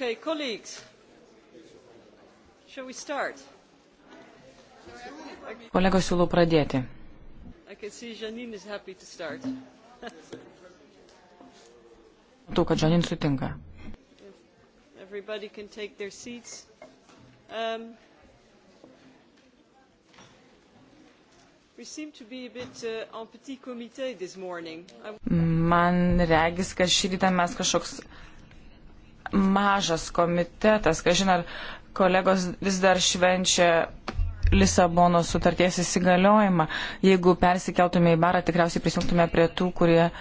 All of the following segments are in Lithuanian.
Okay, colleagues, shall we start? Kolegos siūlau pradėti. Matau, kad Žanin sutinka. Um, we seem to be a bit uh, en petit comité this morning. I... Man regis, kad šį rytą mes kažkoks mažas komitetas, kažin ar kolegos vis dar švenčia Lisabono sutarties įsigaliojimą. Jeigu persikeltume į barą, tikriausiai prisijungtume prie tų, kurie e,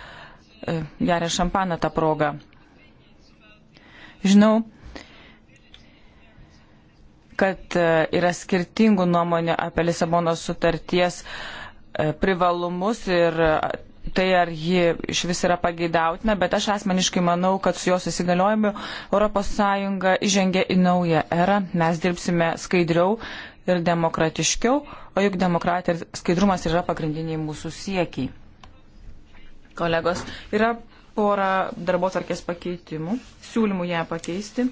geria šampaną tą progą. Žinau, kad e, yra skirtingų nuomonių apie Lisabono sutarties e, privalumus ir tai, ar ji iš vis yra pageidautina, bet aš asmeniškai manau, kad su jos įsigaliojimu ES įžengė į naują erą. Mes dirbsime skaidriau ir demokratiškiau, o juk demokratija ir skaidrumas yra pagrindiniai mūsų siekiai. Kolegos, yra pora darbo tarkės pakeitimų, siūlymų ją pakeisti.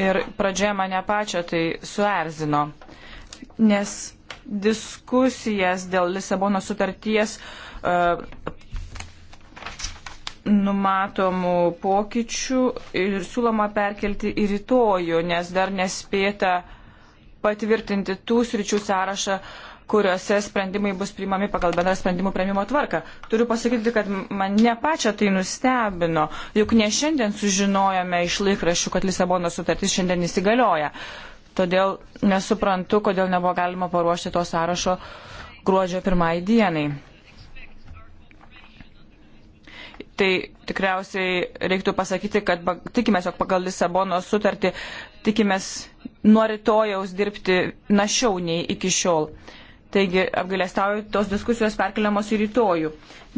Ir pradžioje mane pačią tai suerzino, nes diskusijas dėl Lisabono sutarties uh, E, numatomų pokyčių ir siūloma perkelti į rytojų, nes dar nespėta patvirtinti tų sričių sąrašą, kuriuose sprendimai bus priimami pagal bendrą sprendimų prieimimo tvarką. Turiu pasakyti, kad mane pačią tai nustebino, juk ne šiandien sužinojome iš laikraščių, kad Lisabono sutartis šiandien įsigalioja. Todėl nesuprantu, kodėl nebuvo galima paruošti to sąrašo gruodžio pirmai dienai. tai tikriausiai reiktų pasakyti, kad tikimės, jog pagal Lisabonos sutartį tikimės nuo rytojaus dirbti našiau nei iki šiol. Taigi apgailestauju, tos diskusijos perkeliamos į rytojų.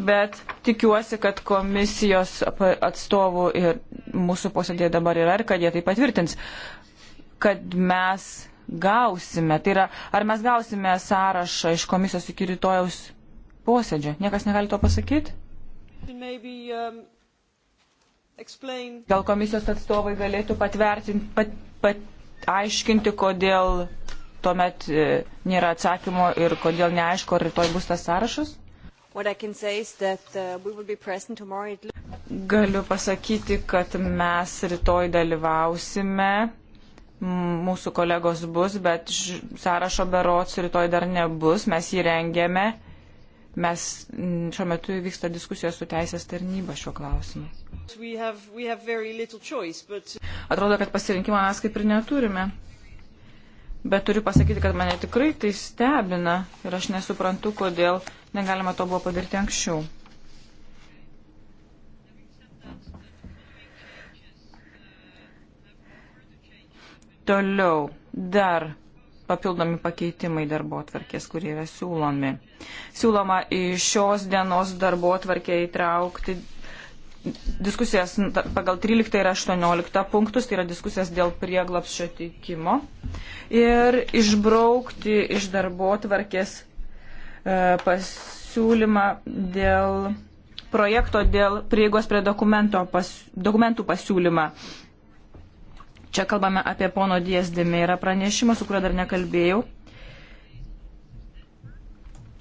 Bet tikiuosi, kad komisijos atstovų ir mūsų posėdėje dabar yra ir kad jie tai patvirtins, kad mes gausime, tai yra, ar mes gausime sąrašą iš komisijos iki rytojaus posėdžio. Niekas negali to pasakyti? Um, Gal komisijos atstovai galėtų patvertinti, pat, pat, aiškinti, kodėl tuomet e, nėra atsakymo ir kodėl neaišku, ar rytoj bus tas sąrašas? Uh, Galiu pasakyti, kad mes rytoj dalyvausime, mūsų kolegos bus, bet sąrašo berots rytoj dar nebus, mes jį rengėme Mes šiuo metu vyksta diskusijos su teisės tarnyba šiuo klausimu. Atrodo, kad pasirinkimo mes kaip ir neturime. Bet turiu pasakyti, kad mane tikrai tai stebina ir aš nesuprantu, kodėl negalima to buvo padaryti anksčiau. Toliau dar papildomi pakeitimai darbo atvarkės, kurie yra siūlomi. Siūloma į šios dienos darbo atvarkę įtraukti diskusijas pagal 13 ir 18 punktus, tai yra diskusijas dėl prieglapščio teikimo ir išbraukti iš darbo atvarkės e, pasiūlymą dėl projekto dėl prieigos prie pas, dokumentų pasiūlymą. Čia kalbame apie pono Dies Demėra pranešimą, su kuriuo dar nekalbėjau.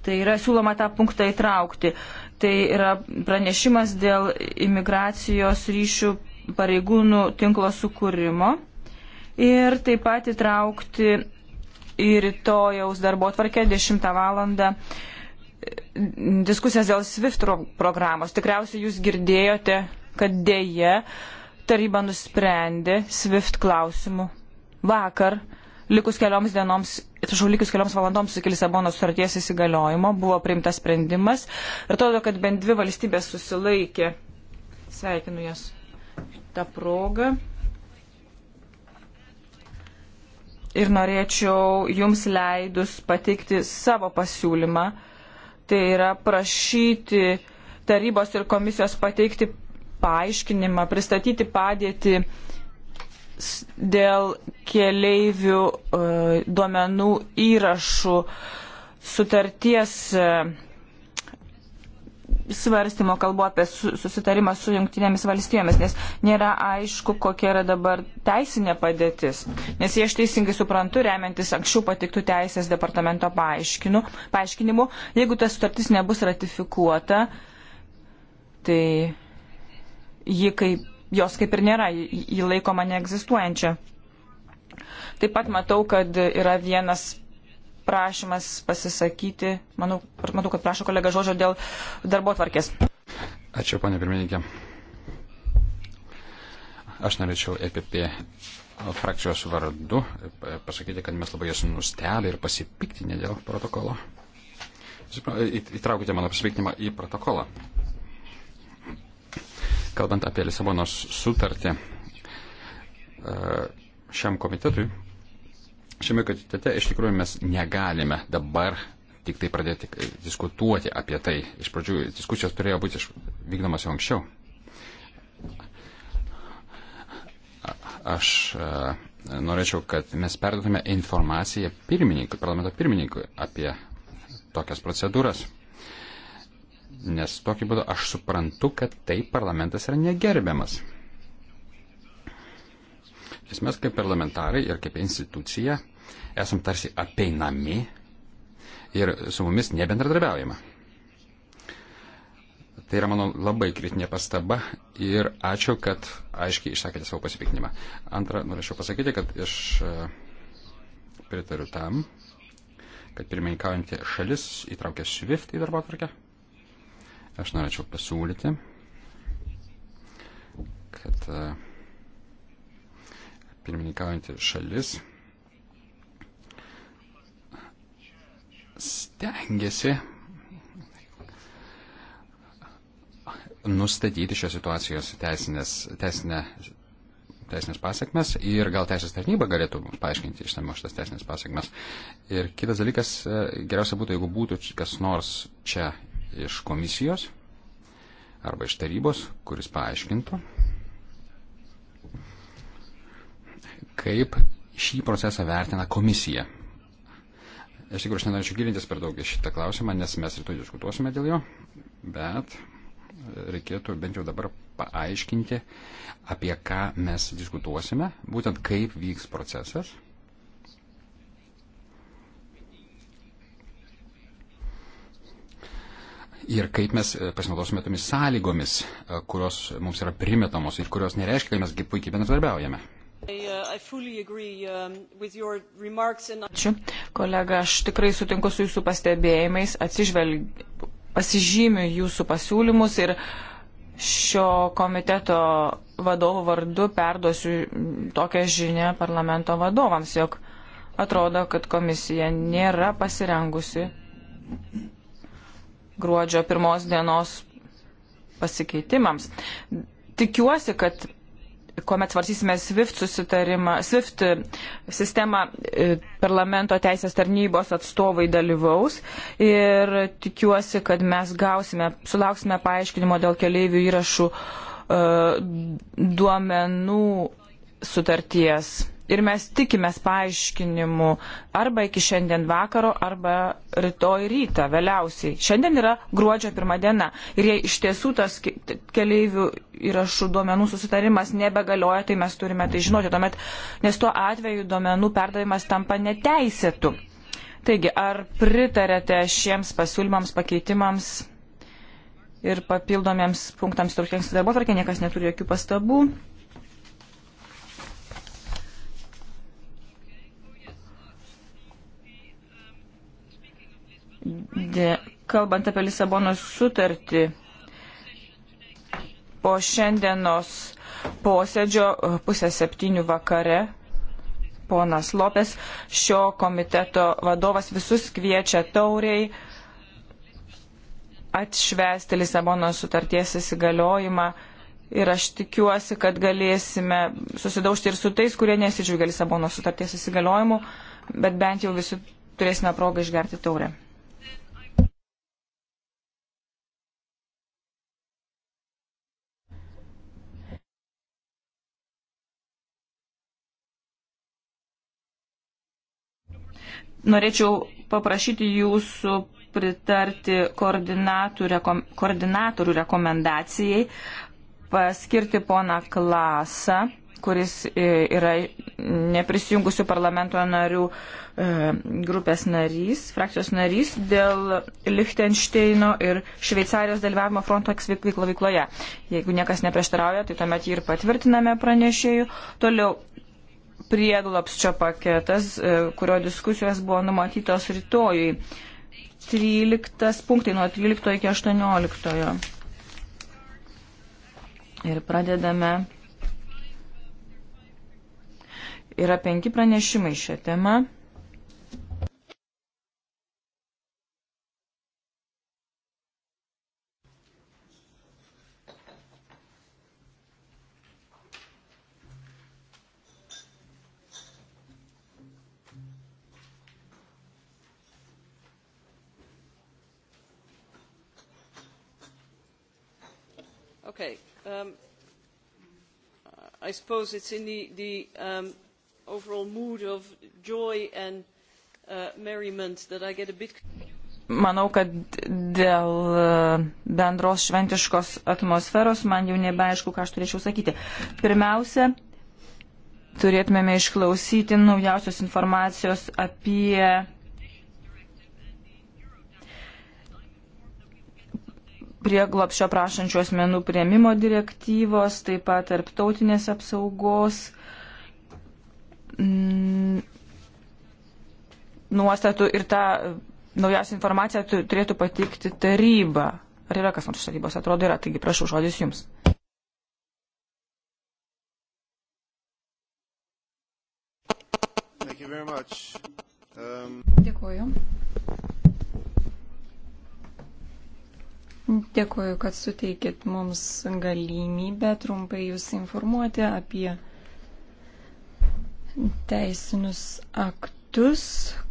Tai yra siūloma tą punktą įtraukti. Tai yra pranešimas dėl imigracijos ryšių pareigūnų tinklo sukūrimo ir taip pat įtraukti į rytojaus darbo tvarkę 10 valandą diskusijas dėl SWIFT programos. Tikriausiai jūs girdėjote, kad dėje taryba nusprendė SWIFT klausimų vakar, likus kelioms dienoms, atsiprašau, likus kelioms valandoms iki Lisabonos sutarties įsigaliojimo buvo priimtas sprendimas ir atrodo, kad bent dvi valstybės susilaikė. Sveikinu jas tą progą. Ir norėčiau jums leidus pateikti savo pasiūlymą. Tai yra prašyti tarybos ir komisijos pateikti paaiškinimą, pristatyti padėtį dėl keleivių e, duomenų įrašų sutarties e, svarstymo kalbu apie susitarimą su jungtinėmis valstijomis, nes nėra aišku, kokia yra dabar teisinė padėtis. Nes jei aš teisingai suprantu, remiantis anksčiau patiktų teisės departamento paaiškinimu, jeigu ta sutartis nebus ratifikuota, tai ji kaip, jos kaip ir nėra, ji laikoma neegzistuojančia. Taip pat matau, kad yra vienas prašymas pasisakyti, manau, matau, kad prašo kolega žodžio dėl darbo tvarkės. Ačiū, ponė pirmininkė. Aš norėčiau EPP frakcijos vardu pasakyti, kad mes labai esu nustebę ir pasipiktinę dėl protokolo. Įtraukite mano pasipiktinimą į protokolą. Kalbant apie Lisabonos sutartį, e, šiam komitetui, šiame komitete iš tikrųjų mes negalime dabar tik tai pradėti e, diskutuoti apie tai. Iš pradžių diskusijos turėjo būti vykdomas jau anksčiau. Aš e, norėčiau, kad mes perduotume informaciją pirmininkui, parlamento pirmininkui apie tokias procedūras nes tokiu būdu aš suprantu, kad taip parlamentas yra negerbiamas. Nes mes kaip parlamentarai ir kaip institucija esam tarsi apeinami ir su mumis nebendradarbiaujama. Tai yra mano labai kritinė pastaba ir ačiū, kad aiškiai išsakėte savo pasipiknimą. Antra, norėčiau pasakyti, kad aš e, pritariu tam, kad pirmininkaujantė šalis įtraukė SWIFT į darbo atvarkę. Aš norėčiau pasiūlyti, kad e, pirmininkaujantį šalis stengiasi nustatyti šios situacijos teisinės, teisinę, teisinės pasiekmes ir gal teisės tarnyba galėtų mums paaiškinti ištamiau šitas teisinės pasiekmes. Ir kitas dalykas, e, geriausia būtų, jeigu būtų kas nors čia iš komisijos arba iš tarybos, kuris paaiškintų, kaip šį procesą vertina komisija. Aš tikrai aš nenorėčiau gilintis per daug į šitą klausimą, nes mes rytoj diskutuosime dėl jo, bet reikėtų bent jau dabar paaiškinti, apie ką mes diskutuosime, būtent kaip vyks procesas ir kaip mes e, pasinaudosime tomis sąlygomis, e, kurios mums yra primetamos ir kurios nereiškia, kad mes puikiai bendradarbiaujame. Uh, um, Ačiū. Kolega, aš tikrai sutinku su jūsų pastebėjimais, atsižvelg... pasižymiu jūsų pasiūlymus ir šio komiteto vadovų vardu perduosiu tokią žinę parlamento vadovams, jog atrodo, kad komisija nėra pasirengusi gruodžio pirmos dienos pasikeitimams. Tikiuosi, kad kuomet svarsysime SWIFT susitarimą, SWIFT e, sistemą e, parlamento teisės tarnybos atstovai dalyvaus ir tikiuosi, kad mes gausime, sulauksime paaiškinimo dėl keleivių įrašų e, duomenų sutarties ir mes tikimės paaiškinimų arba iki šiandien vakaro, arba rytoj rytą vėliausiai. Šiandien yra gruodžio pirmą dieną ir jei iš tiesų tas keleivių įrašų duomenų susitarimas nebegalioja, tai mes turime tai žinoti, tuomet, nes tuo atveju duomenų perdavimas tampa neteisėtų. Taigi, ar pritarėte šiems pasiūlymams, pakeitimams ir papildomiems punktams turkėms darbo tvarkė, niekas neturi jokių pastabų. De, kalbant apie Lisabonos sutartį, po šiandienos posėdžio pusę septynių vakare ponas Lopes, šio komiteto vadovas, visus kviečia tauriai atšvesti Lisabonos sutarties įsigaliojimą ir aš tikiuosi, kad galėsime susidaužti ir su tais, kurie nesidžiaugia Lisabonos sutarties įsigaliojimu, bet bent jau visi turėsime progą išgerti taurę. Norėčiau paprašyti jūsų pritarti rekom, koordinatorių rekomendacijai, paskirti poną Klasą, kuris e, yra neprisijungusių parlamento narių e, grupės narys, frakcijos narys dėl Lichtensteino ir Šveicarijos dalyvavimo Frontex veiklo veikloje. Jeigu niekas neprieštarauja, tai tuomet jį ir patvirtiname pranešėjų. Toliau prieglopščio paketas, e, kurio diskusijos buvo numatytos rytojui. 13 punktai nuo 13 iki 18. Ir pradedame. Yra penki pranešimai šią temą. Okay. Um, I suppose it's in the, the um, overall mood of joy and uh, merriment that I get a bit Manau, kad dėl uh, bendros šventiškos atmosferos man jau nebeaišku, ką aš turėčiau sakyti. Pirmiausia, turėtumėme išklausyti naujausios informacijos apie prieglopšio prašančių asmenų prieimimo direktyvos, taip pat tarptautinės apsaugos mm, nuostatų ir tą naujausią informaciją turėtų patikti taryba. Ar yra kas nors iš tarybos? Atrodo yra, taigi prašau žodis jums. Um... Dėkuoju. Dėkuoju, kad suteikit mums galimybę trumpai jūs informuoti apie teisinius aktus,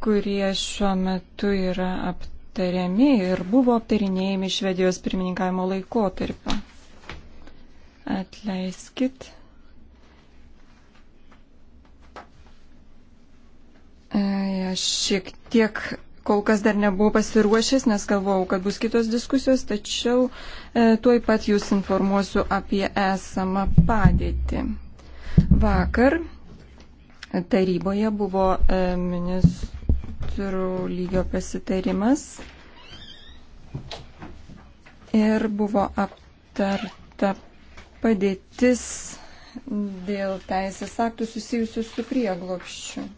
kurie šiuo metu yra aptariami ir buvo aptarinėjami Švedijos pirmininkavimo laikotarpio. Atleiskit. Aš šiek tiek kol kas dar nebuvau pasiruošęs, nes galvojau, kad bus kitos diskusijos, tačiau e, tuoj pat jūs informuosiu apie esamą padėtį. Vakar taryboje buvo e, ministrų lygio pasitarimas ir buvo aptarta padėtis dėl teisės aktų susijusių su prieglopščiu.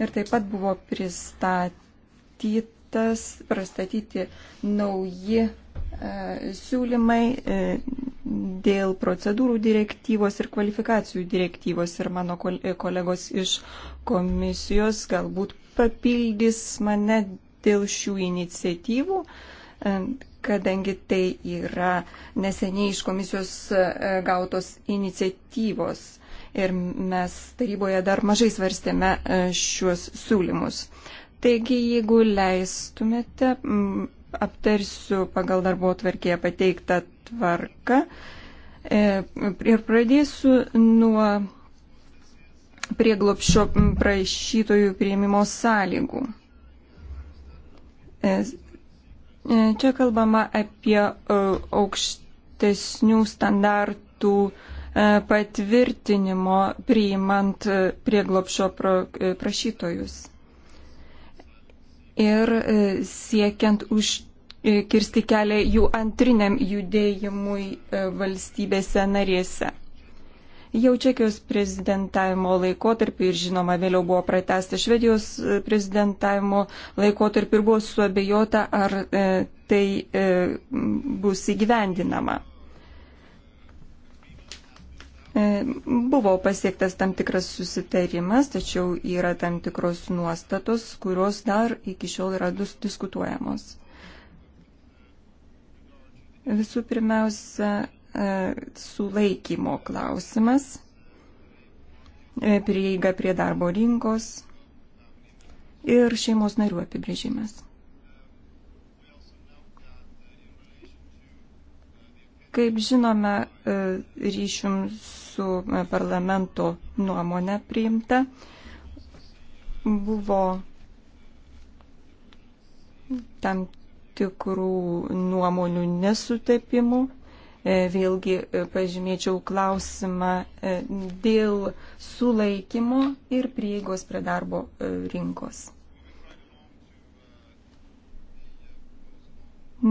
Ir taip pat buvo pristatyti pristatyti nauji e, siūlymai e, dėl procedūrų direktyvos ir kvalifikacijų direktyvos ir mano e, kolegos iš komisijos galbūt papildys mane dėl šių iniciatyvų, kadangi tai yra neseniai iš komisijos gautos iniciatyvos ir mes taryboje dar mažai svarstėme šiuos siūlymus. Taigi, jeigu leistumėte, aptarsiu pagal darbo tvarkėje pateiktą tvarką e, ir pradėsiu nuo prieglopščio prašytojų prieimimo sąlygų. E, e, čia kalbama apie aukštesnių standartų patvirtinimo priimant prieglopščio prašytojus ir e, siekiant užkirsti e, kelią jų antriniam judėjimui e, valstybėse narėse. Jau Čekijos prezidentavimo laikotarpį ir žinoma vėliau buvo pratesta Švedijos prezidentavimo laikotarpį ir buvo suabejota, ar tai bus įgyvendinama. E, buvo pasiektas tam tikras susitarimas, tačiau yra tam tikros nuostatos, kurios dar iki šiol yra diskutuojamos. Visų pirmiausia, e, sulaikymo klausimas, e, prieiga prie darbo rinkos ir šeimos narių apibrėžimas. Kaip žinome, ryšium su e, parlamento nuomonė priimta. Buvo tam tikrų nuomonių nesutapimų. E, vėlgi e, pažymėčiau klausimą dėl sulaikymo ir prieigos prie darbo rinkos.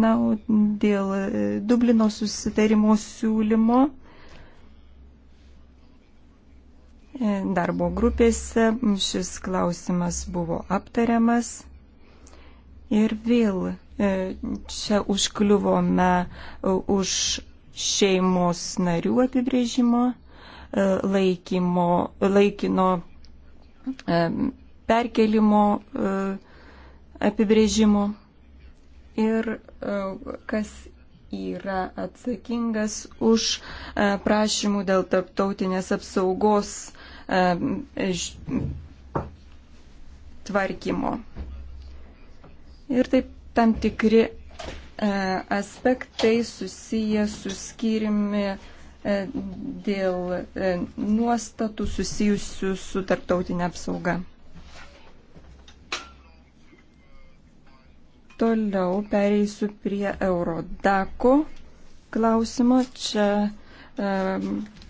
Na, o dėl Dublino susitarimo siūlymo darbo grupėse šis klausimas buvo aptariamas ir vėl e, čia užkliuvome e, už šeimos narių apibrėžimo, e, laikymo, laikino perkelimo apibrėžimo ir kas yra atsakingas už prašymų dėl tarptautinės apsaugos tvarkymo. Ir taip tam tikri e, aspektai susiję su skirimi e, dėl e, nuostatų susijusių su tarptautinė apsauga. Toliau pereisiu prie Eurodako klausimo. Čia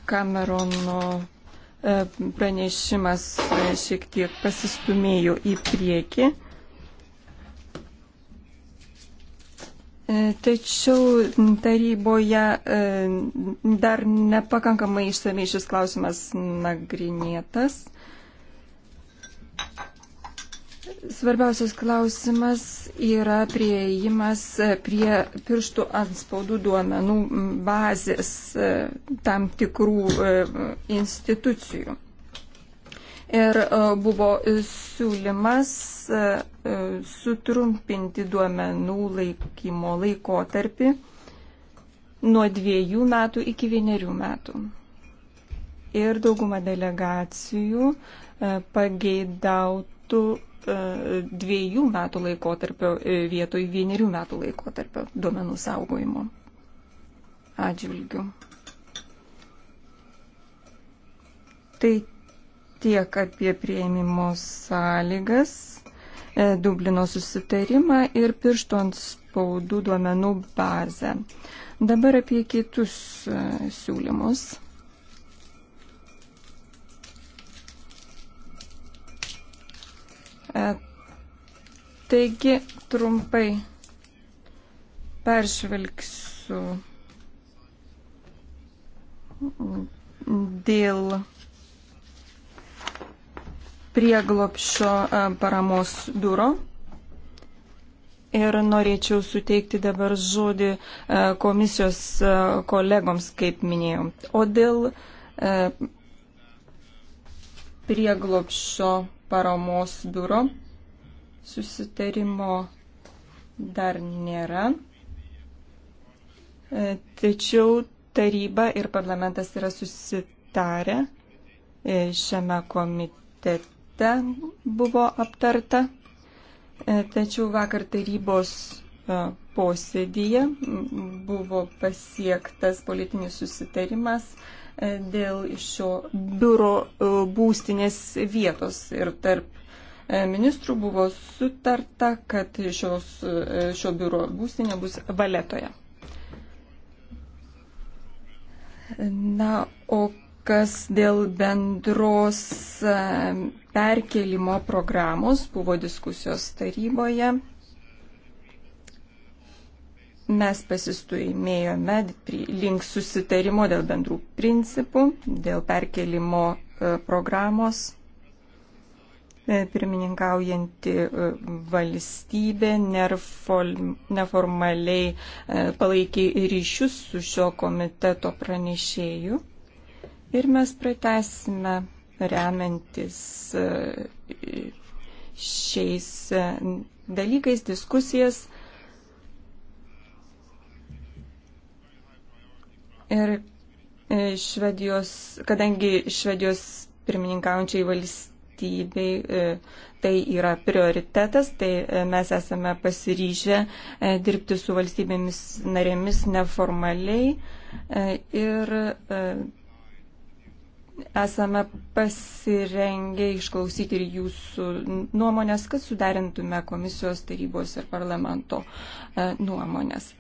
Kamerono E, pranešimas e, šiek tiek pasistumėjo į priekį. E, tačiau taryboje dar nepakankamai išsamei šis klausimas nagrinėtas. Svarbiausias klausimas yra prieimas prie pirštų anspaudų duomenų bazės e, tam tikrų e, institucijų. Ir e, buvo siūlymas sutrumpinti duomenų laikymo laikotarpį nuo dviejų metų iki vienerių metų. Ir dauguma delegacijų pageidautų E, dviejų metų laikotarpio e, vietoj vienerių metų laikotarpio duomenų saugojimo atžvilgių. Tai tiek apie prieimimo sąlygas, e, Dublino susitarimą ir pirštų ant spaudų duomenų bazę. Dabar apie kitus siūlymus. E, taigi trumpai peržvelgsiu dėl prieglopšio e, paramos biuro. Ir norėčiau suteikti dabar žodį e, komisijos kolegoms, kaip minėjau. O dėl prieglopšio paramos biuro. Susitarimo dar nėra. E, tačiau taryba ir parlamentas yra susitarę. E, šiame komitete buvo aptarta. E, tačiau vakar tarybos posėdyje buvo pasiektas politinis susitarimas dėl šio biuro e, būstinės vietos ir tarp e, ministrų buvo sutarta, kad šios, e, šio biuro būstinė bus valetoje. Na, o kas dėl bendros perkelimo programos buvo diskusijos taryboje. Mes pasistumėjome link susitarimo dėl bendrų principų, dėl perkelimo e, programos. E, pirmininkaujanti e, valstybė neformaliai palaikė ryšius su šio komiteto pranešėju ir mes pratesime remiantis šiais dalykais diskusijas Ir e, Švedijos, kadangi Švedijos pirmininkaujančiai valstybei e, tai yra prioritetas, tai e, mes esame pasiryžę dirbti su valstybėmis narėmis neformaliai ir esame pasirengę išklausyti ir jūsų nuomonės, kad sudarintume komisijos tarybos ir parlamento nuomonės.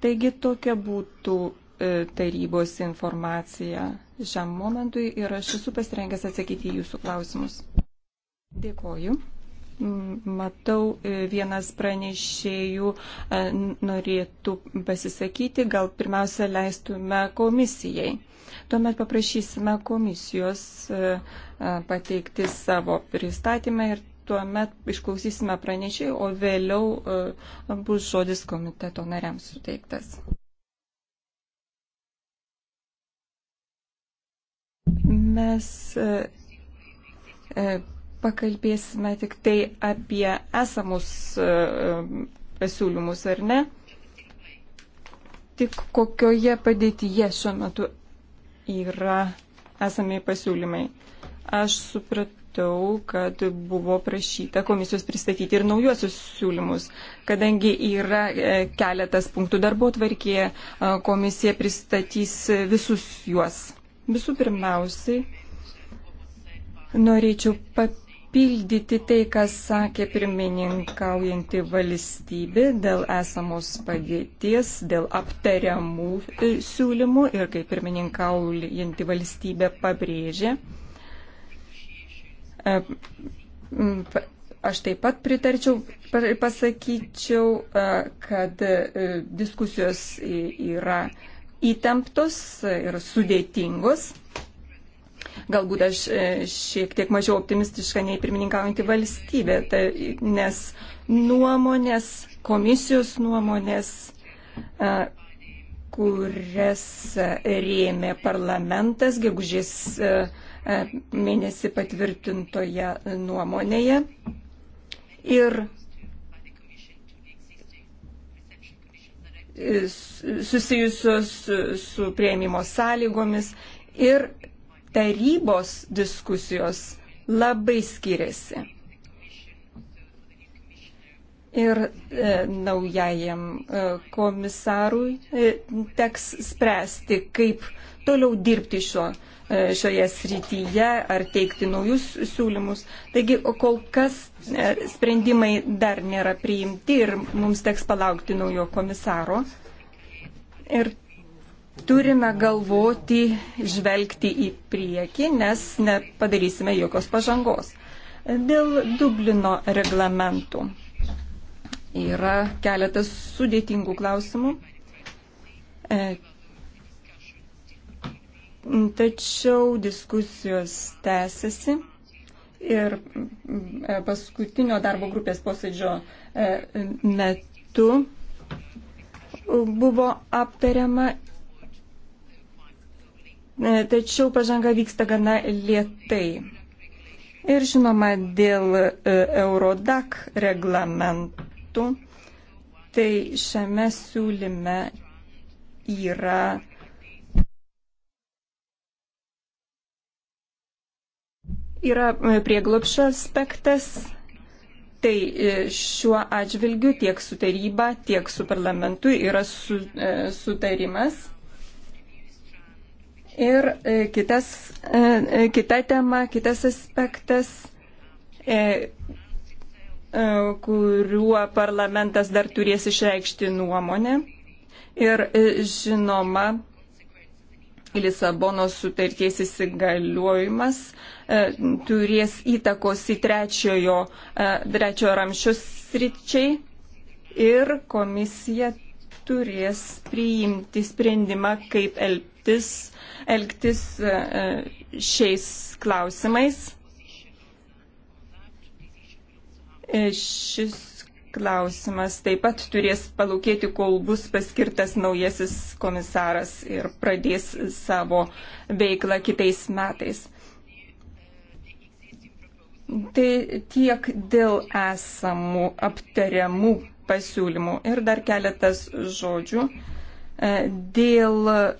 Taigi tokia būtų E, tarybos informaciją šiam momentui ir aš esu pasirengęs atsakyti į jūsų klausimus. Dėkoju. Matau, e, vienas pranešėjų e, norėtų pasisakyti, gal pirmiausia leistume komisijai. Tuomet paprašysime komisijos pateikti savo pristatymą ir tuomet išklausysime pranešėjų, o vėliau bus žodis komiteto nariams suteiktas. mes e, e, pakalbėsime tik tai apie esamus e, pasiūlymus, ar ne? Tik kokioje padėtyje šiuo metu yra esami pasiūlymai. Aš supratau, kad buvo prašyta komisijos pristatyti ir naujuosius siūlymus, kadangi yra keletas punktų darbo tvarkėje, komisija pristatys visus juos. Visų pirmiausiai, norėčiau papildyti tai, kas sakė pirmininkaujanti valstybė dėl esamos padėties, dėl aptariamų e, siūlymų ir kaip pirmininkaujanti valstybė pabrėžė. E, aš taip pat pritarčiau, pasakyčiau, e, kad diskusijos yra įtemptus ir sudėtingus. Galbūt aš e, šiek tiek mažiau optimistiška nei pirmininkaujantį valstybę, tai, nes nuomonės, komisijos nuomonės, e, kurias rėmė parlamentas gegužės e, mėnesį patvirtintoje nuomonėje ir susijusios su, su prieimimo sąlygomis ir tarybos diskusijos labai skiriasi. Ir e, naujajam e, komisarui e, teks spręsti, kaip toliau dirbti šio, E, šioje srityje ar teikti naujus siūlymus. Taigi kol kas e, sprendimai dar nėra priimti ir mums teks palaukti naujo komisaro. Ir turime galvoti, žvelgti į priekį, nes nepadarysime jokios pažangos. Dėl Dublino reglamentų yra keletas sudėtingų klausimų. E, Tačiau diskusijos tęsiasi ir e, paskutinio darbo grupės posėdžio e, metu buvo aptariama, e, tačiau pažanga vyksta gana lietai. Ir žinoma, dėl Eurodak reglamentų, tai šiame siūlyme yra Yra e, prieglopšio aspektas, tai e, šiuo atžvilgiu tiek su taryba, tiek su parlamentu yra su, e, sutarimas. Ir e, kitas, e, e kita tema, kitas aspektas kuriuo parlamentas dar turės išreikšti nuomonę. Ir žinoma, Lisabonos sutarties įsigaliojimas E, turės įtakos į trečiojo, e, trečiojo ramščius sričiai ir komisija turės priimti sprendimą, kaip elgtis, elgtis e, šiais klausimais. Šis klausimas taip pat turės palūkėti, kol bus paskirtas naujasis komisaras ir pradės savo veiklą kitais metais. Tai tiek dėl esamų aptariamų pasiūlymų. Ir dar keletas žodžių e, dėl e,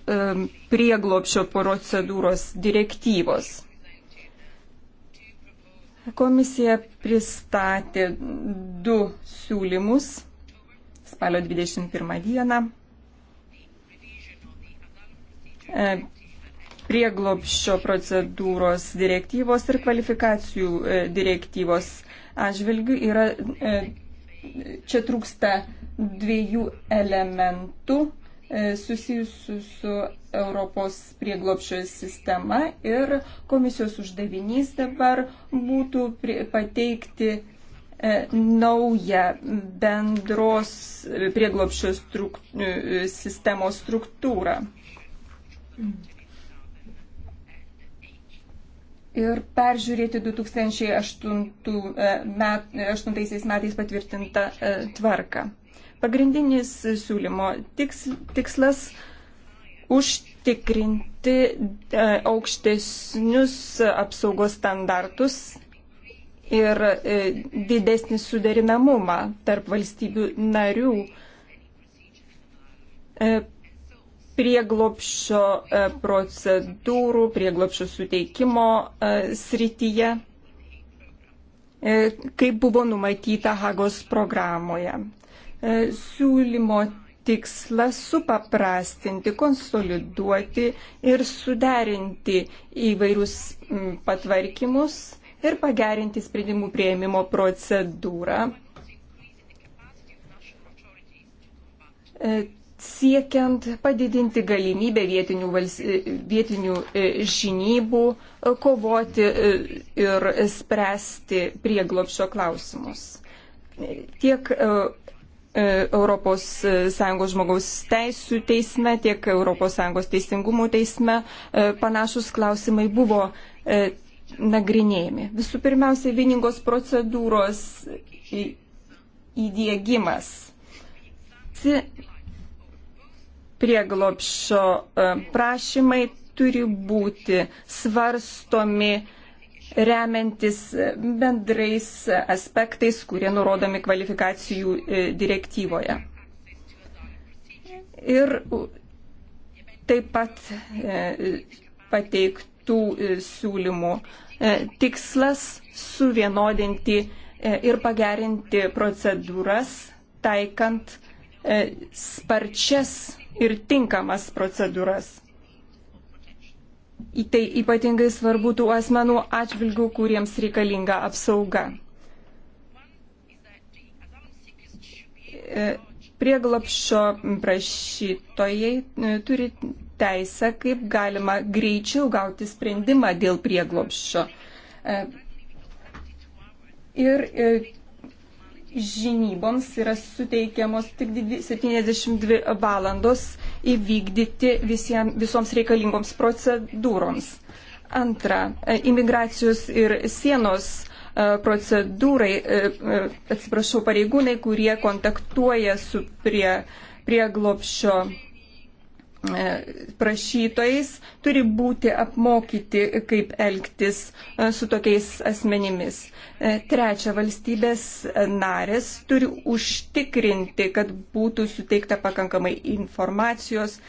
prieglopšio procedūros direktyvos. Komisija pristatė du siūlymus spalio 21 dieną e, prieglopščio procedūros direktyvos ir kvalifikacijų e, direktyvos atžvilgių yra, e, čia trūksta dviejų elementų e, susijusių su Europos prieglopščio sistema ir komisijos uždavinys dabar būtų pateikti naują bendros prieglopščio struk sistemos struktūrą. Mm ir peržiūrėti 2008 e, metais patvirtintą e, tvarką. Pagrindinis siūlymo tikslas - užtikrinti e, aukštesnius apsaugos standartus ir didesnį suderinamumą tarp valstybių narių prieglopšio e, procedūrų, prieglopšio suteikimo e, srityje, e, kaip buvo numatyta Hagos programoje. Siūlymo tikslas supaprastinti, konsoliduoti ir suderinti įvairius patvarkymus ir pagerinti sprendimų prieimimo procedūrą siekiant padidinti galimybę vietinių, valsy, vietinių e, žinybų e, kovoti e, ir spręsti prieglopšio klausimus. Tiek ES žmogaus teisų teisme, tiek ES teisingumo teisme panašus klausimai buvo nagrinėjami. Visų pirmiausia, vieningos procedūros įdėgymas prieglopšio e, prašymai turi būti svarstomi remiantis bendrais aspektais, kurie nurodomi kvalifikacijų e, direktyvoje. Ir taip pat e, pateiktų siūlymų tikslas suvienodinti ir pagerinti procedūras, taikant sparčias ir tinkamas procedūras. Į tai ypatingai svarbu tų asmenų atžvilgių, kuriems reikalinga apsauga. Prieglapšio prašytojai e, turi teisę, kaip galima greičiau gauti sprendimą dėl prieglopščio. E, ir e, žinyboms yra suteikiamos tik 72 valandos įvykdyti visiems, visoms reikalingoms procedūroms. Antra, e, imigracijos ir sienos e, procedūrai, e, atsiprašau, pareigūnai, kurie kontaktuoja su prie, prie glopšio E, prašytojais turi būti apmokyti, kaip elgtis e, su tokiais asmenimis. E, trečia, valstybės narės turi užtikrinti, kad būtų suteikta pakankamai informacijos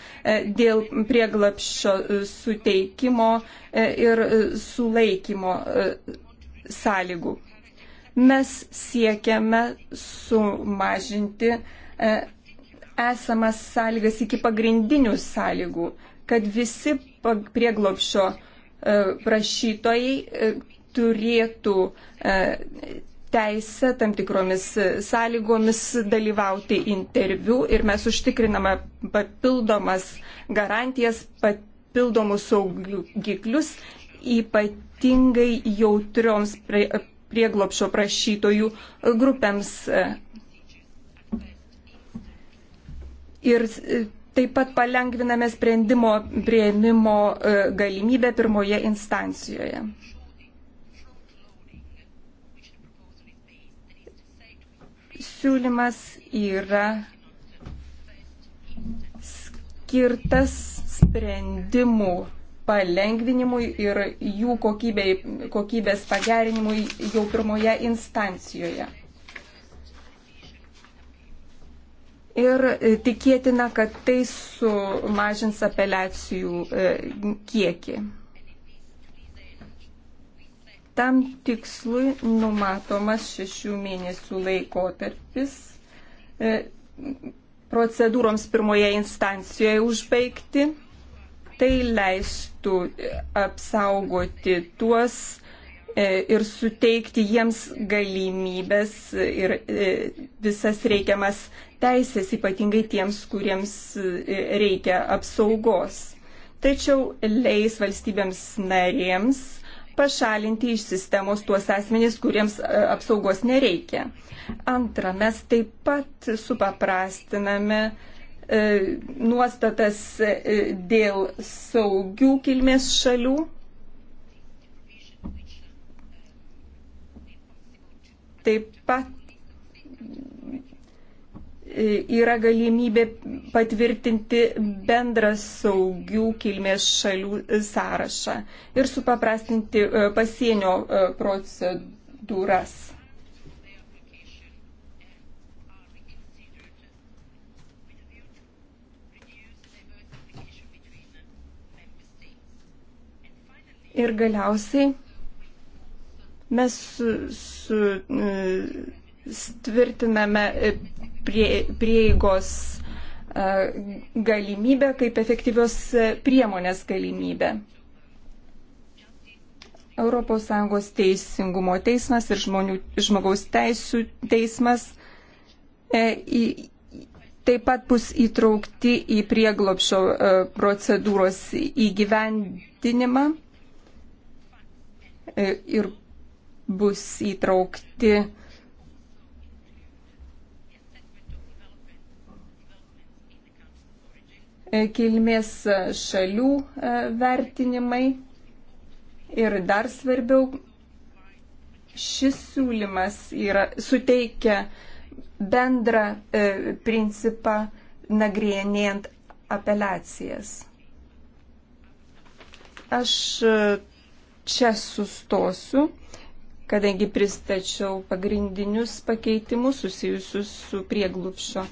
dėl prieglapščio suteikimo ir sulaikymo sąlygų. Mes siekiame sumažinti esamas sąlygas iki pagrindinių sąlygų, kad visi prieglopšio e, prašytojai e, turėtų e, teisę tam tikromis sąlygomis dalyvauti interviu ir mes užtikriname papildomas garantijas, papildomus saugiklius, ypatingai jautrioms prieglopšio prašytojų grupėms ir e, taip pat palengviname sprendimo prieimimo e, galimybę pirmoje instancijoje. Siūlymas yra skirtas sprendimų palengvinimui ir jų kokybė, kokybės pagerinimui jau pirmoje instancijoje. ir e, tikėtina, kad tai sumažins apeliacijų e, kiekį. Tam tikslui numatomas šešių mėnesių laikotarpis e, procedūroms pirmoje instancijoje užbaigti. Tai leistų apsaugoti tuos ir suteikti jiems galimybės ir visas reikiamas teisės, ypatingai tiems, kuriems e, reikia apsaugos. Tačiau leis valstybėms narėms pašalinti iš sistemos tuos asmenys, kuriems e, apsaugos nereikia. Antra, mes taip pat supaprastiname e, nuostatas dėl saugių kilmės šalių. Taip pat yra galimybė patvirtinti bendrą saugių kilmės šalių sąrašą ir supaprastinti e, pasienio e, procedūras. Ir galiausiai mes su, su e, tvirtiname e, prie, prieigos e, galimybę kaip efektyvios e, priemonės galimybę. ES teisingumo teismas ir žmonių, žmogaus teisų teismas e, į, taip pat bus įtraukti į prieglopšio e, procedūros įgyvendinimą e, ir bus įtraukti e, E, kilmės šalių e, vertinimai. Ir dar svarbiau, šis siūlymas yra, suteikia bendrą e, principą nagrinėjant apeliacijas. Aš e, čia sustosiu, kadangi pristačiau pagrindinius pakeitimus susijusius su prieglupščio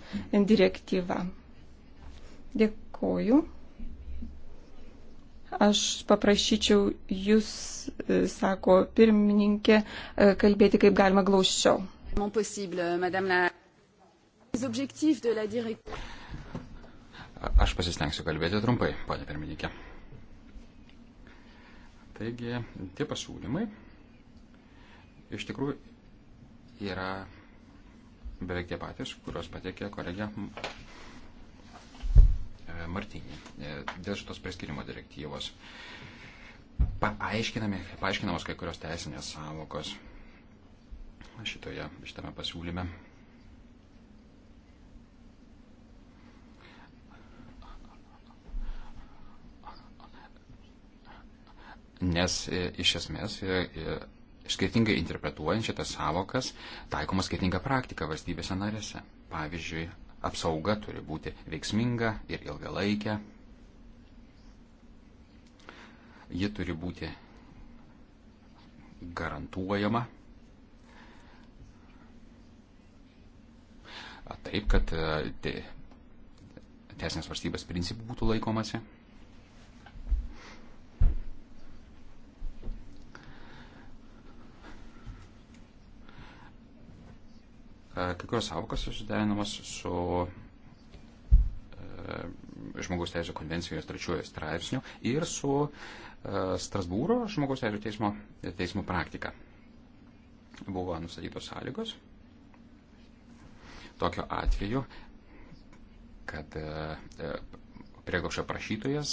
direktyva. Dėkui. Dėkoju. Aš paprašyčiau jūs, e, sako pirmininkė, e, kalbėti kaip galima glaučiau. Aš pasistengsiu kalbėti trumpai, ponė pirmininkė. Taigi, tie pasiūlymai iš tikrųjų yra beveik tie patys, kuriuos patikė kolegė E, Martinį e, dėl šitos priskirimo direktyvos. Paaiškinamos kai kurios teisinės savokos šitoje, šitame pasiūlyme. Nes e, iš esmės skirtingai interpretuojant šitas savokas taikoma skirtinga praktika valstybėse narėse. Pavyzdžiui, apsauga turi būti veiksminga ir ilgalaikė. Ji turi būti garantuojama. Taip, kad e, teisinės valstybės principų būtų laikomasi. E, kai kurios savokos susiderinamos su e, žmogaus teisų konvencijos trečiojo straipsniu ir su e, Strasbūro žmogaus teisų teismo, teismo praktika. Buvo nustatytos sąlygos tokiu atveju, kad prieglaušio prašytojas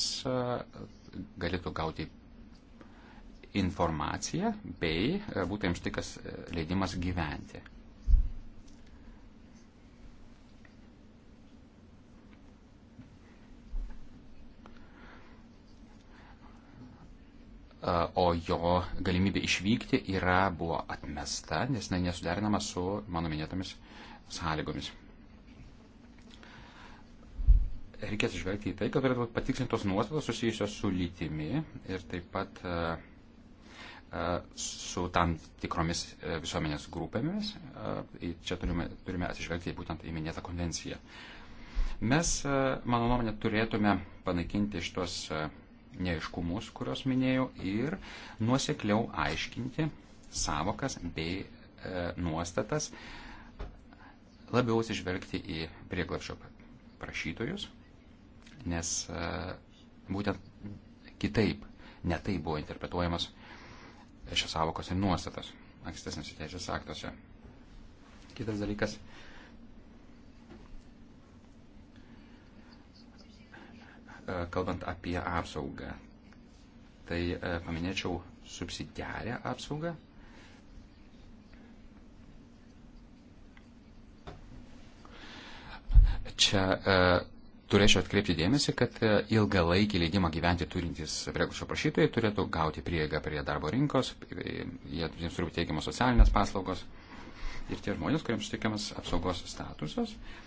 galėtų gauti informaciją bei būtų jiems tikas leidimas gyventi. o jo galimybė išvykti yra buvo atmesta, nes jinai nesuderinama su mano minėtomis sąlygomis. Reikės išvelgti į tai, kad turėtų būti patikslintos nuostatos susijusios su lytimi ir taip pat su tam tikromis e, visuomenės grupėmis. Čia turime, turime atsižvelgti būtent į minėtą konvenciją. Mes, mano nuomonė, turėtume panaikinti šitos neiškumus, kuriuos minėjau, ir nuosekliau aiškinti savokas bei e, nuostatas, labiau atsižvelgti į prieglapšio prašytojus, nes e, būtent kitaip, ne taip buvo interpretuojamas šios savokos ir nuostatas ankstesniuose teisės aktuose. Kitas dalykas E, kalbant apie apsaugą, tai e, paminėčiau subsidiarę apsaugą. Čia e, turėčiau atkreipti dėmesį, kad e, ilgalaikį leidimą gyventi turintys prieglobščio prašytojai turėtų gauti prieigą prie darbo rinkos, jiems turi būti teikiamos socialinės paslaugos. Ir tie žmonės, kuriems suteikiamas apsaugos statusas, e,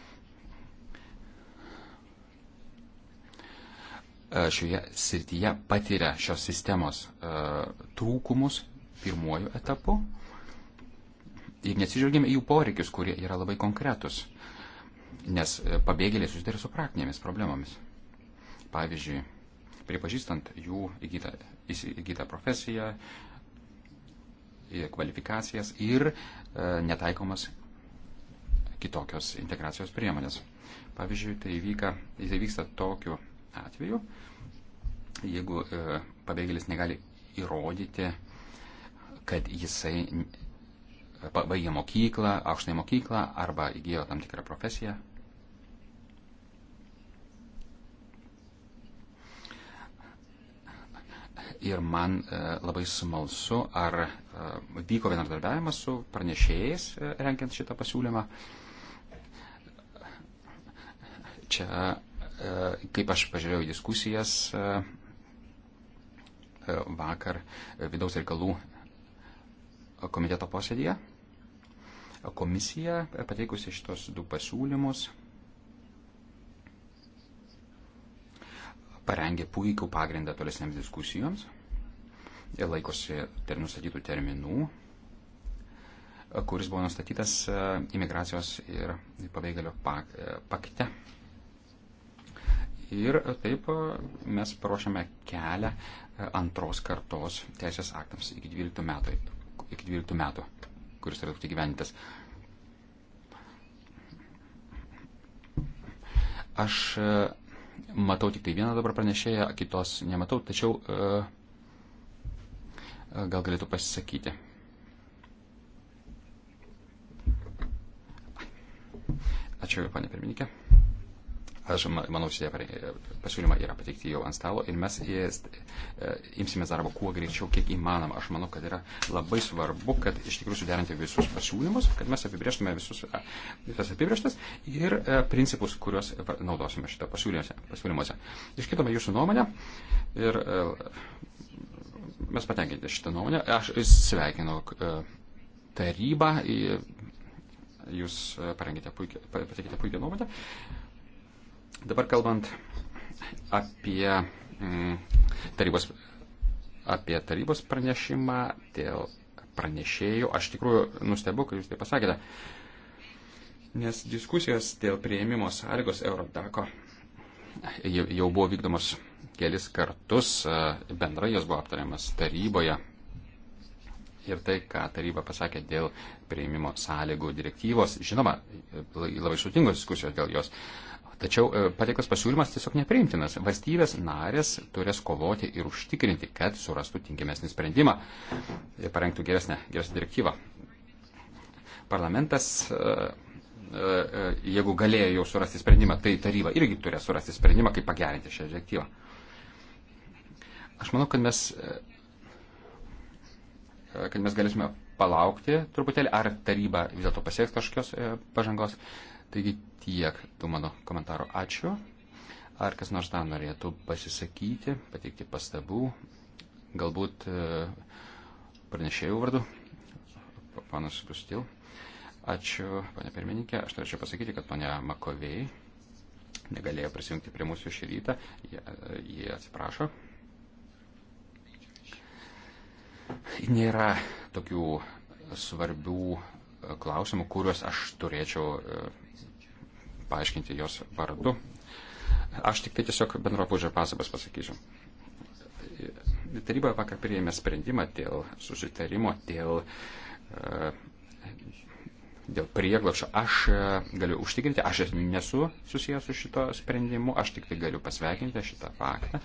E, šioje srityje patiria šios sistemos e, trūkumus pirmuoju etapu ir neatsižvelgėme į jų poreikius, kurie yra labai konkretus, nes e, pabėgėliai susidarė su praktinėmis problemomis. Pavyzdžiui, pripažįstant jų įgytą, įgytą profesiją, kvalifikacijas ir netaikomas kitokios integracijos priemonės. Pavyzdžiui, tai, vyka, tai vyksta tokiu atveju, jeigu e, pabėgėlis negali įrodyti, kad jisai e, baigė mokyklą, aukštąją mokyklą arba įgyjo tam tikrą profesiją. Ir man e, labai smalsu, ar vyko vienardarbiavimas su pranešėjais renkiant šitą pasiūlymą. Čia E, kaip aš pažiūrėjau diskusijas e, e, vakar vidaus reikalų komiteto posėdėje, komisija pateikusi šitos du pasiūlymus parengė puikų pagrindą tolesnėms diskusijoms, laikosi ter nustatytų terminų, kuris buvo nustatytas imigracijos ir pabėgėlio pakte. Pak ir taip mes paruošėme kelią antros kartos teisės aktams iki 12 metų, iki 12 metų kuris yra būti gyventas. Aš matau tik tai vieną dabar pranešėją, kitos nematau, tačiau gal galėtų pasisakyti. Ačiū, panė pirmininkė. Aš manau, šitie e, pasiūlymai yra pateikti jau ant stalo ir mes e, imsimės darbo kuo greičiau, kiek įmanoma. Aš manau, kad yra labai svarbu, kad iš tikrųjų suderinti visus pasiūlymus, kad mes apibrieštume visus, e, visas apibrieštas ir principus, kuriuos naudosime šitą pasiūlymuose. Iškitome jūsų nuomonę ir mes patenkinti šitą nuomonę. Aš sveikinu tarybą, jūs parengėte puikia, pateikite puikią nuomonę. Dabar kalbant apie mm, tarybos, apie tarybos pranešimą dėl pranešėjų, aš tikrųjų nustebu, kad jūs tai pasakėte, nes diskusijos dėl prieimimo sąlygos Eurodako jau, jau buvo vykdomos kelis kartus, e, bendrai jos buvo aptariamas taryboje. Ir tai, ką taryba pasakė dėl prieimimo sąlygų direktyvos, žinoma, e, labai sutingos diskusijos dėl jos. Tačiau e, pateiktas pasiūlymas tiesiog nepriimtinas. Valstybės narės turės kovoti ir užtikrinti, kad surastų tinkimesnį sprendimą ir parengtų geresnę, geresnę direktyvą. Parlamentas, e, e, jeigu galėjo jau surasti sprendimą, tai taryba irgi turės surasti sprendimą, kaip pagerinti šią direktyvą. Aš manau, kad mes, kad mes galėsime palaukti truputėlį, ar taryba vis dėlto pasieks kažkokios pažangos. Taigi tiek tų mano komentarų. Ačiū. Ar kas nors dar norėtų pasisakyti, pateikti pastabų, galbūt e, pranešėjų vardu, panas Pustil. Ačiū, panė pirmininkė. Aš norėčiau pasakyti, kad panė Makovėjai negalėjo prisijungti prie mūsų šį rytą. Jie, jie atsiprašo. Nėra tokių svarbių e, klausimų, kuriuos aš turėčiau e, paaiškinti jos vardu. Aš tik tai tiesiog bendro požiūrio pasabas pasakysiu. Taryba vakar priėmė sprendimą dėl susitarimo, dėl, e, dėl prieglapšio. Aš e, galiu užtikrinti, aš nesu susijęs su šito sprendimu, aš tik tai galiu pasveikinti šitą faktą,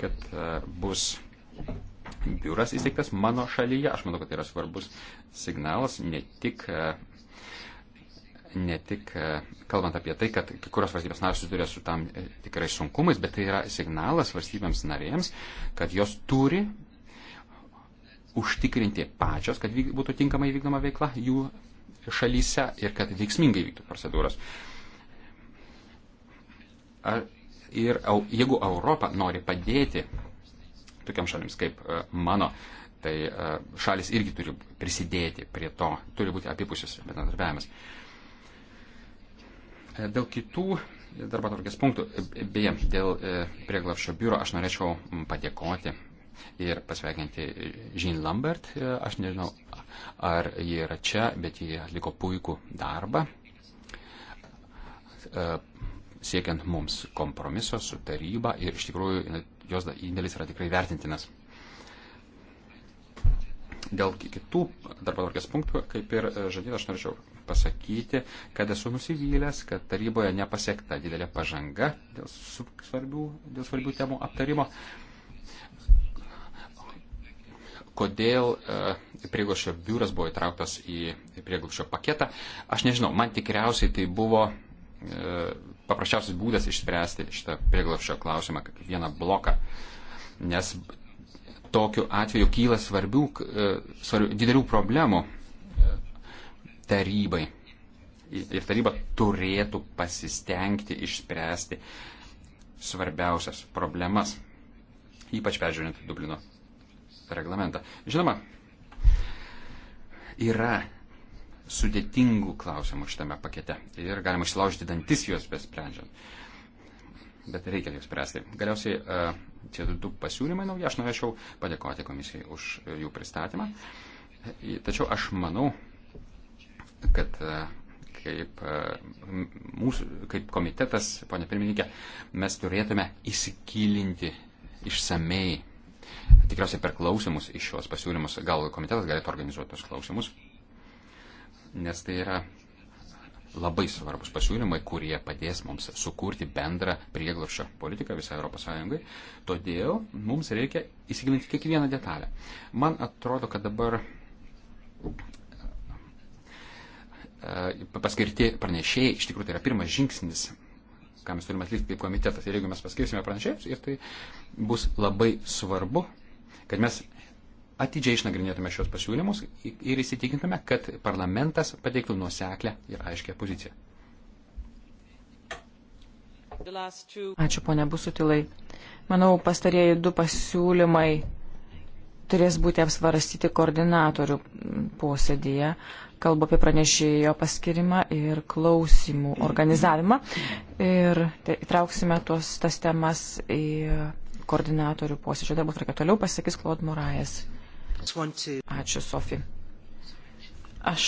kad e, bus biuras įsteigtas mano šalyje. Aš manau, kad tai yra svarbus signalas ne tik ne tik e, kalbant apie tai, kad kai kurios valstybės narės susiduria su tam e, tikrai sunkumais, bet tai yra signalas valstybėms narėms, kad jos turi užtikrinti pačios, kad vyk, būtų tinkamai vykdoma veikla jų šalyse ir kad veiksmingai vyktų procedūros. Ar, ir au, jeigu Europa nori padėti tokiam šalims kaip e, mano, tai šalis irgi turi prisidėti prie to, turi būti apipusis bendradarbiavimas. Uh, E, dėl kitų darbo tvarkės punktų, e, beje, dėl e, prieglapščio biuro aš norėčiau padėkoti ir pasveikinti Žin Lambert. Aš nežinau, ar ji yra čia, bet ji atliko puikų darbą siekiant mums kompromiso su taryba ir iš tikrųjų jos indėlis yra tikrai vertintinas. Dėl kitų darbo tvarkės punktų, kaip ir žadėta, aš norėčiau pasakyti, kad esu nusivylęs, kad taryboje nepasiekta didelė pažanga dėl svarbių, dėl svarbių temų aptarimo. Kodėl e, prieglopščio biuras buvo įtrauktas į prieglopščio paketą, aš nežinau, man tikriausiai tai buvo e, paprasčiausias būdas išspręsti šitą prieglopščio klausimą kaip vieną bloką. Nes tokiu atveju kyla svarbių, e, svarbių didelių problemų tarybai. Ir taryba turėtų pasistengti išspręsti svarbiausias problemas, ypač peržiūrint Dublino reglamentą. Žinoma, yra sudėtingų klausimų šitame pakete ir galima išlaužti dantis juos besprendžiant. Bet reikia juos spręsti. Galiausiai e, tie du pasiūlymai nauji, aš norėčiau padėkoti komisijai už e, jų pristatymą. E, tačiau aš manau, kad e, kaip e, mūsų, kaip komitetas, ponė pirmininkė, mes turėtume įsikilinti išsamei. Tikriausiai per klausimus iš šios pasiūlymus gal komitetas galėtų organizuoti tos klausimus, nes tai yra labai svarbus pasiūlymai, kurie padės mums sukurti bendrą prieglapšio politiką visai ES. Todėl mums reikia įsigilinti kiekvieną detalę. Man atrodo, kad dabar E, paskirti pranešėjai iš tikrųjų tai yra pirmas žingsnis, ką mes turime atlikti kaip komitetas. Ir jeigu mes paskirsime pranešėjus, ir tai bus labai svarbu, kad mes atidžiai išnagrinėtume šios pasiūlymus ir įsitikintume, kad parlamentas pateiktų nuoseklę ir aiškę poziciją. Ačiū, ponia Busutilai. Manau, pastarėjai du pasiūlymai turės būti apsvarstyti koordinatorių posėdėje. Kalbu apie pranešėjo paskirimą ir klausimų organizavimą. Ir įtrauksime tuos, tas temas į koordinatorių posėdžio darbų tvarkę. Toliau pasakys Claude Moraes. Ačiū, Sofi. Aš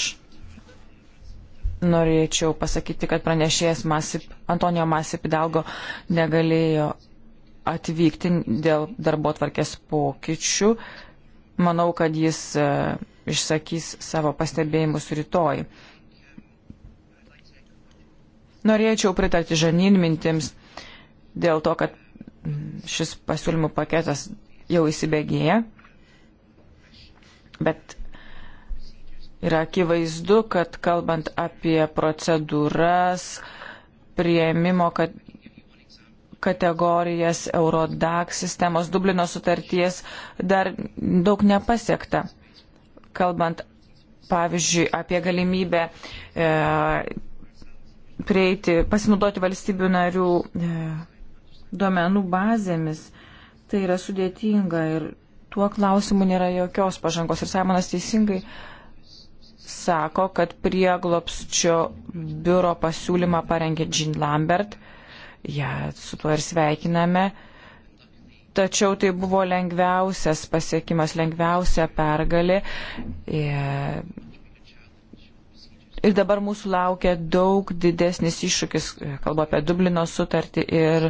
norėčiau pasakyti, kad pranešėjas Masip, Antonijo Masip Dalgo negalėjo atvykti dėl darbo tvarkės pokyčių. Manau, kad jis e, išsakys savo pastebėjimus rytoj. Norėčiau pritarti Žanin mintims dėl to, kad mm, šis pasiūlymų paketas jau įsibėgėja, bet yra akivaizdu, kad kalbant apie procedūras, prieimimo, kad kategorijas Eurodax sistemos Dublino sutarties dar daug nepasiekta. Kalbant, pavyzdžiui, apie galimybę e, prieiti, pasinaudoti valstybių narių e, duomenų bazėmis, tai yra sudėtinga ir tuo klausimu nėra jokios pažangos. Ir Simonas teisingai sako, kad prieglopsčio biuro pasiūlymą parengė Jean Lambert. E, Ja, su tuo ir sveikiname. Tačiau tai buvo lengviausias pasiekimas, lengviausia pergalė. Ja. E, ir dabar mūsų laukia daug didesnis iššūkis, kalbu apie Dublino sutartį ir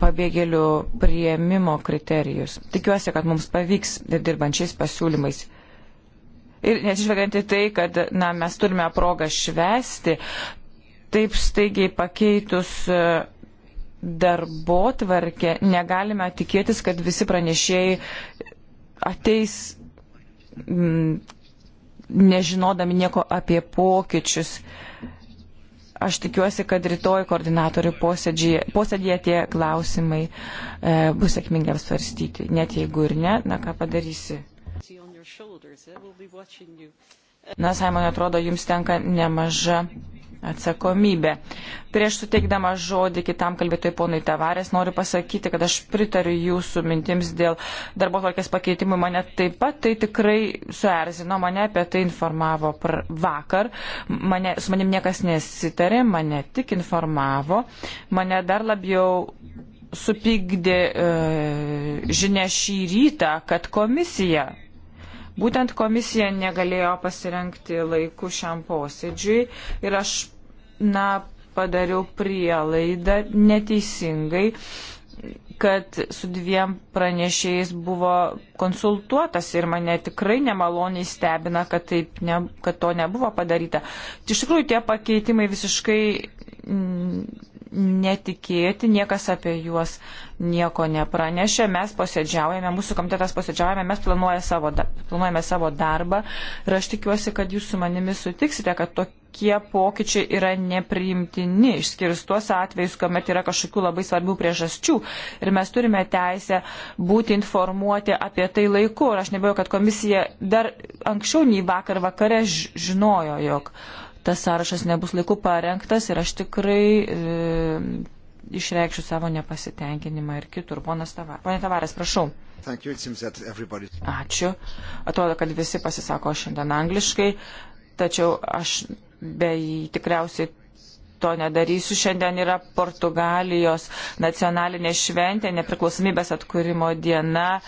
pabėgėlių prieimimo kriterijus. Tikiuosi, kad mums pavyks ir dirbančiais pasiūlymais. Ir nesižvelgiant į tai, kad na, mes turime progą švesti, taip staigiai pakeitus e, darbo tvarkę negalime tikėtis, kad visi pranešėjai ateis m, mm, nežinodami nieko apie pokyčius. Aš tikiuosi, kad rytoj koordinatorių posėdėje, posėdėje tie klausimai e, bus sėkmingai apsvarstyti. Net jeigu ir ne, na ką padarysi. Na, Simon, atrodo, jums tenka nemaža atsakomybė. Prieš suteikdama žodį kitam kalbėtojui ponui Tavarės noriu pasakyti, kad aš pritariu jūsų mintims dėl darbo tvarkės pakeitimų. Mane taip pat tai tikrai suerzino, mane apie tai informavo vakar. Mane, su manim niekas nesitarė, mane tik informavo. Mane dar labiau supykdė e, žinia šį rytą, kad komisija Būtent komisija negalėjo pasirenkti laiku šiam posėdžiui ir aš, na, padariau prielaidą neteisingai, kad su dviem pranešėjais buvo konsultuotas ir mane tikrai nemaloniai stebina, kad, taip ne, kad to nebuvo padaryta. Iš tikrųjų, tie pakeitimai visiškai netikėti, niekas apie juos nieko nepranešė, mes posėdžiaujame, mūsų komitetas posėdžiaujame, mes planuoja savo, planuojame savo darbą ir aš tikiuosi, kad jūs su manimi sutiksite, kad tokie pokyčiai yra nepriimtini, išskyrus tuos atvejus, kuomet yra kažkokių labai svarbių priežasčių ir mes turime teisę būti informuoti apie tai laiku ir aš nebėjau, kad komisija dar anksčiau nei vakar vakare žinojo, jog uh, tas sąrašas nebus laiku parengtas ir aš tikrai e, išreikšiu savo nepasitenkinimą ir kitur. Tava, Pone Tavaras, prašau. Ačiū. Atrodo, kad visi pasisako šiandien angliškai, tačiau aš bei tikriausiai to nedarysiu. Šiandien yra Portugalijos nacionalinė šventė, nepriklausomybės atkūrimo diena.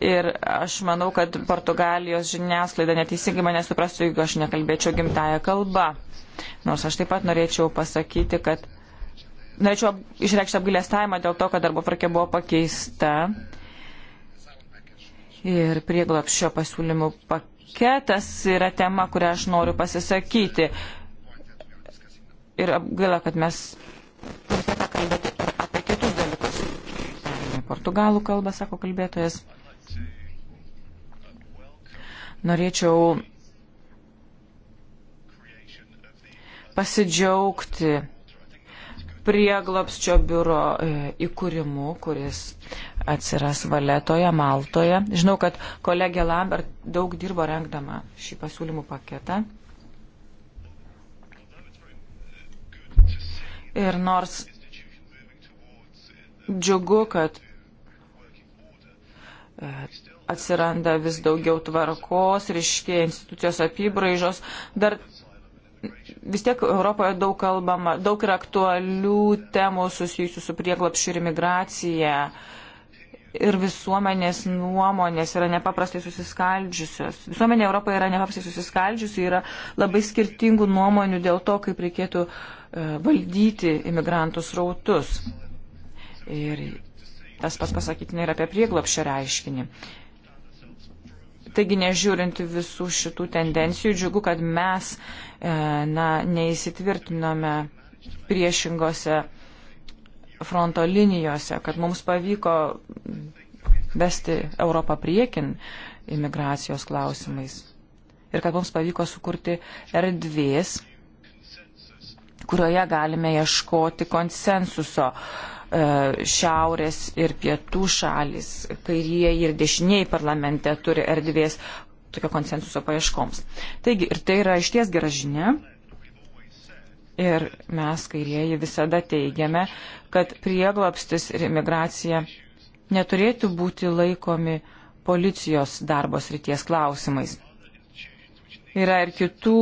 Ir aš manau, kad Portugalijos žiniasklaida neteisingai mane suprastų, jeigu aš nekalbėčiau gimtają kalbą. Nors aš taip pat norėčiau pasakyti, kad norėčiau išreikšti apgailestavimą dėl to, kad darbo tvarkė buvo pakeista. Ir prieglapščio pasiūlymų paketas yra tema, kurią aš noriu pasisakyti ir apgaila, kad mes turime kalbėti ir apie kitus dalykus. Portugalų kalba, sako kalbėtojas. Norėčiau pasidžiaugti prieglopsčio biuro e, įkūrimu, kuris atsiras Valetoje, Maltoje. Žinau, kad kolegė Lambert daug dirbo rengdama šį pasiūlymų paketą. Ir nors džiugu, kad e, atsiranda vis daugiau tvarkos, ryškėja institucijos apibraižos, dar vis tiek Europoje daug kalbama, daug yra aktualių temų susijusių su prieglapšiu ir imigracija. Uh, ir visuomenės nuomonės yra nepaprastai susiskaldžiusios. Visuomenė Europoje yra nepaprastai susiskaldžiusi, yra labai skirtingų nuomonių dėl to, kaip reikėtų e, valdyti imigrantų srautus. Ir tas pas pasakytina ir apie prieglopšio reiškinį. Taigi, nežiūrint visų šitų tendencijų, džiugu, kad mes e, na, neįsitvirtinome priešingose fronto linijose, kad mums pavyko vesti Europą priekin imigracijos klausimais. Ir kad mums pavyko sukurti erdvės, kurioje galime ieškoti konsensuso e, šiaurės ir pietų šalis, kairieji ir dešiniai parlamente turi erdvės tokio konsensuso paieškoms. Taigi, ir tai yra išties gera žinia. Ir mes, kairieji, visada teigiame, kad prieglapstis ir imigracija neturėtų būti laikomi policijos darbos ryties klausimais. Yra ir kitų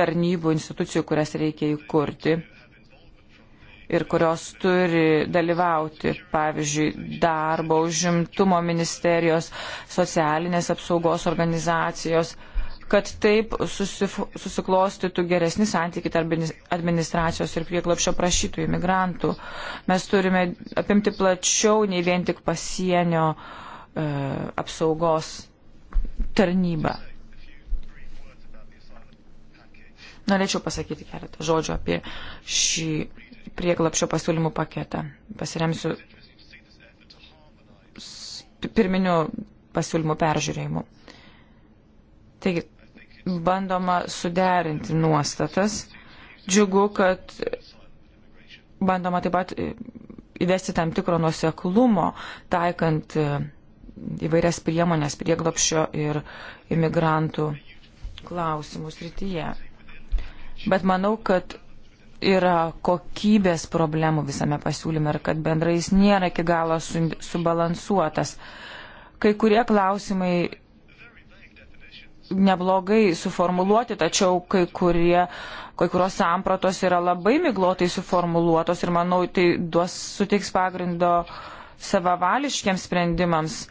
tarnybų institucijų, kurias reikia įkurti ir kurios turi dalyvauti, pavyzdžiui, darbo užimtumo ministerijos, socialinės apsaugos organizacijos kad taip susiklostytų geresni santykiai tarp administracijos ir prieglapšio prašytų imigrantų. Mes turime apimti plačiau nei vien tik pasienio e, apsaugos tarnybą. Norėčiau pasakyti keletą žodžių apie šį prieglapšio pasiūlymų paketą. Pasiremsiu pirminių pasiūlymų peržiūrėjimu. Taigi, bandoma suderinti nuostatas. Džiugu, kad bandoma taip pat įvesti tam tikro nuoseklumo, taikant e, įvairias priemonės prieglopščio ir imigrantų klausimų srityje. Bet manau, kad yra kokybės problemų visame pasiūlyme ir kad bendrai jis nėra iki galo subalansuotas. Kai kurie klausimai neblogai suformuluoti, tačiau kai, kurie, kai kurios sampratos yra labai miglotai suformuluotos ir manau, tai duos suteiks pagrindo savavališkiams sprendimams.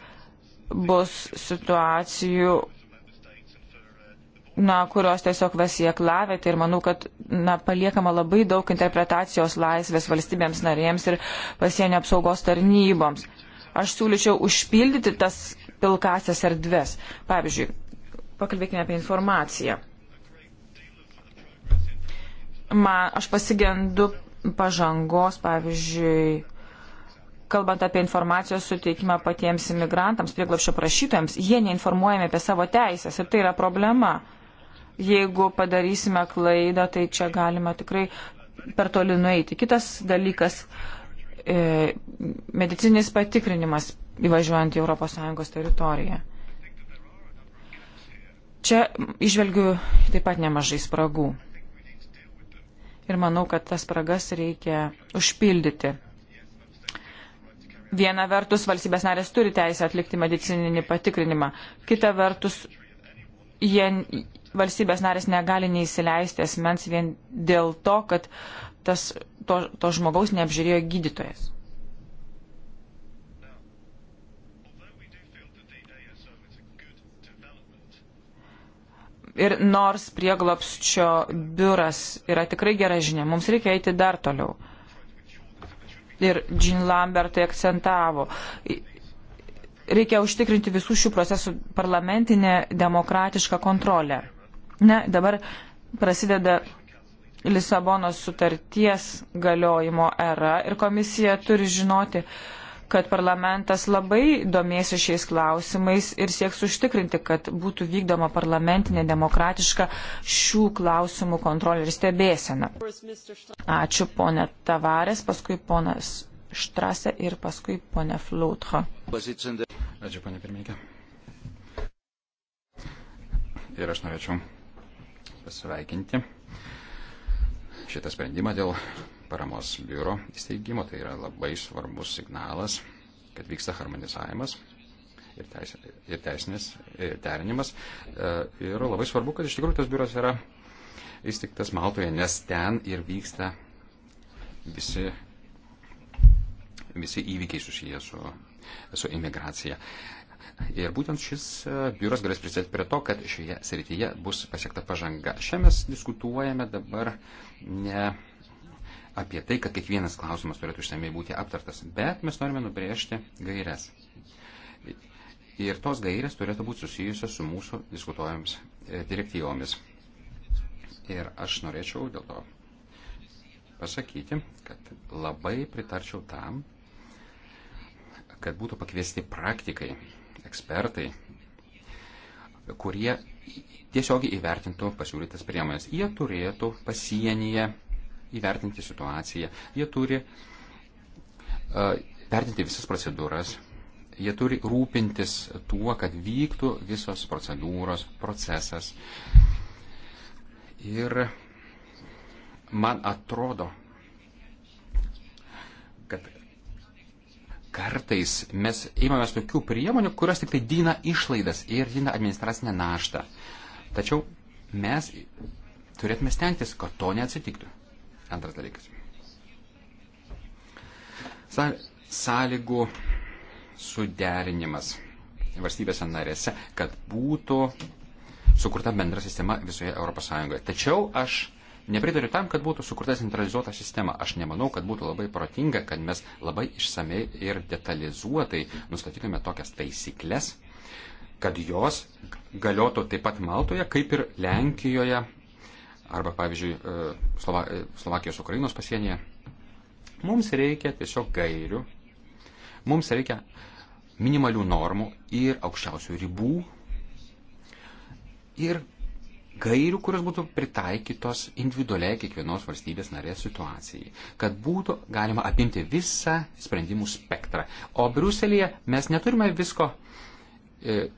Bus situacijų, na, kurios tiesiog vesieklavėte tai ir manau, kad na, paliekama labai daug interpretacijos laisvės valstybėms narėms ir pasienio apsaugos tarnyboms. Aš siūlyčiau užpildyti tas pilkasias erdves. Pavyzdžiui, Pakalbėkime apie informaciją. Man, aš pasigendu pažangos, pavyzdžiui, kalbant apie informacijos suteikimą patiems imigrantams, prieglapšio prašytojams, jie neinformuojami apie savo teisės ir tai yra problema. Jeigu padarysime klaidą, tai čia galima tikrai per toli nueiti. Kitas dalykas e, - medicininis patikrinimas įvažiuojant į ES teritoriją. Čia išvelgiu taip pat nemažai spragų. Ir manau, kad tas spragas reikia užpildyti. Viena vertus, valstybės narės turi teisę atlikti medicininį patikrinimą. Kita vertus, jie, valstybės narės negali neįsileisti asmens vien dėl to, kad tas, to, to žmogaus neapžiūrėjo gydytojas. Ir nors prieglopščio biuras yra tikrai gera žinia, mums reikia eiti dar toliau. Ir Jean Lambert tai akcentavo. Reikia užtikrinti visų šių procesų parlamentinę demokratišką kontrolę. Ne, dabar prasideda Lisabonos sutarties galiojimo era ir komisija turi žinoti, uh, kad parlamentas labai domėsi šiais klausimais ir sieks užtikrinti, kad būtų vykdoma parlamentinė demokratiška šių klausimų kontrolė ir stebėsena. Ačiū ponė Tavarės, paskui ponas Štrasė ir paskui ponė Flautho. Ačiū ponė pirmininkė. Ir aš norėčiau pasveikinti šitą sprendimą dėl paramos biuro įsteigimo. Tai yra labai svarbus signalas, kad vyksta harmonizavimas ir, teis, ir teisinis ir derinimas. E, ir labai svarbu, kad iš tikrųjų tas biuras yra įsteigtas Maltoje, nes ten ir vyksta visi, visi įvykiai susiję su, su imigracija. Ir būtent šis e, biuras galės prisidėti prie to, kad šioje srityje bus pasiekta pažanga. Šią mes diskutuojame dabar ne apie tai, kad kiekvienas klausimas turėtų išsamei būti aptartas, bet mes norime nubrėžti gairias. Ir tos gairias turėtų būti susijusios su mūsų diskutuojamis e, direktyvomis. Ir aš norėčiau dėl to pasakyti, kad labai pritarčiau tam, kad būtų pakviesti praktikai, ekspertai, kurie tiesiog įvertintų pasiūlytas priemonės. Jie turėtų pasienyje įvertinti situaciją, jie turi e, vertinti visas procedūras, jie turi rūpintis tuo, kad vyktų visos procedūros, procesas. Ir man atrodo, kad kartais mes įmamės tokių priemonių, kurios tik tai dina išlaidas ir dina administracinę naštą. Tačiau mes turėtume stengtis, kad to neatsitiktų. Antras dalykas. Sąlygų suderinimas valstybėse narėse, kad būtų sukurta bendra sistema visoje ES. Tačiau aš nepritariu tam, kad būtų sukurta centralizuota sistema. Aš nemanau, kad būtų labai protinga, kad mes labai išsamei ir detalizuotai nustatytume tokias taisyklės, kad jos galiotų taip pat Maltoje, kaip ir Lenkijoje, arba, pavyzdžiui, e, Slova, e, Slovakijos Ukrainos pasienyje. Mums reikia tiesiog gairių, mums reikia minimalių normų ir aukščiausių ribų ir gairių, kurios būtų pritaikytos individualiai kiekvienos valstybės narės situacijai, kad būtų galima apimti visą sprendimų spektrą. O Briuselėje mes neturime visko e,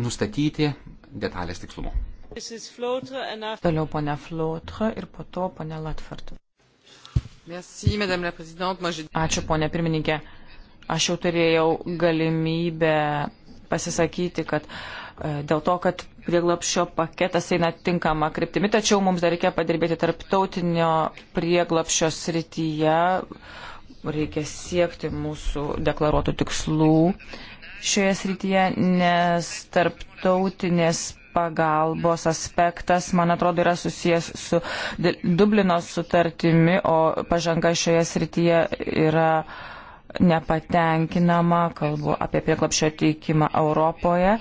nustatyti detalės tikslumu. Toliau ponia Flautre ir po to ponia Latford. Ačiū ponia pirmininkė. Aš jau turėjau galimybę pasisakyti, kad e, dėl to, kad prieglapšio paketas eina tinkama kryptimi, tačiau mums dar reikia padirbėti tarptautinio prieglapšio srityje, reikia siekti mūsų deklaruotų tikslų šioje srityje, nes tarptautinės pagalbos aspektas, man atrodo, yra susijęs su Dublino sutartimi, o pažanga šioje srityje yra nepatenkinama, kalbu apie prieklapšio teikimą Europoje,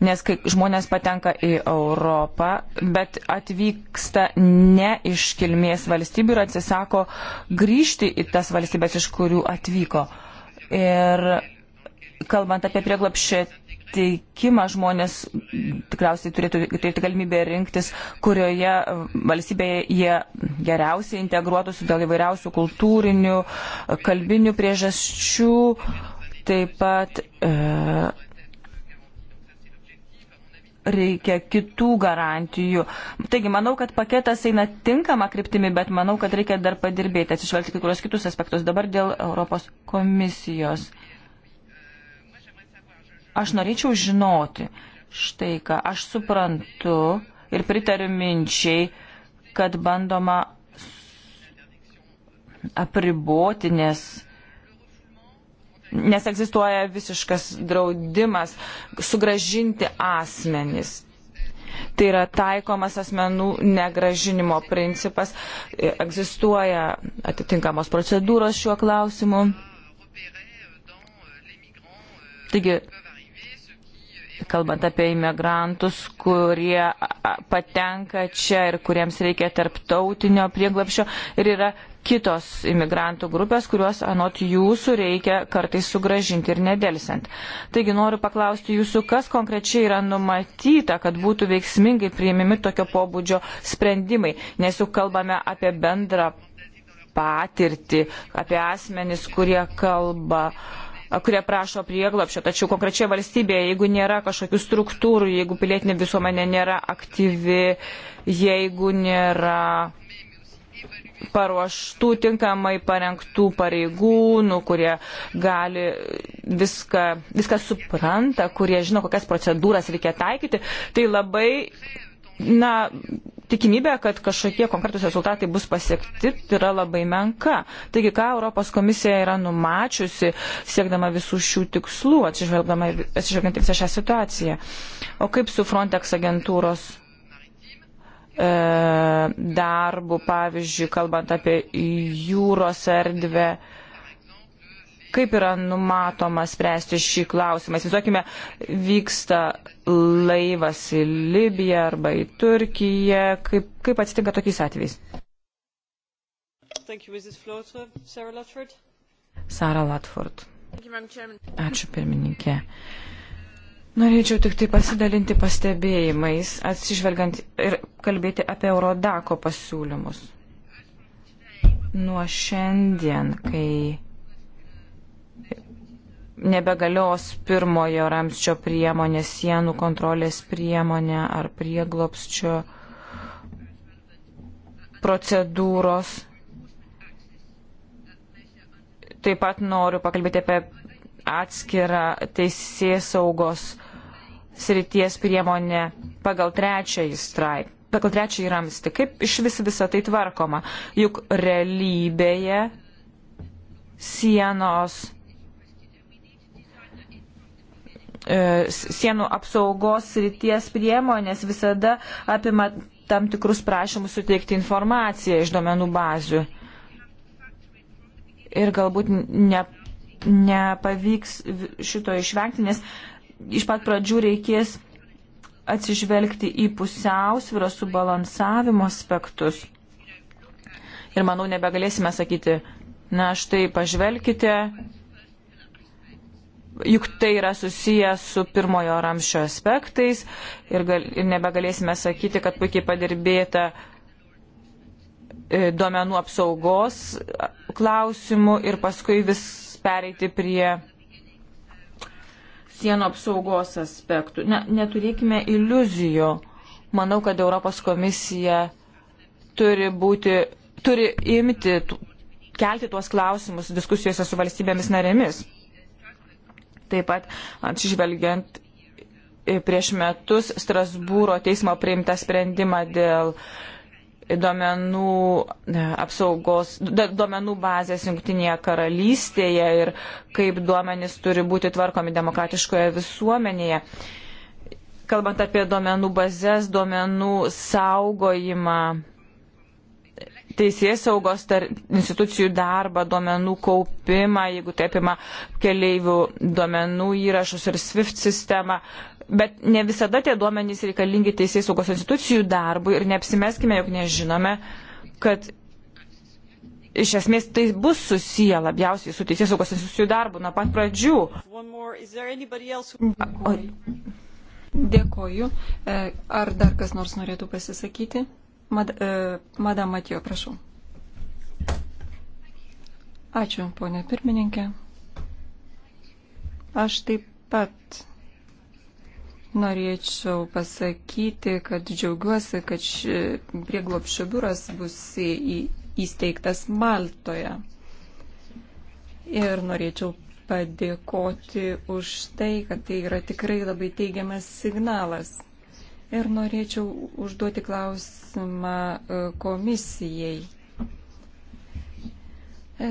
nes kai žmonės patenka į Europą, bet atvyksta ne iš kilmės valstybių ir atsisako grįžti į tas valstybės, iš kurių atvyko. Ir kalbant apie prieglapšio teikimą žmonės tikriausiai turėtų turėti galimybę rinktis, kurioje valstybėje jie geriausiai integruotųsi dėl įvairiausių kultūrinių, kalbinių priežasčių, taip pat e, reikia kitų garantijų. Taigi, manau, kad paketas eina tinkama kryptimi, bet manau, kad reikia dar padirbėti, atsižvelgti kai kurios kitus aspektus dabar dėl Europos komisijos. E, Aš norėčiau žinoti, štai ką aš suprantu ir pritariu minčiai, kad bandoma apriboti, nes, nes egzistuoja visiškas draudimas sugražinti asmenis. Tai yra taikomas asmenų negražinimo principas, egzistuoja atitinkamos procedūros šiuo klausimu. Taigi, kalbant apie imigrantus, kurie patenka čia ir kuriems reikia tarptautinio prieglapšio. Ir yra kitos imigrantų grupės, kuriuos anot jūsų reikia kartais sugražinti ir nedelsiant. Taigi noriu paklausti jūsų, kas konkrečiai yra numatyta, kad būtų veiksmingai priimimi tokio pobūdžio sprendimai, nes jau kalbame apie bendrą patirtį, apie asmenis, kurie kalba uh, kurie prašo prieglopšio, tačiau konkrečioje valstybėje, jeigu nėra kažkokių struktūrų, jeigu pilietinė visuomenė nėra aktyvi, jeigu nėra paruoštų tinkamai parengtų pareigūnų, kurie gali viską, viską supranta, kurie žino, kokias procedūras reikia taikyti, tai labai na, tikimybė, kad kažkokie konkretus rezultatai bus pasiekti, yra labai menka. Taigi, ką Europos komisija yra numačiusi, siekdama visų šių tikslų, atsižvelgiant į visą šią situaciją. O kaip su Frontex agentūros e, darbu, pavyzdžiui, kalbant apie jūros erdvę? E, kaip yra numatoma spręsti šį klausimą? Įsivaizduokime, vyksta laivas į Libiją arba į Turkiją. Kaip, kaip atsitinka tokiais atvejais? Sara Latford. Ačiū pirmininkė. Norėčiau tik tai pasidalinti pastebėjimais, atsižvelgiant ir kalbėti apie Eurodako pasiūlymus. Nuo šiandien, kai nebegalios pirmojo ramščio priemonė, sienų kontrolės priemonė ar prieglopščio procedūros. Taip pat noriu pakalbėti apie atskirą teisės saugos srities priemonę pagal trečiąjį straipą. Pagal trečiąjį ramstį, kaip iš vis visą tai tvarkoma, juk realybėje sienos E, sienų apsaugos ryties priemonės visada apima tam tikrus prašymus suteikti informaciją iš duomenų bazių. Ir galbūt ne, nepavyks šito išvengti, nes iš pat pradžių reikės atsižvelgti į pusiausvyrą subalansavimo aspektus. Ir manau, nebegalėsime sakyti, na štai pažvelkite, juk tai yra susijęs su pirmojo ramščio aspektais ir, gal, ir nebegalėsime sakyti, kad puikiai padirbėta e, duomenų apsaugos klausimų ir paskui vis pereiti prie sienų apsaugos aspektų. Ne, neturėkime iliuzijų. Manau, kad Europos komisija turi būti, turi imti, kelti tuos klausimus diskusijose su valstybėmis narėmis. Taip pat atsižvelgiant prieš metus Strasbūro teismo priimtą sprendimą dėl duomenų e, apsaugos, duomenų bazės Junktinėje karalystėje ir kaip duomenys turi būti tvarkomi demokratiškoje visuomenėje. Kalbant apie duomenų bazės, duomenų saugojimą teisės saugos tar, institucijų darbą, duomenų kaupimą, jeigu tai apima keleivių duomenų įrašus ir SWIFT sistemą. Bet ne visada tie duomenys reikalingi teisės saugos institucijų darbui ir neapsimeskime, jog nežinome, kad iš esmės tai bus susiję labiausiai su teisės saugos institucijų darbu nuo pat pradžių. Dėkoju. Dėkoju. E, ar dar kas nors norėtų pasisakyti? Mad, e, Madam Matijo, prašau. Ačiū, ponė pirmininkė. Aš taip pat norėčiau pasakyti, kad džiaugiuosi, kad prieglopščio biuras bus į, įsteigtas Maltoje. Ir norėčiau padėkoti už tai, kad tai yra tikrai labai teigiamas signalas. Ir norėčiau užduoti klausimą e, komisijai. E,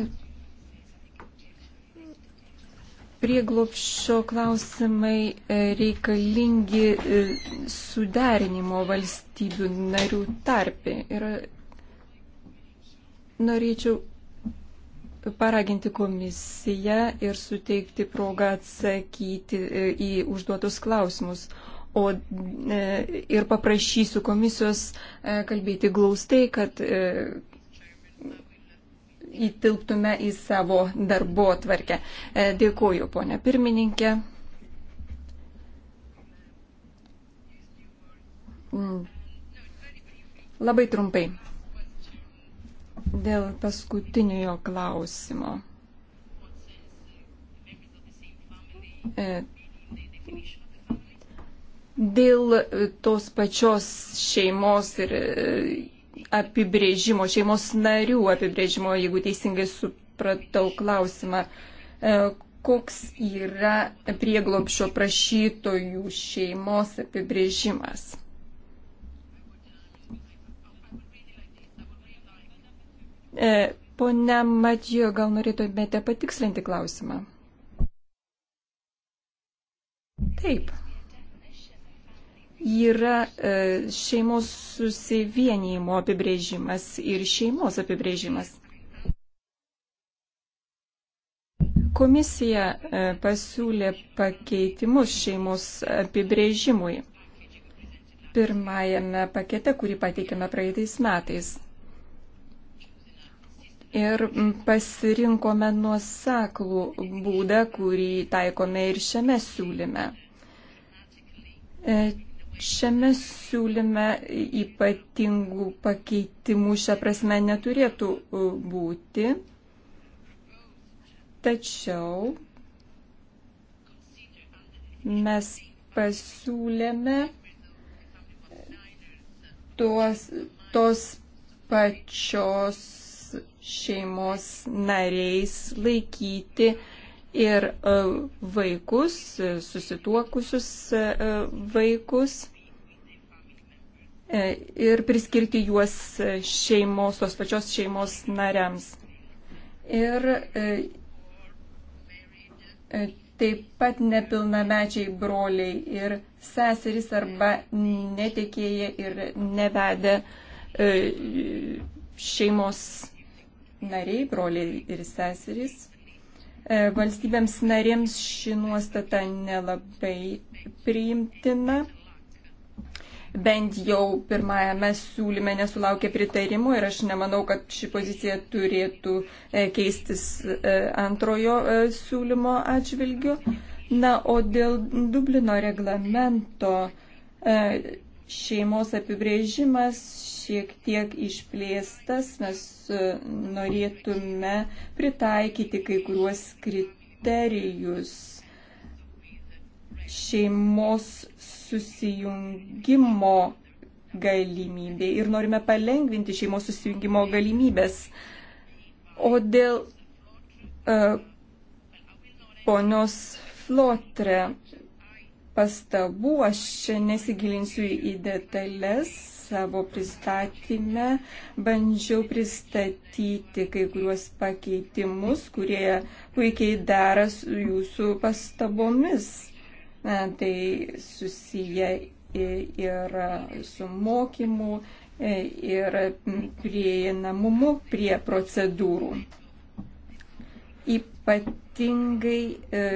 prieglopščio klausimai e, reikalingi suderinimo valstybių narių tarpį. Ir norėčiau paraginti komisiją ir suteikti progą atsakyti į užduotus klausimus o e, ir paprašysiu komisijos e, kalbėti glaustai, kad e, įtilptume į savo darbo tvarkę. Dėkuoju, ponia pirmininkė. Mm. Labai trumpai. Dėl paskutiniojo klausimo dėl e, tos pačios šeimos ir e, apibrėžimo, šeimos narių apibrėžimo, jeigu teisingai supratau klausimą, e, koks yra prieglopšio prašytojų šeimos apibrėžimas. Pone Matijo, gal norėtumėte patikslinti klausimą? Taip yra e, šeimos susivienijimo apibrėžimas ir šeimos apibrėžimas. Komisija e, pasiūlė pakeitimus šeimos apibrėžimui pirmajame pakete, kurį pateikėme praeitais metais. Ir pasirinkome nuoseklų būdą, kurį taikome ir šiame siūlyme. E, Šiame siūlyme ypatingų pakeitimų šią prasme neturėtų e, būti, tačiau mes pasiūlėme tuos, tos pačios šeimos nariais laikyti ir e, vaikus, e, susituokusius e, vaikus ir priskirti juos šeimos, tos pačios šeimos nariams. Ir taip pat nepilnamečiai broliai ir seserys arba netikėję ir nevedę šeimos nariai, broliai ir seserys. E, valstybėms narėms ši nuostata nelabai priimtina. Bent jau pirmajame siūlyme nesulaukė pritarimo ir aš nemanau, kad ši pozicija turėtų e, keistis e, antrojo siūlymo atžvilgiu. Na, o dėl Dublino reglamento šeimos apibrėžimas šiek tiek išplėstas, mes e, norėtume pritaikyti kai kuriuos kriterijus šeimos susijungimo galimybė ir norime palengvinti šeimos susijungimo galimybės. O dėl uh, ponios Flotre pastabų, aš nesigilinsiu į detalės savo pristatyme, bandžiau pristatyti kai kuriuos pakeitimus, kurie puikiai dera su jūsų pastabomis. Tai susiję ir su mokymu, ir prieinamumu prie procedūrų ypatingai e,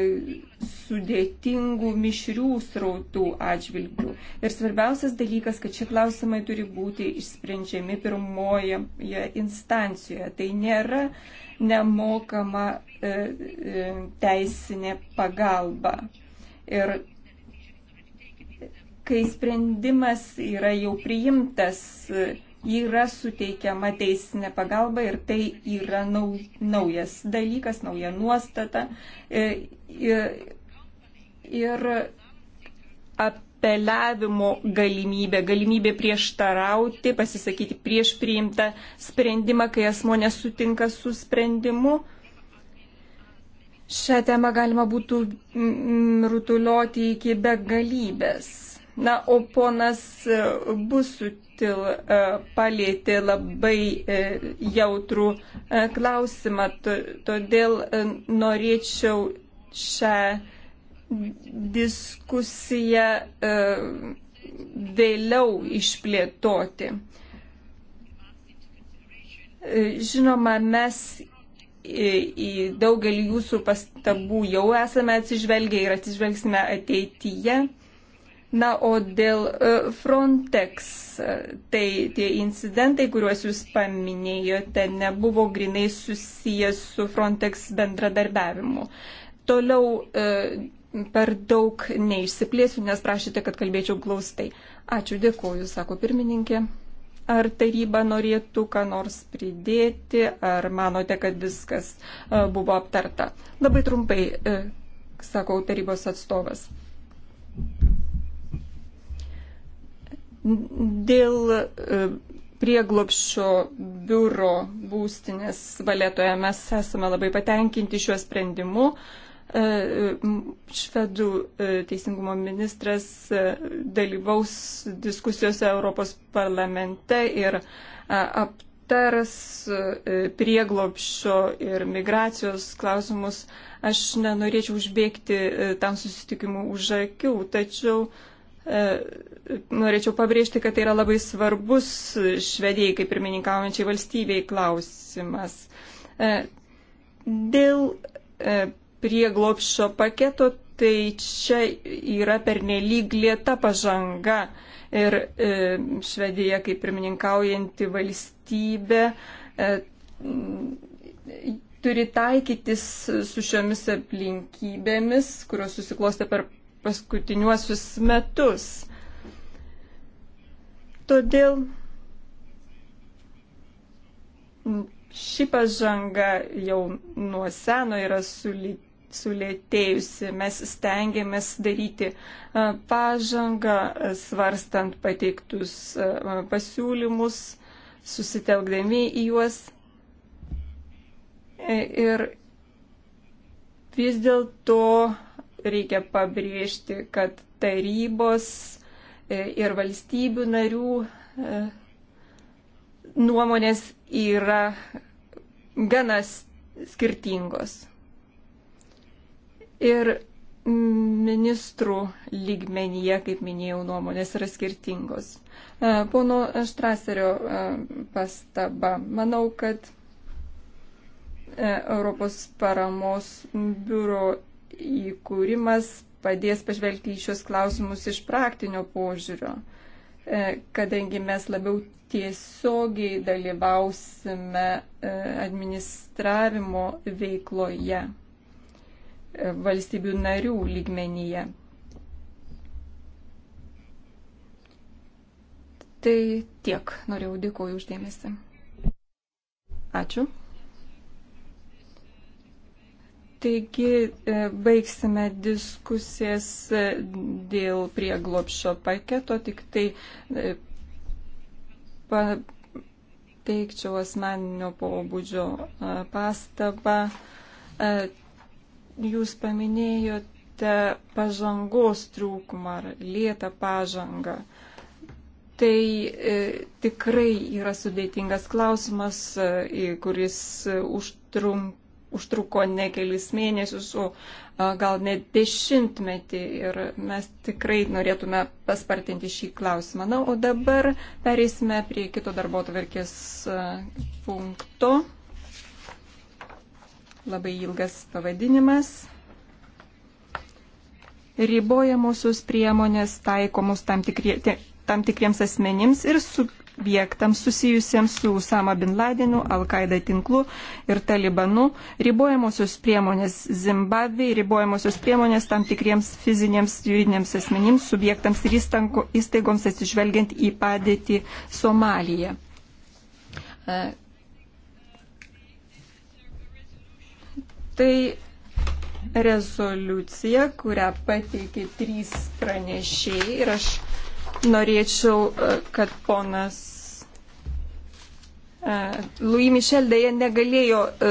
sudėtingų mišrių srautų atžvilgių. Ir svarbiausias dalykas, kad šie klausimai turi būti išsprendžiami pirmoje instancijoje. Tai nėra nemokama e, e, teisinė pagalba. Ir kai sprendimas yra jau priimtas, e, yra suteikiama teisinė pagalba ir tai yra nau, naujas dalykas, nauja nuostata. Ir, e, e, ir apeliavimo galimybė, galimybė prieštarauti, pasisakyti prieš priimtą sprendimą, kai asmo nesutinka su sprendimu. Šią temą galima būtų rutulioti iki begalybės. Na, o ponas e, Busutil e, palėtė labai e, jautrų klausimą, todėl norėčiau šią diskusiją vėliau išplėtoti. Žinoma, mes į daugelį jūsų pastabų jau esame atsižvelgę ir atsižvelgsime ateityje. Na, o dėl e, Frontex, e, tai tie incidentai, kuriuos jūs paminėjote, nebuvo grinai susijęs su Frontex bendradarbiavimu. Toliau e, per daug neišsiplėsiu, nes prašyte, kad kalbėčiau glaustai. Ačiū, dėkoju, sako pirmininkė. Ar taryba norėtų ką nors pridėti, ar manote, kad viskas buvo aptarta? Labai trumpai, sakau, tarybos atstovas. Dėl e, prieglopščio biuro būstinės valetoje mes esame labai patenkinti šiuo sprendimu. E, švedų e, teisingumo ministras dalyvaus diskusijose Europos parlamente ir aptars prieglopščio ir migracijos klausimus. Aš nenorėčiau užbėgti tam susitikimu už akių, tačiau uh, E, norėčiau pabrėžti, kad tai yra labai svarbus švedijai kaip pirmininkaujančiai valstybei klausimas. E, dėl e, prieglopšio paketo tai čia yra pernelyg lieta pažanga ir Švedija kaip pirmininkaujanti valstybė turi taikytis su šiomis aplinkybėmis, kurios susiklostė per paskutiniuosius metus. Todėl ši pažanga jau nuo seno yra sulėtėjusi. Mes stengiamės daryti pažangą, svarstant pateiktus pasiūlymus, susitelkdami į juos. E, ir vis dėlto reikia pabrėžti, kad tarybos e, ir valstybių narių e, nuomonės yra ganas skirtingos. Ir ministrų lygmenyje, kaip minėjau, nuomonės yra skirtingos. E, pono Štraserio pastaba. Manau, kad Europos paramos biuro įkūrimas padės pažvelgti į šios klausimus iš praktinio požiūrio, e, kadangi mes labiau tiesiogiai dalyvausime e, administravimo veikloje e, valstybių narių lygmenyje. Tai tiek. Norėjau dėkoju uždėmesi. Ačiū. Taigi e, baigsime diskusijas e, dėl prieglopšio paketo, tik tai e, pateikčiau asmeninio pobūdžio pastabą. Jūs paminėjote pažangos trūkumą ar lietą pažangą. Tai e, tikrai yra sudėtingas klausimas, e, kuris užtrunk užtruko ne kelis mėnesius, o gal net dešimtmetį ir mes tikrai norėtume paspartinti šį klausimą. Na, o dabar pereisime prie kito darbo tvarkės punkto. Labai ilgas pavadinimas ribojamosios priemonės taikomus tam, tikrie, tam tikriems asmenims ir su, subjektams susijusiems su Usama Bin Ladenu, Al-Qaeda tinklu ir Talibanu, ribojamosios priemonės Zimbabvei, ribojamosios priemonės tam tikriems fiziniams juridiniams asmenims, subjektams ir įstaigoms atsižvelgiant į padėtį Somaliją. E, tai rezoliucija, kurią pateikė trys pranešėjai ir aš norėčiau, e, kad ponas E, Louis Michel dėja negalėjo e,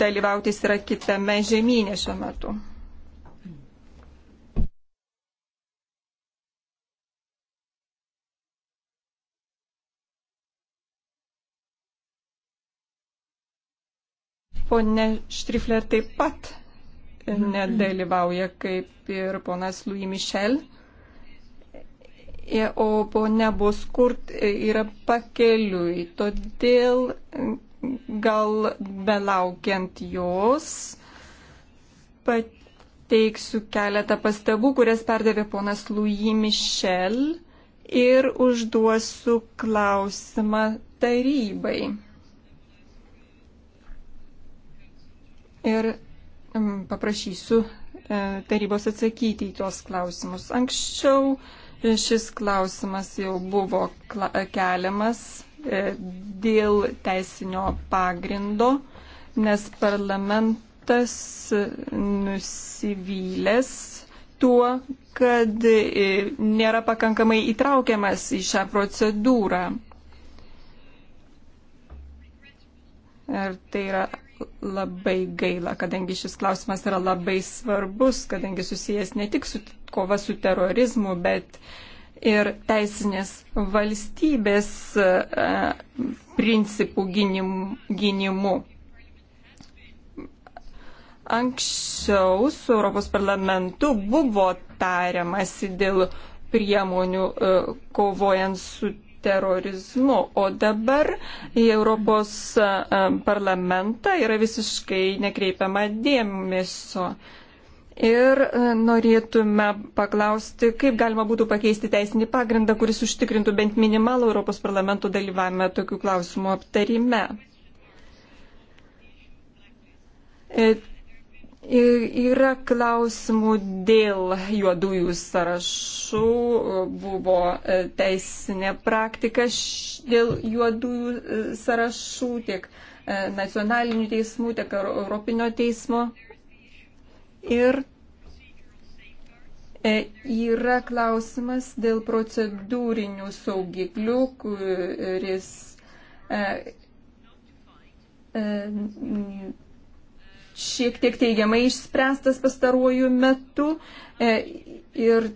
dalyvauti, jis yra kitame žemynė šiuo metu. Pone Štrifler taip pat mhm. nedalyvauja kaip ir ponas Louis Michel. E, o ponia Boskurt yra pakeliui. Todėl mm, gal belaukiant jos pateiksiu keletą pastabų, kurias perdavė ponas Louis Michel ir užduosiu klausimą tarybai. Ir mm, paprašysiu e, tarybos atsakyti į tuos klausimus. Anksčiau uh, Šis klausimas jau buvo keliamas e, dėl teisinio pagrindo, nes parlamentas nusivylęs tuo, kad e, nėra pakankamai įtraukiamas į šią procedūrą. Ir tai yra labai gaila, kadangi šis klausimas yra labai svarbus, kadangi susijęs ne tik su kova su terorizmu, bet ir teisinės valstybės e, principų gynimu. Anksčiau su Europos parlamentu buvo tariamasi dėl priemonių e, kovojant su terorizmu. O dabar į Europos e, parlamentą yra visiškai nekreipiama dėmesio. Ir e, norėtume paklausti, kaip galima būtų pakeisti teisinį pagrindą, kuris užtikrintų bent minimalų Europos parlamento dalyvavimą tokių klausimų aptarime. E, Yra klausimų dėl juodųjų sąrašų, buvo e, teisinė praktika dėl juodųjų e, sąrašų tiek e, nacionalinių teismų, tiek Europinio teismo. Ir yra klausimas dėl procedūrinių saugiklių, kuris šiek tiek teigiamai išspręstas pastaruoju metu e, ir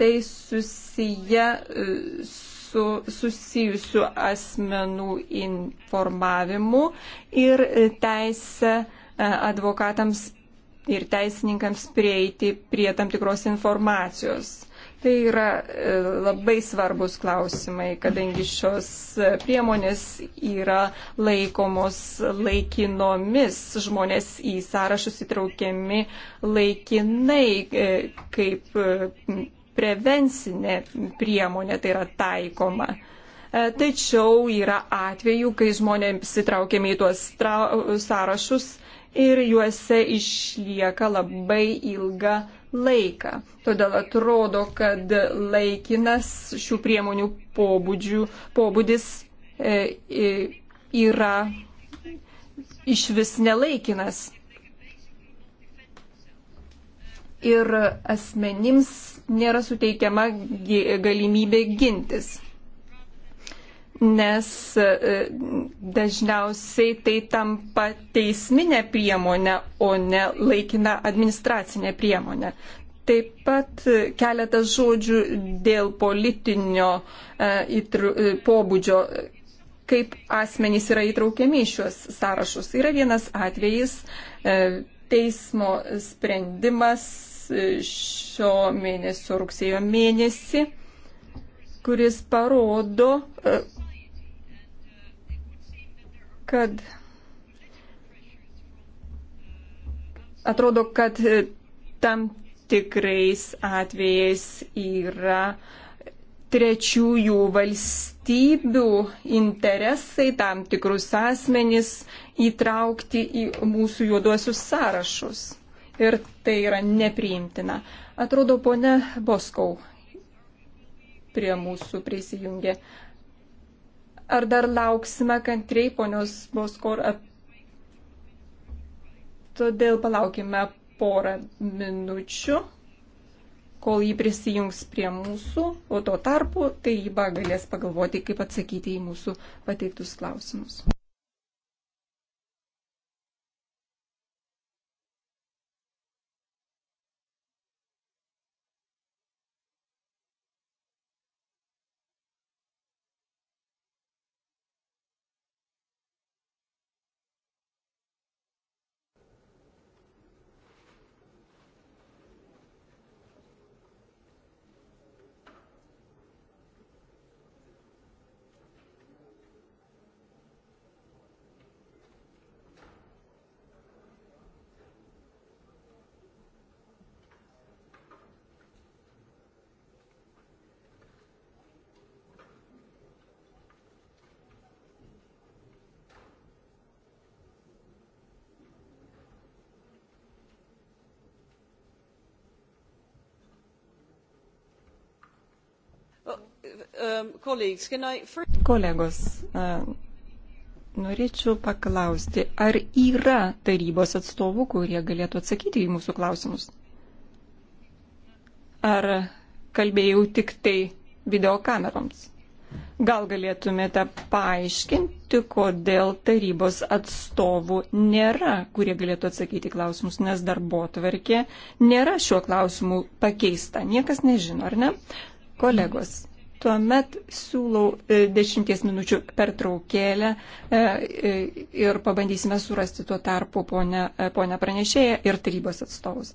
tai susiję e, su susijusių asmenų informavimu ir e, teisę advokatams ir teisininkams prieiti prie tam tikros informacijos. Tai yra e, labai svarbus klausimai, kadangi šios e, priemonės yra laikomos laikinomis, žmonės į sąrašus įtraukiami laikinai e, kaip prevencinė priemonė, tai yra taikoma. Tačiau yra atvejų, kai žmonėms įtraukiami į tuos sąrašus ir juose išlieka labai ilga laiką. Todėl atrodo, kad laikinas šių priemonių pobūdžių, pobūdis e, yra iš vis nelaikinas. Ir asmenims nėra suteikiama galimybė gintis nes e, dažniausiai tai tampa teisminė priemonė, o ne laikina administracinė priemonė. Taip pat e, keletas žodžių dėl politinio e, pobūdžio, kaip asmenys yra įtraukiami į šiuos sąrašus. Yra vienas atvejis, teismo sprendimas šio mėnesio rugsėjo mėnesį, kuris parodo, kad atrodo, kad e, tam tikrais atvejais yra trečiųjų valstybių interesai tam tikrus asmenys įtraukti į mūsų juoduosius sąrašus. Ir tai yra nepriimtina. Atrodo, ponė Boskau prie mūsų prisijungė. Ar dar lauksime kantriai ponios Boskor? Todėl palaukime porą minučių, kol jį prisijungs prie mūsų, o tuo tarpu taryba galės pagalvoti, kaip atsakyti į mūsų pateiktus klausimus. Um, Kolegos, uh, norėčiau paklausti, ar yra tarybos atstovų, kurie galėtų atsakyti į mūsų klausimus? Ar kalbėjau tik tai videokameroms? Gal galėtumėte paaiškinti, kodėl tarybos atstovų nėra, kurie galėtų atsakyti klausimus, nes darbo tvarkė nėra šiuo klausimu pakeista. Niekas nežino, ar ne? Kolegos, tuomet siūlau e, dešimties minučių pertraukėlę e, e, ir pabandysime surasti tuo tarpu ponę pranešėją ir tarybos atstovus.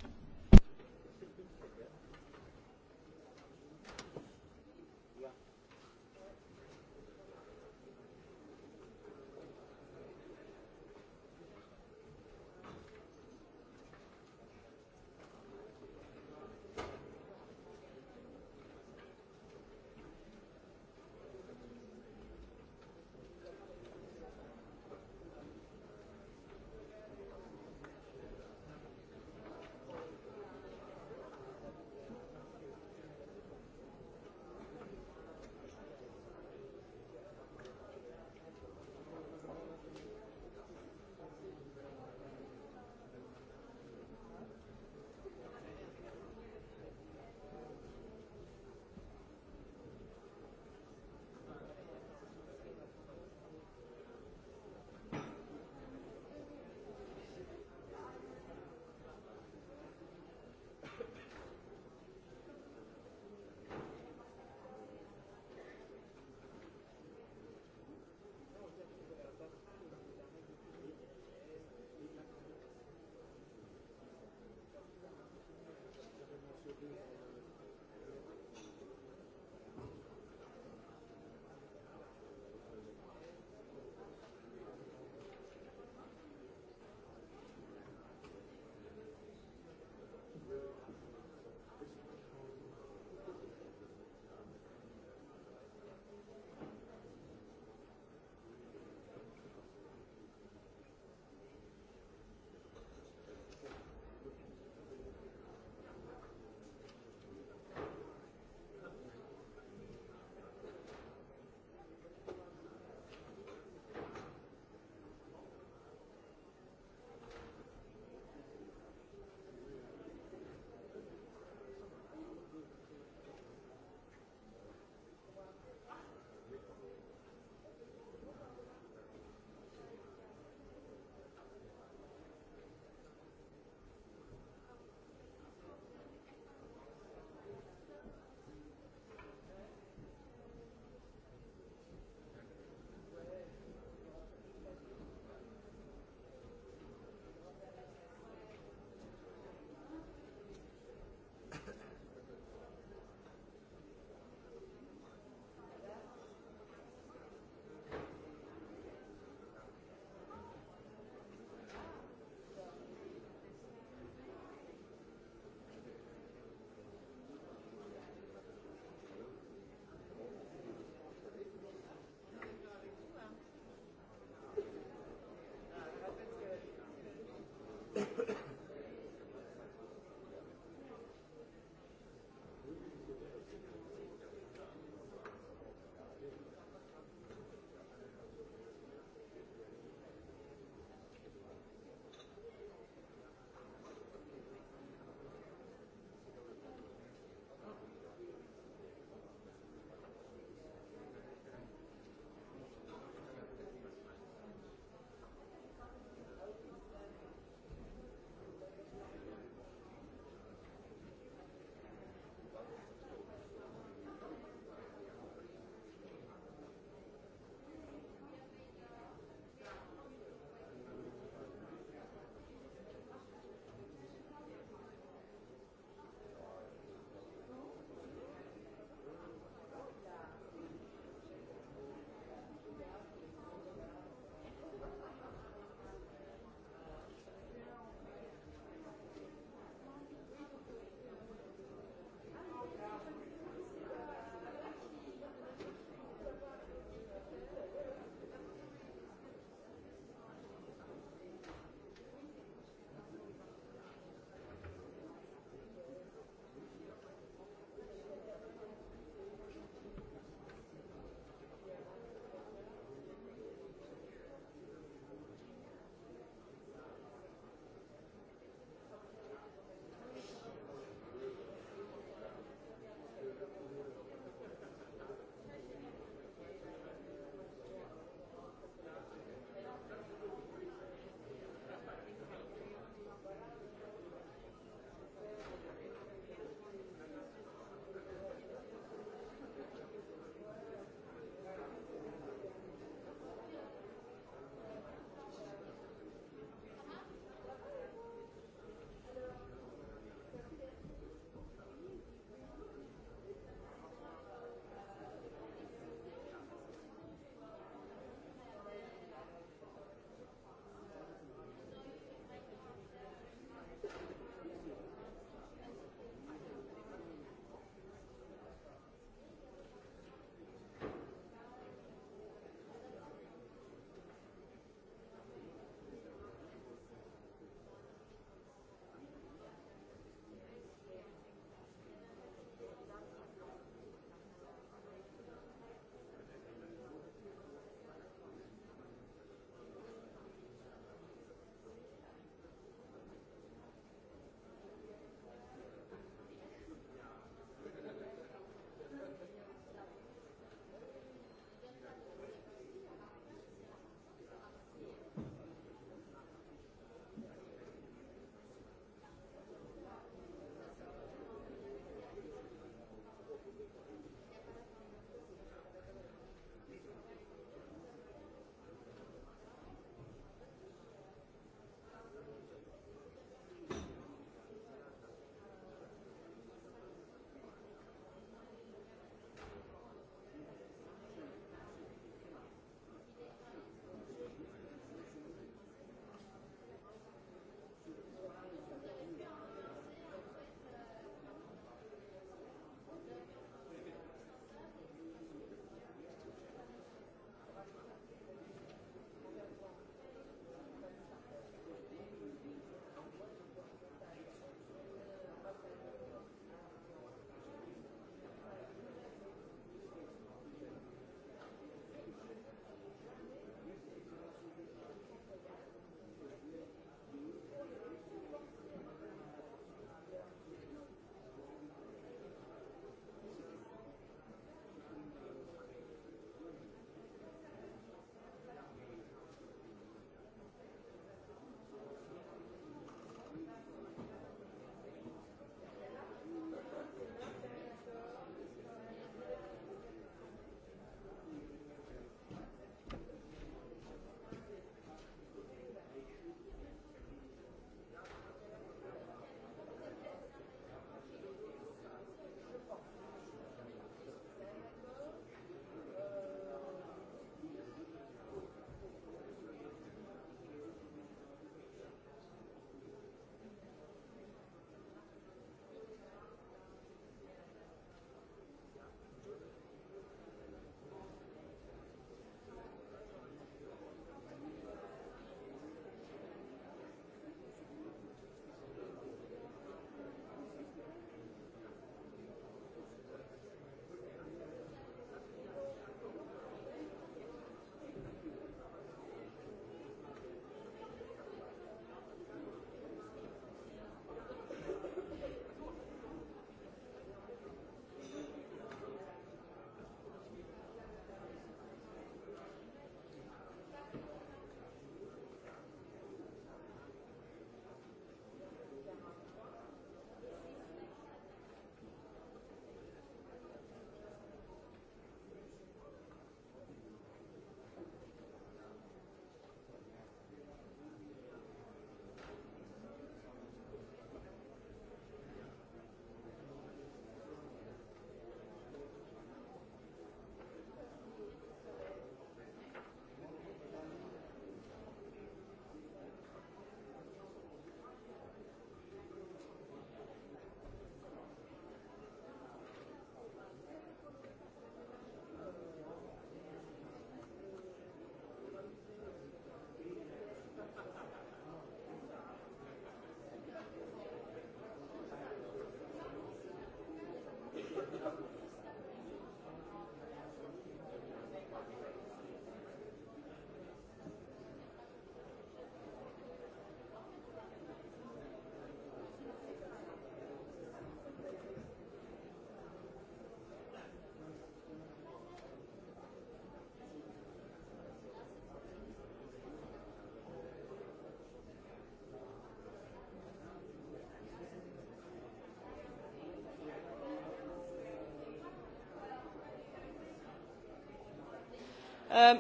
Um,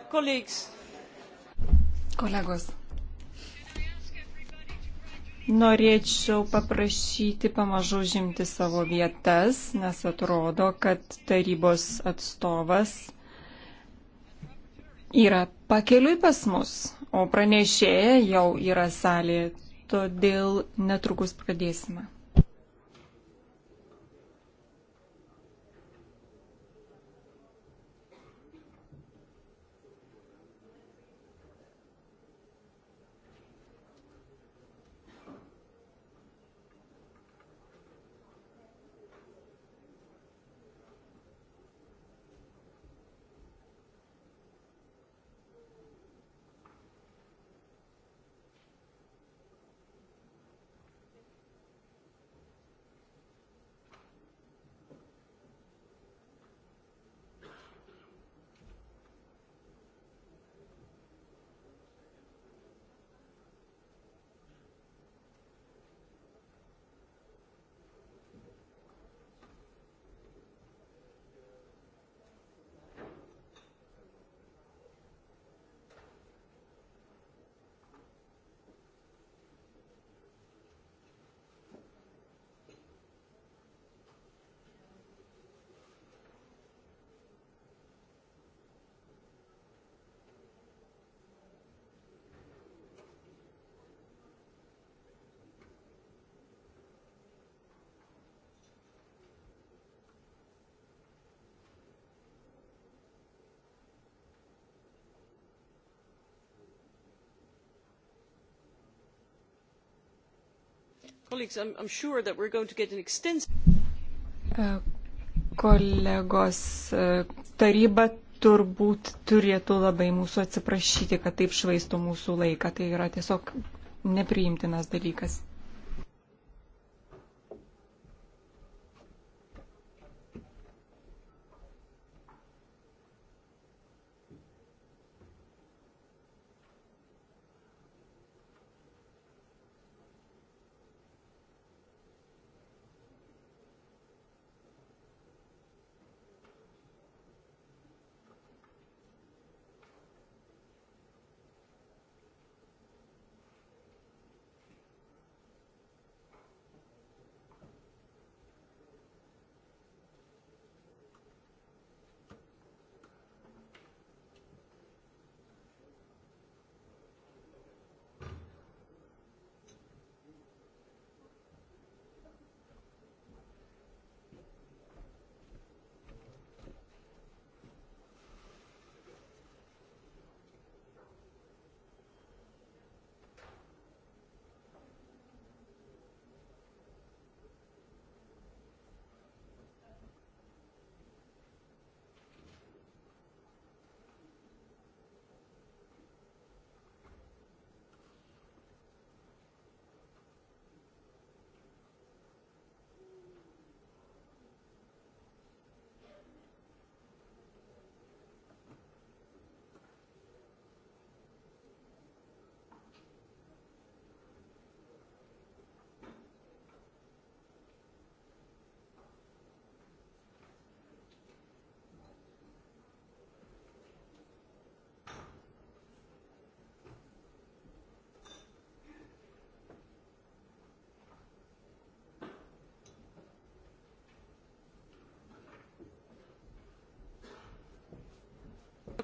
Kolegos, norėčiau paprašyti pamažu žimti savo vietas, nes atrodo, kad tarybos atstovas yra pakeliui pas mus, o pranešėja jau yra salėje, todėl netrukus pradėsime. colleagues, I'm, I'm sure that we're going to get an extensive. E, kolegos, e, taryba turbūt turėtų labai mūsų atsiprašyti, kad taip švaisto mūsų laiką. Tai yra tiesiog nepriimtinas dalykas.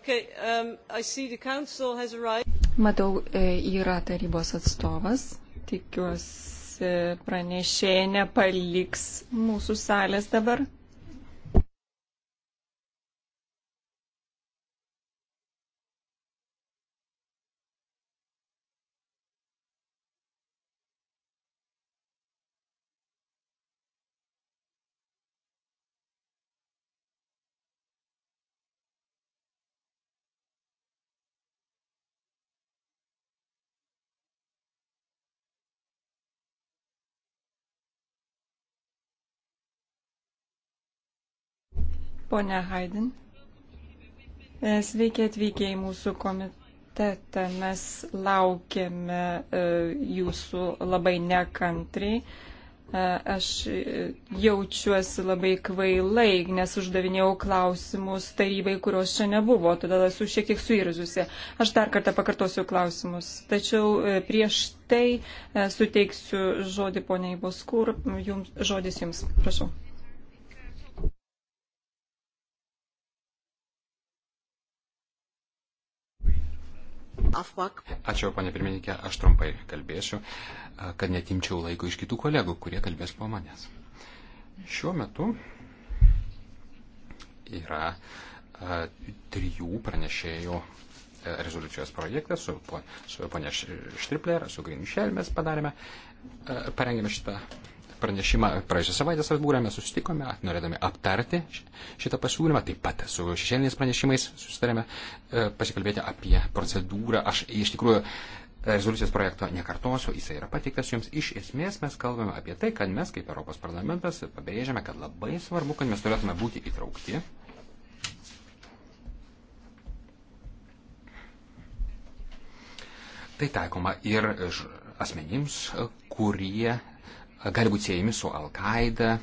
Okay, um, right. Matau, e, yra tarybos atstovas. Tikiuosi, pranešėja nepaliks mūsų salės dabar. Pone Haidin, e, sveiki atvykę į mūsų komitetą. Mes laukiame e, jūsų labai nekantriai. E, aš jaučiuosi labai kvailai, nes uždavinėjau klausimus tarybai, kurios čia nebuvo, todėl esu šiek tiek suirzusi. Aš dar kartą pakartosiu klausimus, tačiau prieš tai suteiksiu žodį poniai Boskur, jums, žodis jums, prašau. Ačiū, panė pirmininkė, aš trumpai kalbėsiu, kad netimčiau laiko iš kitų kolegų, kurie kalbės po manęs. Šiuo metu yra a, trijų pranešėjų e, rezoliucijos projektas su, su ponė Štripler, su Grinišėl mes padarėme, a, parengėme šitą pranešimą. Praėjusią savaitę Strasbūrė mes susitikome, norėdami aptarti šitą pasiūlymą. Taip pat su šešėliniais pranešimais susitarėme e, pasikalbėti apie procedūrą. Aš iš tikrųjų rezoliucijos projekto nekartosiu, jisai yra pateiktas jums. Iš esmės mes kalbame apie tai, kad mes kaip Europos parlamentas pabrėžiame, kad labai svarbu, kad mes turėtume būti įtraukti. Tai taikoma ir asmenims, kurie gali būti siejami su Al-Qaeda.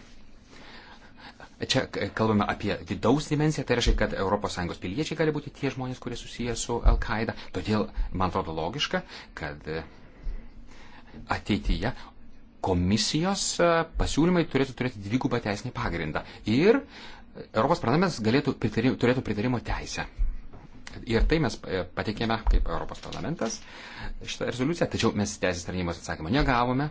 Čia kalbame apie vidaus dimensiją, tai reiškia, kad ES piliečiai gali būti tie žmonės, kurie susiję su Al-Qaeda. Todėl man atrodo logiška, kad ateityje komisijos pasiūlymai turėtų turėti dvigubą teisinį pagrindą. Ir Europos parlamentas galėtų pritarim, turėtų pritarimo teisę. Ir tai mes pateikėme kaip Europos parlamentas šitą rezoliuciją, tačiau mes teisės tarnybos atsakymą negavome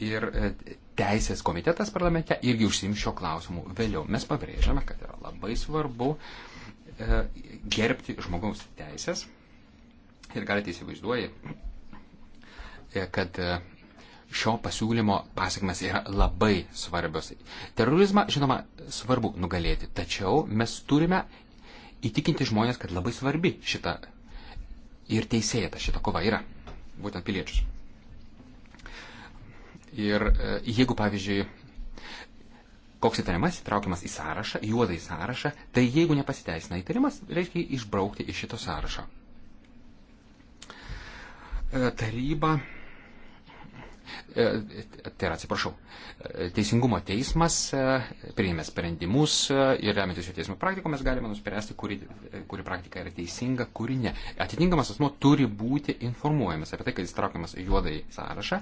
ir e, teisės komitetas parlamente irgi užsim šio klausimu vėliau. Mes pabrėžiame, kad yra labai svarbu e, gerbti žmogaus teisės. Ir galite įsivaizduoji, e, kad šio pasiūlymo pasiekmes yra labai svarbios. Terorizmą, žinoma, svarbu nugalėti, tačiau mes turime įtikinti žmonės, kad labai svarbi šita ir teisėta šita kova yra, būtent piliečius. Ir e, jeigu, pavyzdžiui, koks įtariamas įtraukiamas į sąrašą, juodą į sąrašą, tai jeigu nepasiteisina įtariamas, reiškia išbraukti iš šito sąrašo. E, taryba E, tai yra, atsiprašau, e, Teisingumo teismas e, priėmė sprendimus ir remiantis šio teismo praktiko mes galime nuspręsti, kuri, kuri praktika yra teisinga, kuri ne. Atitinkamas asmo turi būti informuojamas apie tai, kad jis traukiamas į juodąjį sąrašą.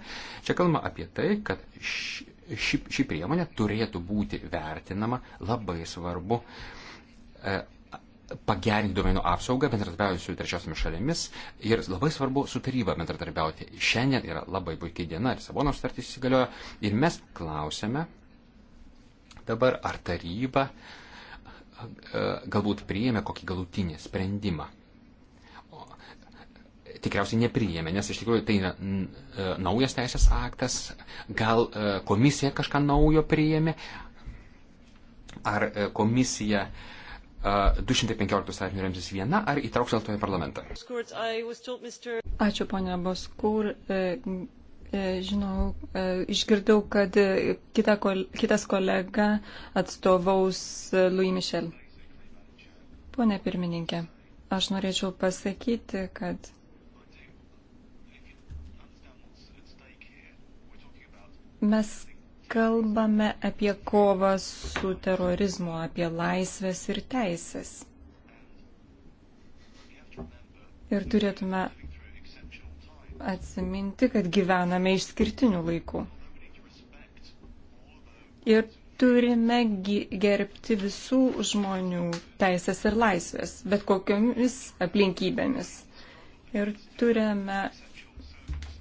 Čia kalbama apie tai, kad ši, ši, ši priemonė turėtų būti vertinama labai svarbu pagerinti duomenų apsaugą, bendradarbiauti su trečiosiomis šalimis ir labai svarbu su taryba bendradarbiauti. Šiandien yra labai puikiai diena, Lisabono sutartys įsigalioja ir mes klausėme dabar, ar taryba e, galbūt priėmė kokį galutinį sprendimą. Tikriausiai nepriėmė, nes iš tikrųjų tai yra e, naujas teisės aktas, gal e, komisija kažką naujo priėmė, ar komisija uh, 215 straipsnių remsis viena ar įtrauks dėl to į parlamentą? Ačiū, ponia Boskur. E, e, žinau, e, išgirdau, kad kita, kitas kolega atstovaus Louis Michel. Pone pirmininkė, aš norėčiau pasakyti, kad mes Kalbame apie kovą su terorizmu, apie laisvės ir teisės. Ir turėtume atsiminti, kad gyvename išskirtinių laikų. Ir turime gerbti visų žmonių teisės ir laisvės, bet kokiomis aplinkybėmis. Ir turime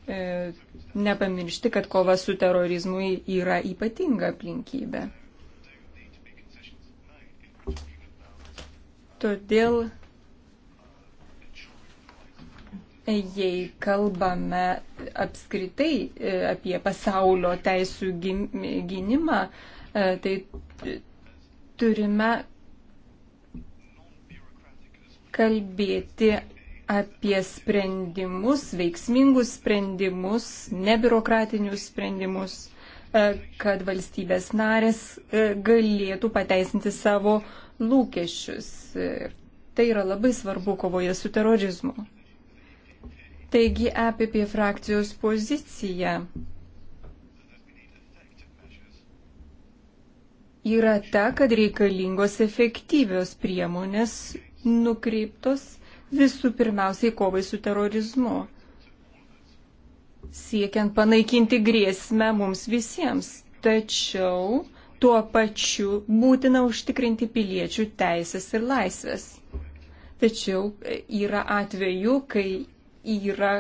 E, nepamiršti, kad kova su terorizmu yra ypatinga aplinkybė. Todėl, jei kalbame apskritai e, apie pasaulio teisų gynimą, e, tai turime kalbėti apie sprendimus, veiksmingus sprendimus, nebiurokratinius sprendimus, e, kad valstybės narės e, galėtų pateisinti savo lūkesčius. Ir e, tai yra labai svarbu kovoje su terorizmu. Taigi EPP frakcijos pozicija yra ta, kad reikalingos efektyvios priemonės nukreiptos Visų pirmiausiai kovai su terorizmu, siekiant panaikinti grėsmę mums visiems. Tačiau tuo pačiu būtina užtikrinti piliečių teisės ir laisvės. Tačiau yra atveju, kai yra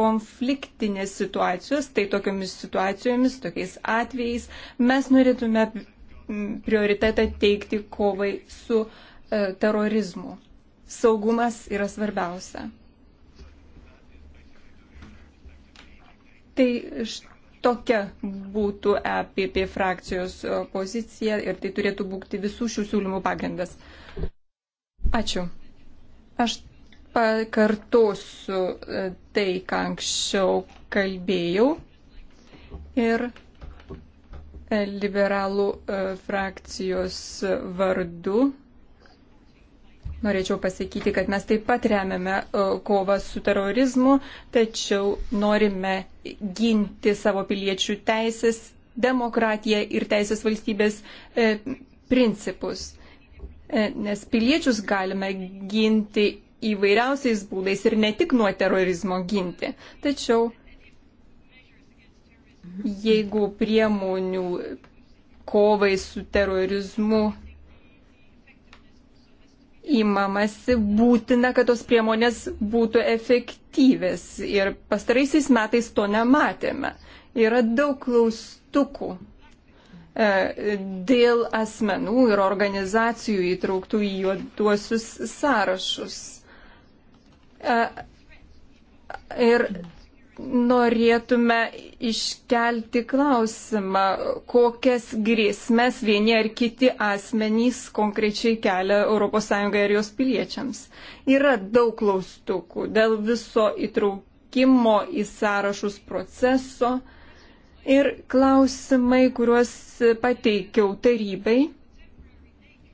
konfliktinės situacijos, tai tokiomis situacijomis, tokiais atvejais mes norėtume prioritetą teikti kovai su e, terorizmu saugumas yra svarbiausia. Tai tokia būtų EPP frakcijos pozicija ir tai turėtų būti visų šių siūlymų pagrindas. Ačiū. Aš pakartosiu e, tai, ką anksčiau kalbėjau. Ir e, liberalų e, frakcijos vardu Norėčiau pasakyti, kad mes taip pat remiame e, kovą su terorizmu, tačiau norime ginti savo piliečių teisės, demokratiją ir teisės valstybės e, principus. E, nes piliečius galime ginti įvairiausiais būdais ir ne tik nuo terorizmo ginti. Tačiau jeigu priemonių kovai su terorizmu įmamasi būtina, kad tos priemonės būtų efektyvės ir pastaraisiais metais to nematėme. Yra daug klaustukų e, dėl asmenų ir organizacijų įtrauktų į juoduosius sąrašus. E, ir norėtume iškelti klausimą, kokias grėsmės vieni ar kiti asmenys konkrečiai kelia ES ir jos piliečiams. Yra daug klaustukų dėl viso įtraukimo į sąrašus proceso ir klausimai, kuriuos pateikiau tarybai,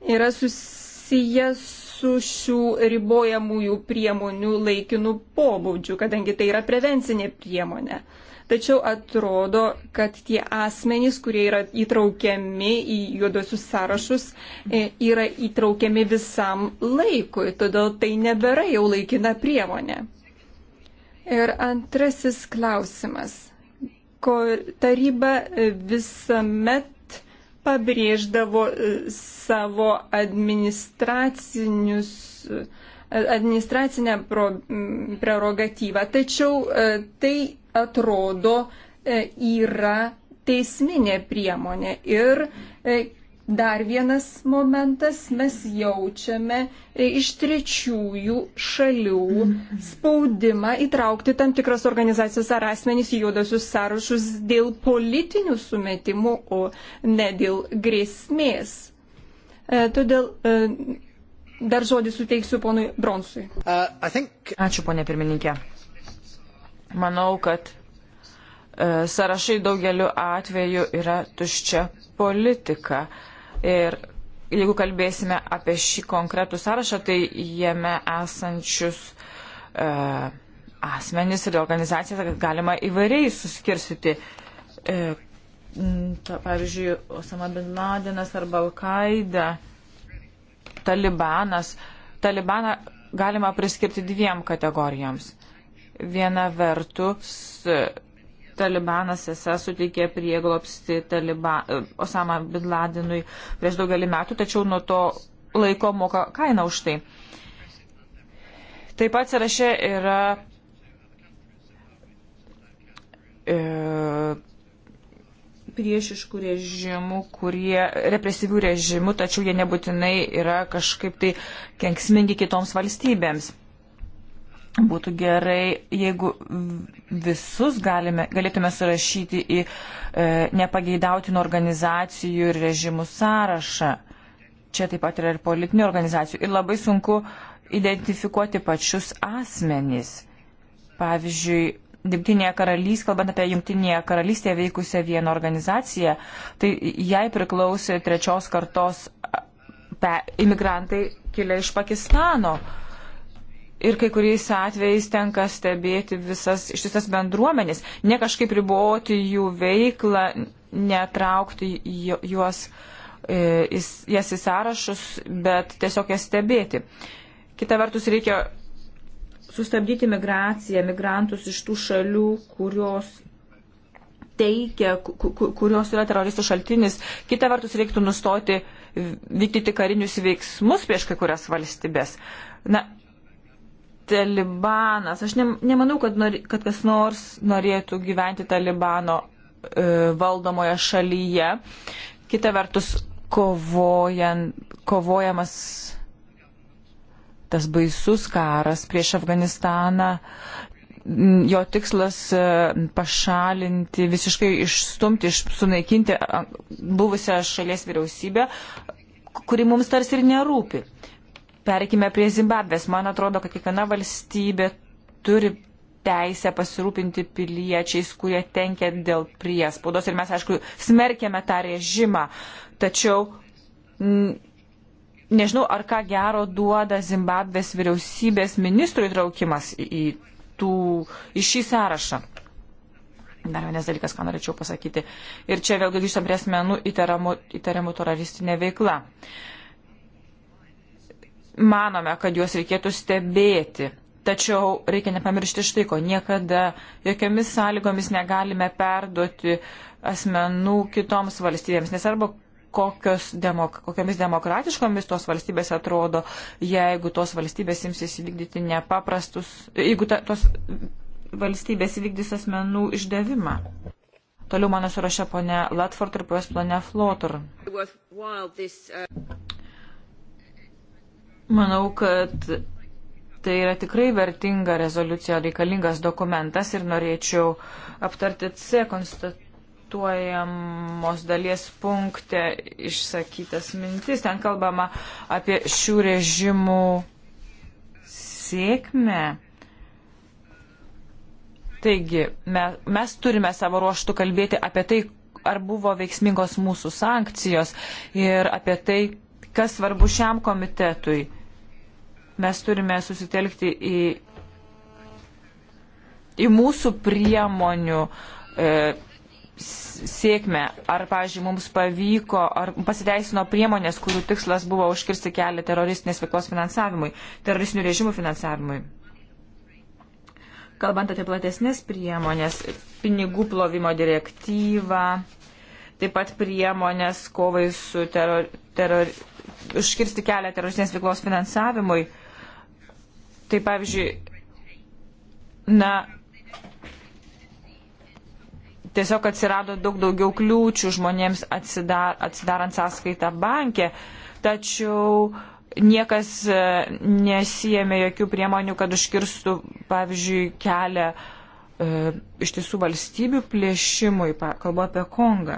yra susijęs su šių ribojamųjų priemonių laikinų pobūdžių, kadangi tai yra prevencinė priemonė. Tačiau atrodo, kad tie asmenys, kurie yra įtraukiami į juodosius sąrašus, e, yra įtraukiami visam laikui, todėl tai nebėra jau laikina priemonė. Ir antrasis klausimas. Ko taryba visuomet pabrėždavo e, savo administracinius e, administracinę prerogatyvą. Tačiau e, tai atrodo yra teisminė priemonė ir Dar vienas momentas mes jaučiame e, iš trečiųjų šalių spaudimą įtraukti tam tikras organizacijas ar asmenys į juodosius sąrašus dėl politinių sumetimų, o ne dėl grėsmės. E, todėl e, dar žodį suteiksiu ponui Bronsui. Uh, think... Ačiū, ponė pirmininkė. Manau, kad sąrašai daugeliu atveju yra tuščia politika. Ir jeigu kalbėsime apie šį konkretų sąrašą, tai jame esančius e, asmenys ir organizacijas galima įvairiai suskirstyti. E, ta, pavyzdžiui, Osama Bin Ladenas arba Al-Qaida, Talibanas. Talibaną galima priskirti dviem kategorijoms. Viena vertus Talibanas esą suteikė prieglopsti taliba, Osama Bin Ladenui prieš daugelį metų, tačiau nuo to laiko moka kainą už tai. Taip pat sąraše yra e, priešiškų režimų, kurie represyvių režimų, tačiau jie nebūtinai yra kažkaip tai kenksmingi kitoms valstybėms. Būtų gerai, jeigu visus galime, galėtume surašyti į e, nepageidautinų organizacijų ir režimų sąrašą. Čia taip pat yra ir politinių organizacijų. Ir labai sunku identifikuoti pačius asmenys. Pavyzdžiui, Dimtinėje karalystėje, kalbant apie Jungtinėje karalystėje veikusią vieną organizaciją, tai jai priklausė trečios kartos pe, imigrantai kilę iš Pakistano. E, ir kai kuriais atvejais tenka stebėti visas ištisas bendruomenės, ne kažkaip riboti jų veiklą, netraukti juos, e, jas į sąrašus, bet tiesiog jas stebėti. Kita vertus, reikia sustabdyti migraciją, migrantus iš tų šalių, kurios teikia, kurios yra teroristų šaltinis. Kita vertus, reiktų nustoti vykdyti karinius veiksmus prieš kai kurias valstybės. Na, talibanas. Aš ne, nemanau, kad, nori, kad kas nors norėtų gyventi talibano e, valdomoje šalyje. Kita vertus, kovojan, kovojamas tas baisus karas prieš Afganistaną, jo tikslas e, pašalinti, visiškai išstumti, iš, sunaikinti buvusią šalies vyriausybę, kuri mums tarsi ir nerūpi. Perkime prie Zimbabvės. Man atrodo, kad kiekviena valstybė turi teisę pasirūpinti piliečiais, kurie tenkia dėl priespaudos. Ir mes, aišku, smerkėme tą režimą. Tačiau m, nežinau, ar ką gero duoda Zimbabvės vyriausybės ministrų įtraukimas į, tų, į šį sąrašą. Dar vienas dalykas, ką norėčiau pasakyti. Ir čia vėlgi grįžtam prie asmenų įtariamų, įtariamų teroristinė veikla. Uh, manome, kad juos reikėtų stebėti. Tačiau reikia nepamiršti štai ko, niekada jokiamis sąlygomis negalime perduoti asmenų kitoms valstybėms, nes arba kokios demok kokiamis demokratiškomis tos valstybės atrodo, jeigu tos valstybės imsis įvykdyti nepaprastus, jeigu ta, tos valstybės įvykdys asmenų išdavimą. Toliau mano surašė ponė Latford ir po jos ponė Flotor. Manau, kad tai yra tikrai vertinga rezoliucija, reikalingas dokumentas ir norėčiau aptarti C konstatuojamos dalies punkte išsakytas mintis. Ten kalbama apie šių režimų sėkmę. Taigi, mes, mes turime savo ruoštų kalbėti apie tai, ar buvo veiksmingos mūsų sankcijos ir apie tai, kas svarbu šiam komitetui. Mes turime susitelkti į, į mūsų priemonių e, sėkmę. Ar, pavyzdžiui, mums pavyko, ar pasiteisino priemonės, kurių tikslas buvo užkirsti kelią teroristinės veiklos finansavimui, teroristinių režimų finansavimui. Kalbant apie platesnės priemonės, pinigų plovimo direktyvą, taip pat priemonės kovai su teror, teror, užkirsti kelią teroristinės veiklos finansavimui. E, Tai pavyzdžiui, na, tiesiog atsirado daug daugiau kliūčių žmonėms atsidar, atsidarant sąskaitą bankė, tačiau niekas e, nesijėmė jokių priemonių, kad užkirstų, pavyzdžiui, kelią e, iš tiesų valstybių plėšimui, kalbu apie Kongą.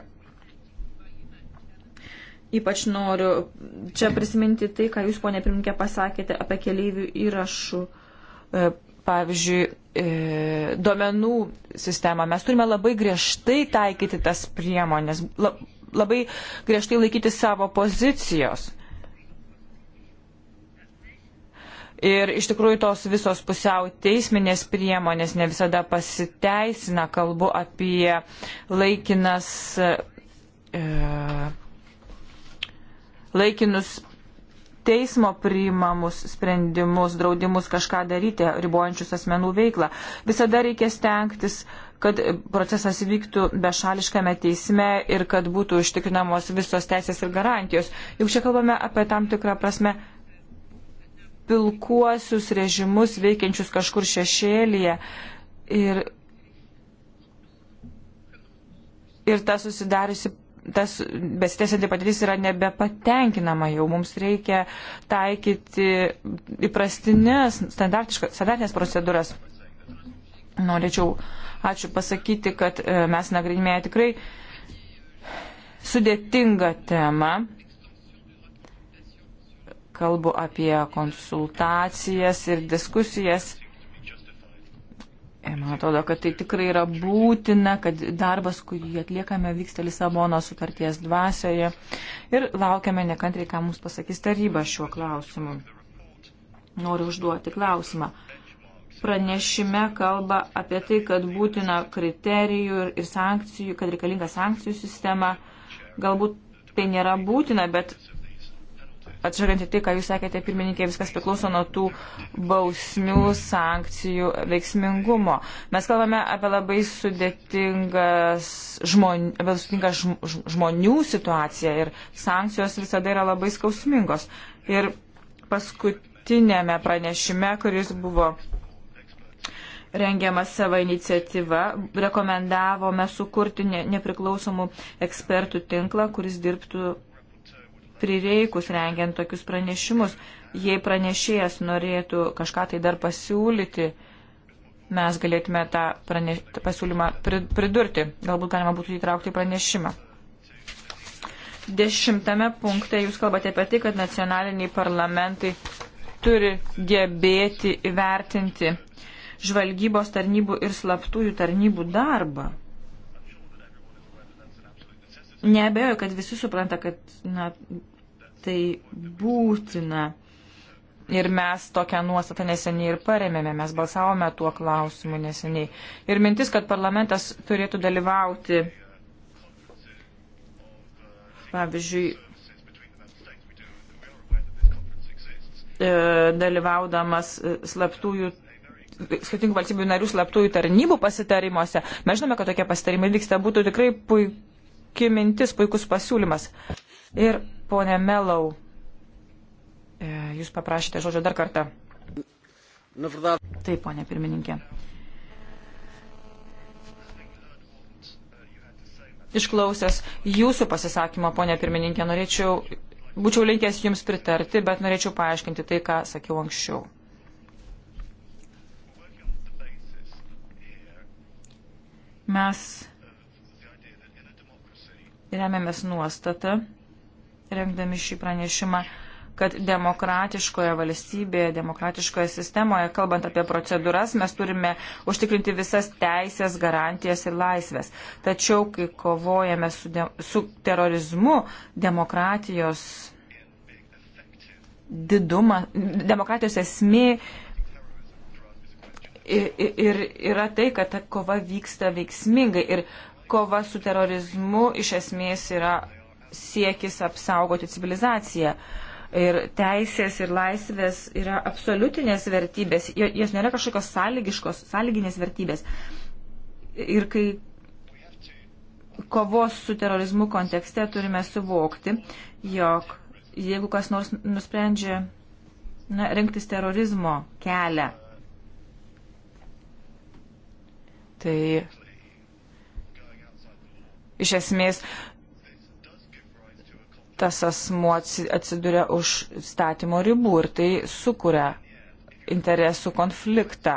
Ypač noriu čia prisiminti tai, ką jūs, ponė pirminkė, pasakėte apie keleivių įrašų, e, pavyzdžiui, e, duomenų sistemą. Mes turime labai griežtai taikyti tas priemonės, labai griežtai laikyti savo pozicijos. Ir iš tikrųjų tos visos pusiau teisminės priemonės ne visada pasiteisina, kalbu apie laikinas e, laikinus teismo priimamus sprendimus, draudimus kažką daryti, ribojančius asmenų veiklą. Visada reikia stengtis, kad procesas vyktų bešališkame teisme ir kad būtų užtikrinamos visos teisės ir garantijos. Juk čia kalbame apie tam tikrą prasme pilkuosius režimus veikiančius kažkur šešėlyje. Ir, ir ta susidariusi tas besitėsianti patirtis yra nebepatenkinama jau. Mums reikia taikyti įprastinės, standartinės procedūras. Norėčiau, ačiū pasakyti, kad e, mes nagrinėję tikrai sudėtingą temą. Kalbu apie konsultacijas ir diskusijas E, man atrodo, kad tai tikrai yra būtina, kad darbas, kurį atliekame, vyksta Lisabono sutarties dvasioje ir laukiame nekantriai, ką mums pasakys taryba šiuo klausimu. Noriu užduoti klausimą. Pranešime kalba apie tai, kad būtina kriterijų ir sankcijų, kad reikalinga sankcijų sistema. Galbūt tai nėra būtina, bet atžvelgiant į tai, ką jūs sakėte, pirmininkė, viskas priklauso nuo tų bausmių, sankcijų veiksmingumo. Mes kalbame apie labai sudėtingas žmonių, apie sudėtingą žmonių situaciją ir sankcijos visada yra labai skausmingos. Ir paskutinėme pranešime, kuris buvo rengiama savo iniciatyva, rekomendavome sukurti nepriklausomų ekspertų tinklą, kuris dirbtų prireikus rengiant tokius pranešimus. Jei pranešėjas norėtų kažką tai dar pasiūlyti, mes galėtume tą prane... pasiūlymą pridurti. Galbūt galima būtų įtraukti į pranešimą. Dešimtame punkte jūs kalbate apie tai, kad nacionaliniai parlamentai turi gebėti įvertinti žvalgybos tarnybų ir slaptųjų tarnybų darbą. Neabejoju, kad visi supranta, kad na, tai būtina. Ir mes tokią nuostatą neseniai ir paremėme, mes balsavome tuo klausimu neseniai. Ir mintis, kad parlamentas turėtų dalyvauti, pavyzdžiui, e, dalyvaudamas slaptųjų skirtingų valstybių narių slaptųjų tarnybų pasitarimuose. Mes žinome, kad tokie pasitarimai vyksta, būtų tikrai puikia mintis, puikus pasiūlymas. Ir Pone Melau, e, jūs paprašėte žodžio dar kartą. Taip, ponė pirmininkė. Išklausęs jūsų pasisakymą, ponė pirmininkė, norėčiau, būčiau linkęs jums pritarti, bet norėčiau paaiškinti tai, ką sakiau anksčiau. Mes remiamės nuostatą, rengdami šį pranešimą, kad demokratiškoje valstybėje, demokratiškoje sistemoje, kalbant apie procedūras, mes turime užtikrinti visas teisės, garantijas ir laisvės. Tačiau, kai kovojame su, de, su terorizmu, demokratijos didumą, demokratijos esmė ir, ir yra tai, kad ta kova vyksta veiksmingai ir kova su terorizmu iš esmės yra siekis apsaugoti civilizaciją. Ir teisės ir laisvės yra absoliutinės vertybės, jos nėra kažkokios sąlygiškos, sąlyginės vertybės. Ir kai kovos su terorizmu kontekste turime suvokti, jog jeigu kas nors nusprendžia na, rinktis terorizmo kelią, tai iš esmės tas asmuo atsiduria už statymo ribų ir tai sukuria interesų konfliktą,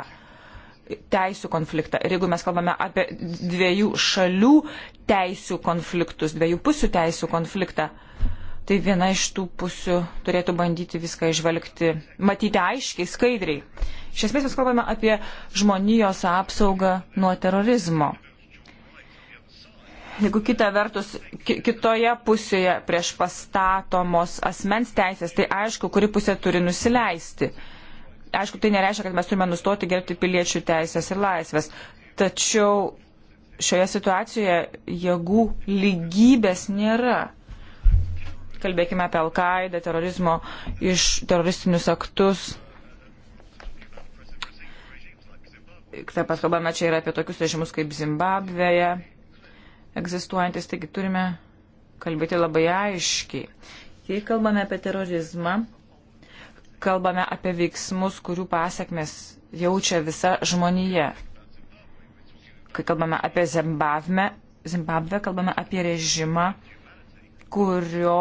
teisų konfliktą. Ir jeigu mes kalbame apie dviejų šalių teisų konfliktus, dviejų pusių teisų konfliktą, tai viena iš tų pusių turėtų bandyti viską išvelgti, matyti aiškiai, skaidriai. Iš esmės mes kalbame apie žmonijos apsaugą nuo terorizmo jeigu kita vertus kitoje pusėje prieš pastatomos asmens teisės, tai aišku, kuri pusė turi nusileisti. Aišku, tai nereiškia, kad mes turime nustoti gerbti piliečių teisės ir laisvės. Tačiau šioje situacijoje jėgų lygybės nėra. Kalbėkime apie Al-Qaidą, terorizmo iš teroristinius aktus. Taip pat kalbame čia ir apie tokius režimus kaip Zimbabvėje egzistuojantis, taigi turime kalbėti labai aiškiai. Jei kalbame apie terorizmą, kalbame apie veiksmus, kurių pasiekmes jaučia visa žmonija. Kai kalbame apie Zimbabvę, Zimbabvę kalbame apie režimą, kurio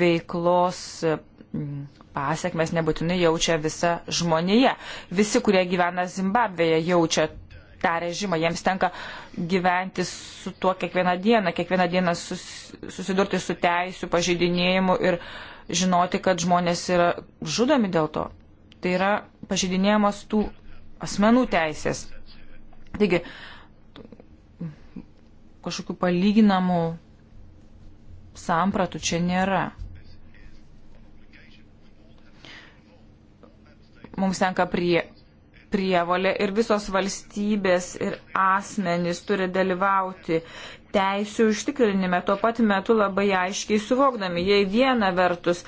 veiklos mm, pasiekmes nebūtinai jaučia visa žmonija. Visi, kurie gyvena Zimbabvėje, jaučia tą režimą, jiems tenka gyventi su tuo kiekvieną dieną, kiekvieną dieną sus, susidurti su teisų pažeidinėjimu ir žinoti, kad žmonės yra žudomi dėl to. Tai yra pažeidinėjimas tų asmenų teisės. Taigi, kažkokių palyginamų sampratų čia nėra. Mums tenka prie, prievolė ir visos valstybės ir asmenys turi dalyvauti teisų užtikrinime, tuo pat metu labai aiškiai suvokdami, jei viena vertus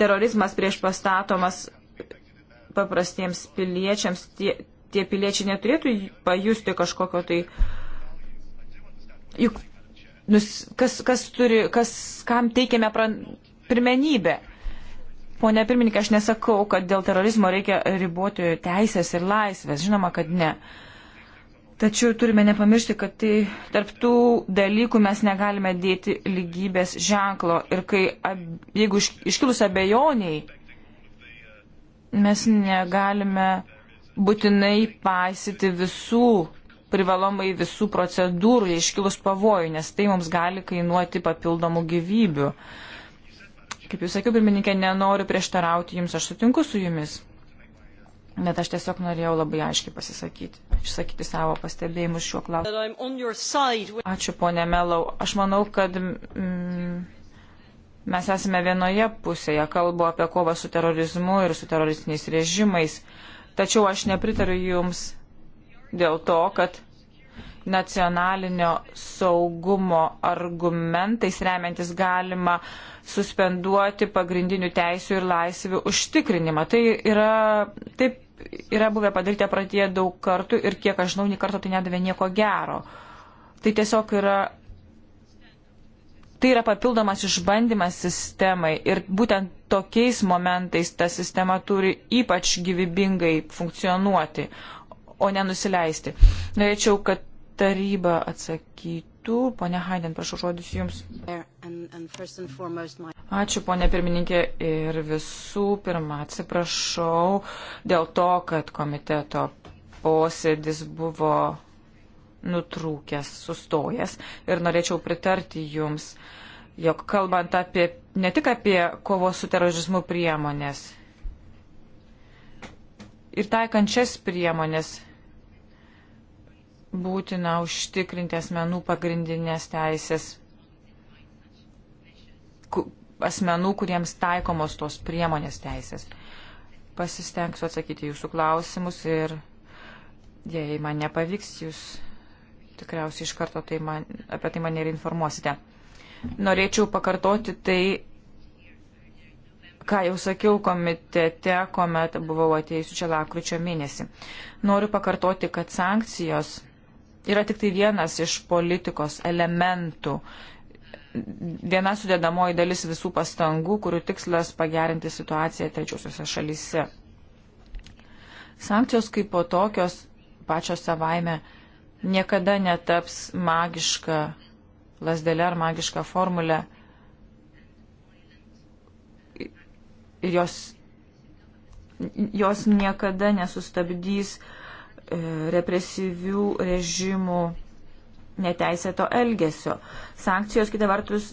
terorizmas prieš pastatomas paprastiems piliečiams, tie, tie piliečiai neturėtų pajusti kažkokio tai. Juk nus, kas, kas turi, kas, kam teikiame pran, pirmenybę. Pone pirmininkė, aš nesakau, kad dėl terorizmo reikia riboti teisės ir laisvės. Žinoma, kad ne. Tačiau turime nepamiršti, kad tai tarptų dalykų mes negalime dėti lygybės ženklo. Ir kai, jeigu iškilus abejoniai, mes negalime būtinai paisyti visų, privalomai visų procedūrų, iškilus pavojų, nes tai mums gali kainuoti papildomų gyvybių. Uh, Kaip jūs sakiau, pirmininkė, nenoriu prieštarauti jums, aš sutinku su jumis. Bet aš tiesiog norėjau labai aiškiai pasisakyti, išsakyti savo pastebėjimus šiuo klausimu. Ačiū, ponė Melau. Aš manau, kad mm, mes esame vienoje pusėje, kalbu apie kovą su terorizmu ir su teroristiniais režimais. Tačiau aš nepritariu jums dėl to, kad nacionalinio saugumo argumentais remiantis galima suspenduoti pagrindinių teisių ir laisvių užtikrinimą. Tai yra, taip yra buvę padaryta pratie daug kartų ir kiek aš žinau, nei karto tai nedavė nieko gero. Tai tiesiog yra. Tai yra papildomas išbandymas sistemai ir būtent tokiais momentais ta sistema turi ypač gyvybingai funkcionuoti, o nenusileisti. Norėčiau, kad taryba atsakytų. Pone Haiden, prašau žodis Jums. Ačiū, ponė pirmininkė, ir visų pirma atsiprašau dėl to, kad komiteto posėdis buvo nutrūkęs, sustojęs ir norėčiau pritarti Jums, jog kalbant apie, ne tik apie kovos su terorizmu priemonės ir taikančias priemonės, būtina užtikrinti asmenų pagrindinės teisės, asmenų, kuriems taikomos tos priemonės teisės. Pasistengsiu atsakyti jūsų klausimus ir jei man nepavyks, jūs tikriausiai iš karto tai man, apie tai mane ir informuosite. Norėčiau pakartoti tai, ką jau sakiau komitete, kuomet buvau atėjusi čia lakryčio mėnesį. Noriu pakartoti, kad sankcijos yra tik tai vienas iš politikos elementų, viena sudėdamoji dalis visų pastangų, kurių tikslas pagerinti situaciją trečiosiuose šalyse. Sankcijos kaip po tokios pačios savaime niekada netaps magiška lasdelė ar magiška formulė ir jos, jos niekada nesustabdys uh, E, represyvių režimų neteisėto elgesio. Sankcijos, kita vertus,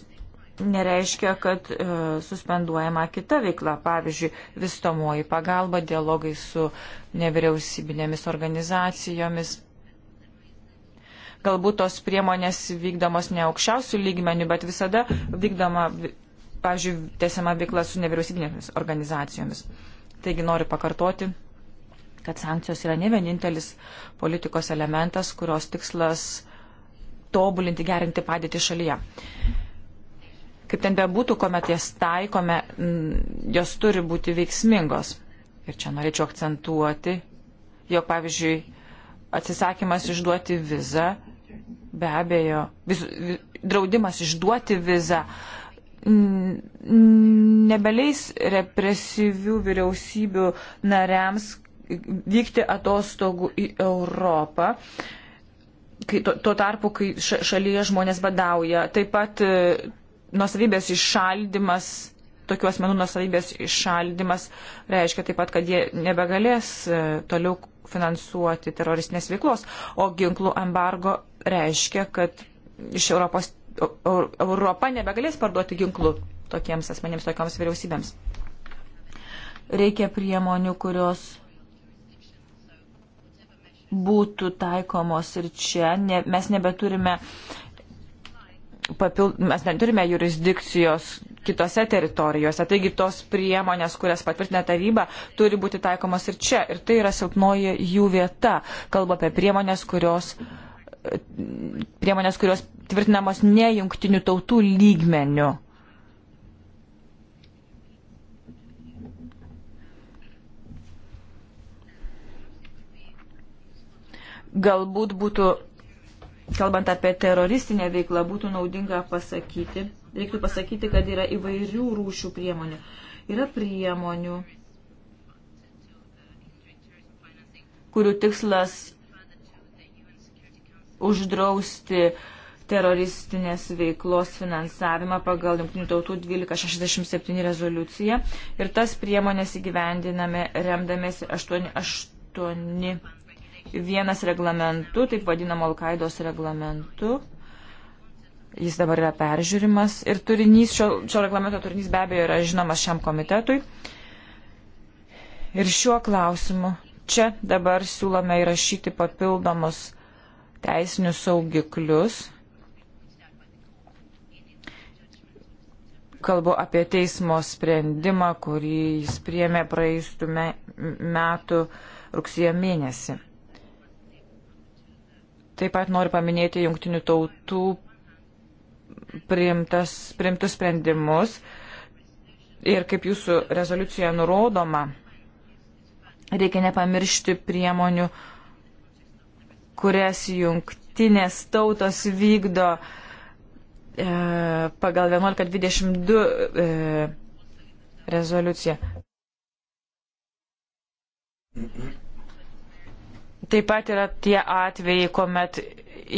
nereiškia, kad e, suspenduojama kita veikla, pavyzdžiui, vystomoji pagalba, dialogai su nevyriausybinėmis organizacijomis. Galbūt tos priemonės vykdomos ne aukščiausių lygmenių, bet visada vykdoma, pavyzdžiui, tesiama veikla su nevyriausybinėmis organizacijomis. Taigi noriu pakartoti kad sankcijos yra ne vienintelis politikos elementas, kurios tikslas tobulinti, gerinti padėtį šalyje. Kaip ten bebūtų, kuomet jas taikome, mm, jos turi būti veiksmingos. Ir čia norėčiau akcentuoti, jog pavyzdžiui, atsisakymas išduoti vizą, be abejo, viz, draudimas išduoti vizą nebeleis represyvių vyriausybių nariams vykti atostogų į Europą. Kai, tuo, tuo tarpu, kai šalyje žmonės badauja, taip pat e, nusavybės iššaldimas, tokių asmenų nusavybės iššaldimas reiškia taip pat, kad jie nebegalės e, toliau finansuoti teroristinės veiklos, o ginklų embargo reiškia, kad iš Europos, Europa nebegalės parduoti ginklų tokiems asmenėms, tokioms vyriausybėms. Reikia priemonių, kurios būtų taikomos ir čia. Ne, mes nebeturime. Papild, mes neturime jurisdikcijos kitose teritorijose. Taigi tos priemonės, kurias patvirtina taryba, turi būti taikomos ir čia. Ir tai yra silpnoji jų vieta. Kalba apie priemonės, kurios, priemonės, kurios tvirtinamos ne jungtinių tautų lygmenių. Galbūt būtų, kalbant apie teroristinę veiklą, būtų naudinga pasakyti, reiktų pasakyti, kad yra įvairių rūšių priemonių. Yra priemonių, kurių tikslas uždrausti teroristinės veiklos finansavimą pagal Junktinių tautų 1267 rezoliuciją ir tas priemonės įgyvendiname remdamėsi 8, 8 vienas reglamentu, taip vadinamo Alkaidos reglamentu. Jis dabar yra peržiūrimas ir turinys, šio, šio reglamento turinys be abejo yra žinomas šiam komitetui. Ir šiuo klausimu čia dabar siūlome įrašyti papildomus teisinius saugiklius. Kalbu apie teismo sprendimą, kurį jis priemė praeistų metų rugsėjo mėnesį. Taip pat noriu paminėti jungtinių tautų priimtas, priimtus sprendimus ir kaip jūsų rezoliucija nurodoma, reikia nepamiršti priemonių, kurias jungtinės tautos vykdo e, pagal 1122 e, rezoliuciją. Mhm. Taip pat yra tie atvejai, kuomet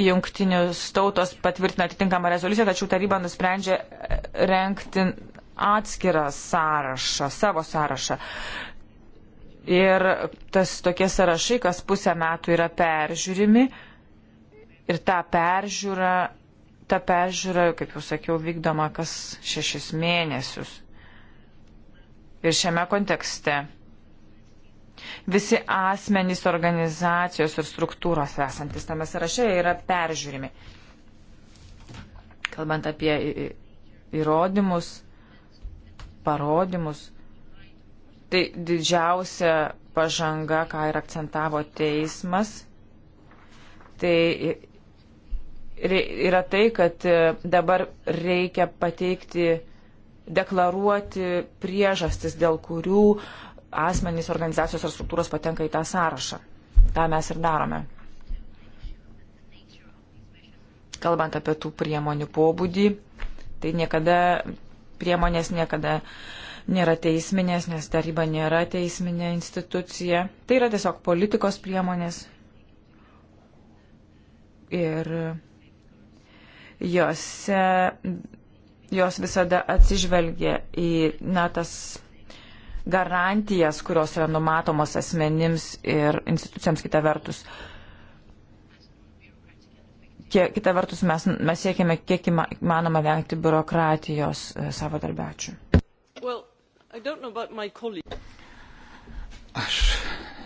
jungtinius tautos patvirtina atitinkamą rezoliuciją, tačiau taryba nusprendžia renkti atskirą sąrašą, savo sąrašą. Ir tas tokie sąrašai, kas pusę metų yra peržiūrimi ir tą peržiūrą, tą peržiūrą, kaip jau sakiau, vykdoma kas šešis mėnesius. Ir šiame kontekste Visi asmenys, organizacijos ir struktūros esantis tame sąraše yra peržiūrimi. Kalbant apie įrodymus, parodymus, tai didžiausia pažanga, ką ir akcentavo teismas, tai yra tai, kad e, dabar reikia pateikti, deklaruoti priežastis, dėl kurių asmenys, organizacijos ar struktūros patenka į tą sąrašą. Ta mes ir darome. Kalbant apie tų priemonių pobūdį, tai niekada, priemonės niekada nėra teisminės, nes taryba nėra teisminė institucija. Tai yra tiesiog politikos priemonės. Ir jose jos visada atsižvelgia į na, tas garantijas, kurios yra numatomos asmenims ir institucijams kita vertus. Kiek, kita vertus, mes, mes siekime, kiek įmanoma vengti biurokratijos e, savo darbiačių. Well, Aš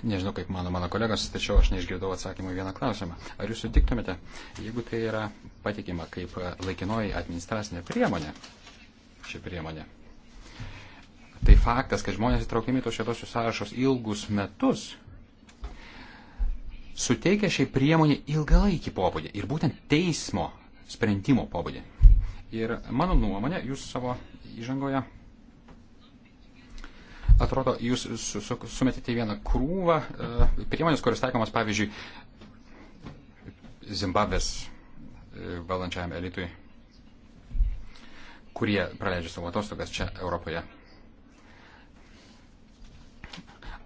nežinau, kaip mano mano kolegos, tačiau aš neišgirdau atsakymą į vieną klausimą. Ar jūs sutiktumėte, jeigu tai yra patikima kaip laikinoji administracinė priemonė, ši priemonė, Tai faktas, kad žmonės įtraukiami tos švietosius sąrašus ilgus metus, suteikia šiai priemonė ilgalaikį pobūdį ir būtent teismo sprendimo pobūdį. Ir mano nuomonė, jūs savo įžangoje, atrodo, jūs su, su, sumetėte į vieną krūvą e, priemonės, kuris taikomas, pavyzdžiui, Zimbabvės e, valdančiajam elitui, kurie praleidžia savo atostogas čia Europoje.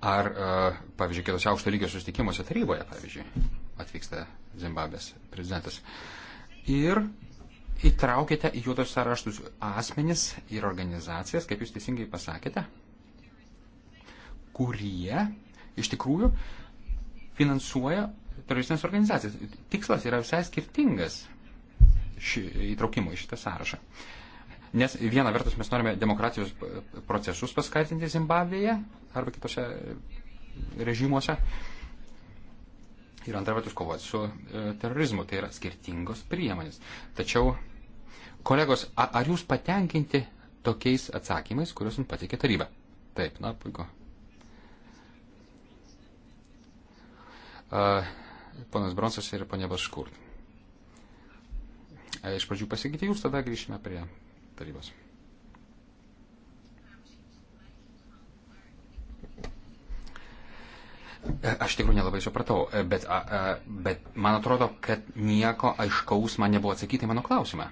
Ar, e, pavyzdžiui, kitose aukšto lygio susitikimuose taryboje, pavyzdžiui, atvyksta Zimbabvės prezidentas. Ir įtraukite į juodus sąraštus asmenis ir organizacijas, kaip jūs teisingai pasakėte, kurie iš tikrųjų finansuoja teroristinės organizacijas. Tikslas yra visai skirtingas ši, įtraukimo į šitą sąrašą. Uh, Nes viena vertus mes norime demokratijos procesus paskatinti Zimbabvėje arba kitose režimuose. Ir antra vertus kovoti su e, terorizmu. Tai yra skirtingos priemonės. Tačiau, kolegos, ar jūs patenkinti tokiais atsakymais, kuriuos jums pateikė taryba? Taip, na, puiku. Uh, ponas Bronsas ir ponė Baškurt. Iš pradžių pasakyti jūs, tada grįšime prie tarybos. Aš tikrųjų nelabai supratau, bet, a, a, bet man atrodo, kad nieko aiškaus man nebuvo atsakyti mano klausimą.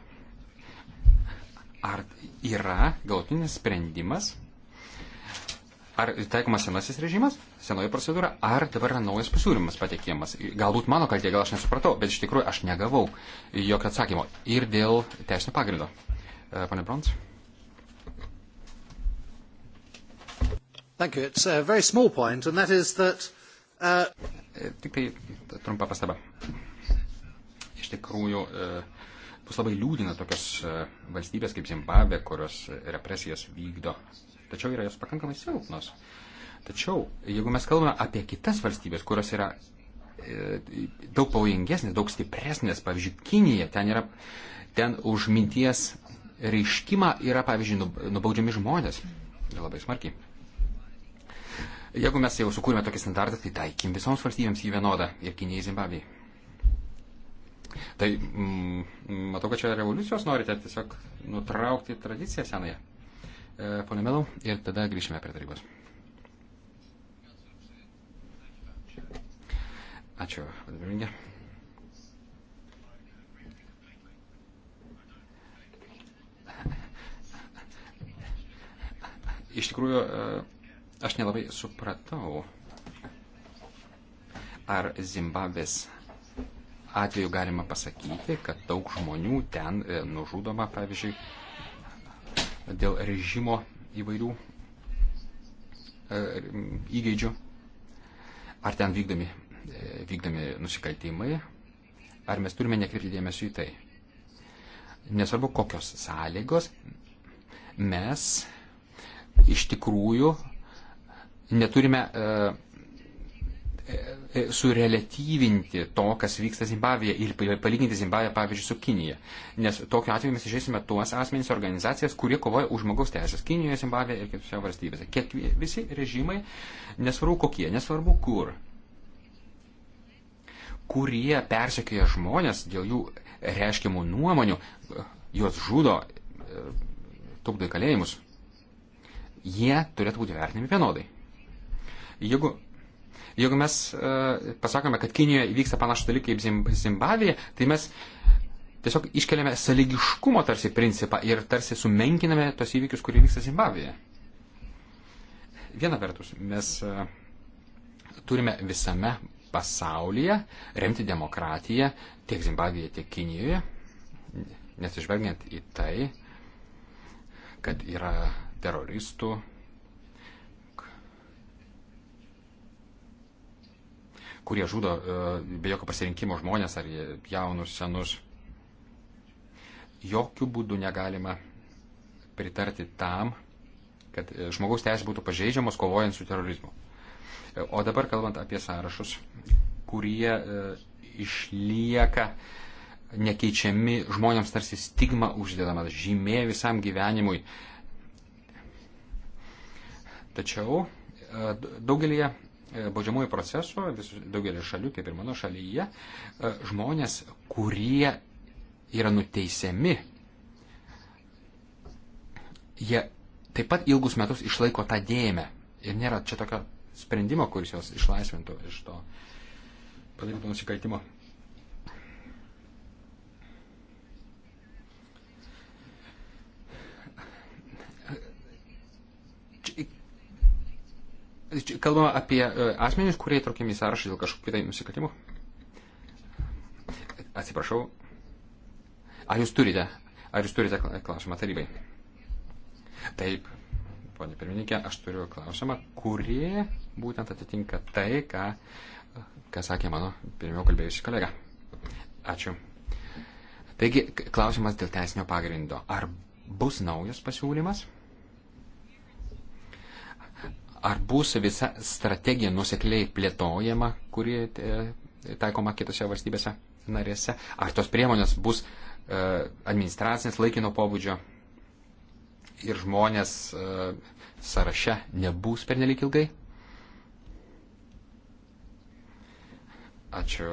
Ar yra galutinis sprendimas, ar taikomas senasis režimas, senoji procedūra, ar dabar yra naujas pasiūlymas pateikiamas. Galbūt mano kaltė, gal aš nesupratau, bet iš tikrųjų aš negavau jokio atsakymo. Ir dėl teisinio pagrindo. Eh, pane Brons. Thank you. It's a very small point, and that is that. Uh... E, Tik tai trumpa pastaba. Iš tikrųjų, e, bus labai liūdina tokios e, valstybės kaip Zimbabvė, kurios represijas vykdo. Tačiau yra jos pakankamai silpnos. Tačiau, jeigu mes kalbame apie kitas valstybės, kurios yra daug pavojingesnės, daug stipresnės, pavyzdžiui, Kinija, ten yra, ten už minties reiškimą yra, pavyzdžiui, nu, nubaudžiami žmonės. Labai smarkiai. Jeigu mes jau sukūrėme tokį standartą, tai taikim visoms valstybėms jį vienodą ir Kinijai Zimbabvijai. Tai mm, matau, kad čia revoliucijos norite tiesiog nutraukti tradiciją senąją. E, Pone Melau, ir tada grįšime prie tarybos. Ačiū, vadovininkė. Iš tikrųjų, e, aš nelabai supratau, ar Zimbabvės atveju galima pasakyti, kad daug žmonių ten e, nužudoma, pavyzdžiui, dėl režimo įvairių e, įgeidžių, ar ten vykdomi, vykdomi nusikaltimai, ar mes turime nekreipti dėmesio į tai. Nesvarbu, kokios sąlygos, mes iš tikrųjų neturime e, e, surelatyvinti to, kas vyksta Zimbabvėje ir palyginti Zimbabvėje, pavyzdžiui, su Kinija. Nes tokiu atveju mes išėsime tuos asmenys organizacijas, kurie kovoja už žmogaus teisės Kinijoje, Zimbabvėje ir kitose valstybėse. Kiek visi režimai, nesvarbu kokie, nesvarbu kur, kurie persekioja žmonės dėl jų reiškiamų nuomonių, juos žudo, e, tupdo į kalėjimus, jie turėtų būti vertinami vienodai. Jeigu, jeigu mes uh, pasakome, kad Kinijoje vyksta panašus dalykai kaip Zimbabvėje, tai mes tiesiog iškeliame saligiškumo tarsi principą ir tarsi sumenkiname tos įvykius, kurie vyksta Zimbabvėje. Viena vertus, mes uh, turime visame pasaulyje remti demokratiją tiek Zimbabvėje, tiek Kinijoje, nesižvelgiant į tai, kad yra teroristų. kurie žudo e, be jokio pasirinkimo žmonės ar jaunus, senus. Jokių būdų negalima pritarti tam, kad e, žmogaus teisės būtų pažeidžiamos kovojant su terorizmu. E, o dabar kalbant apie sąrašus, kurie e, išlieka nekeičiami, žmonėms tarsi stigma uždedama, žymė visam gyvenimui, Tačiau e, daugelį e, baudžiamųjų procesų, daugelį šalių, kaip ir mano šalyje, e, žmonės, kurie yra nuteisiami, jie taip pat ilgus metus išlaiko tą dėmę. Ir nėra čia tokio sprendimo, kuris juos išlaisvintų iš to padaryto nusikaltimo. Kalbama apie e, asmenys, kurie įtraukiami į sąrašą dėl kažkokių tai nusikaltimų. Atsiprašau. Ar jūs turite? Ar jūs turite klausimą tarybai? Taip, ponė pirmininkė, aš turiu klausimą, kurie būtent atitinka tai, ką, ką sakė mano pirmiau kalbėjusi kolega. Ačiū. Taigi, klausimas dėl teisinio pagrindo. Ar bus naujas pasiūlymas? Ar bus visa strategija nusekliai plėtojama, kuri e, taikoma kitose valstybėse narėse? Ar tos priemonės bus e, administracinės laikino pobūdžio ir žmonės e, sąraše nebus pernelik ilgai? Ačiū,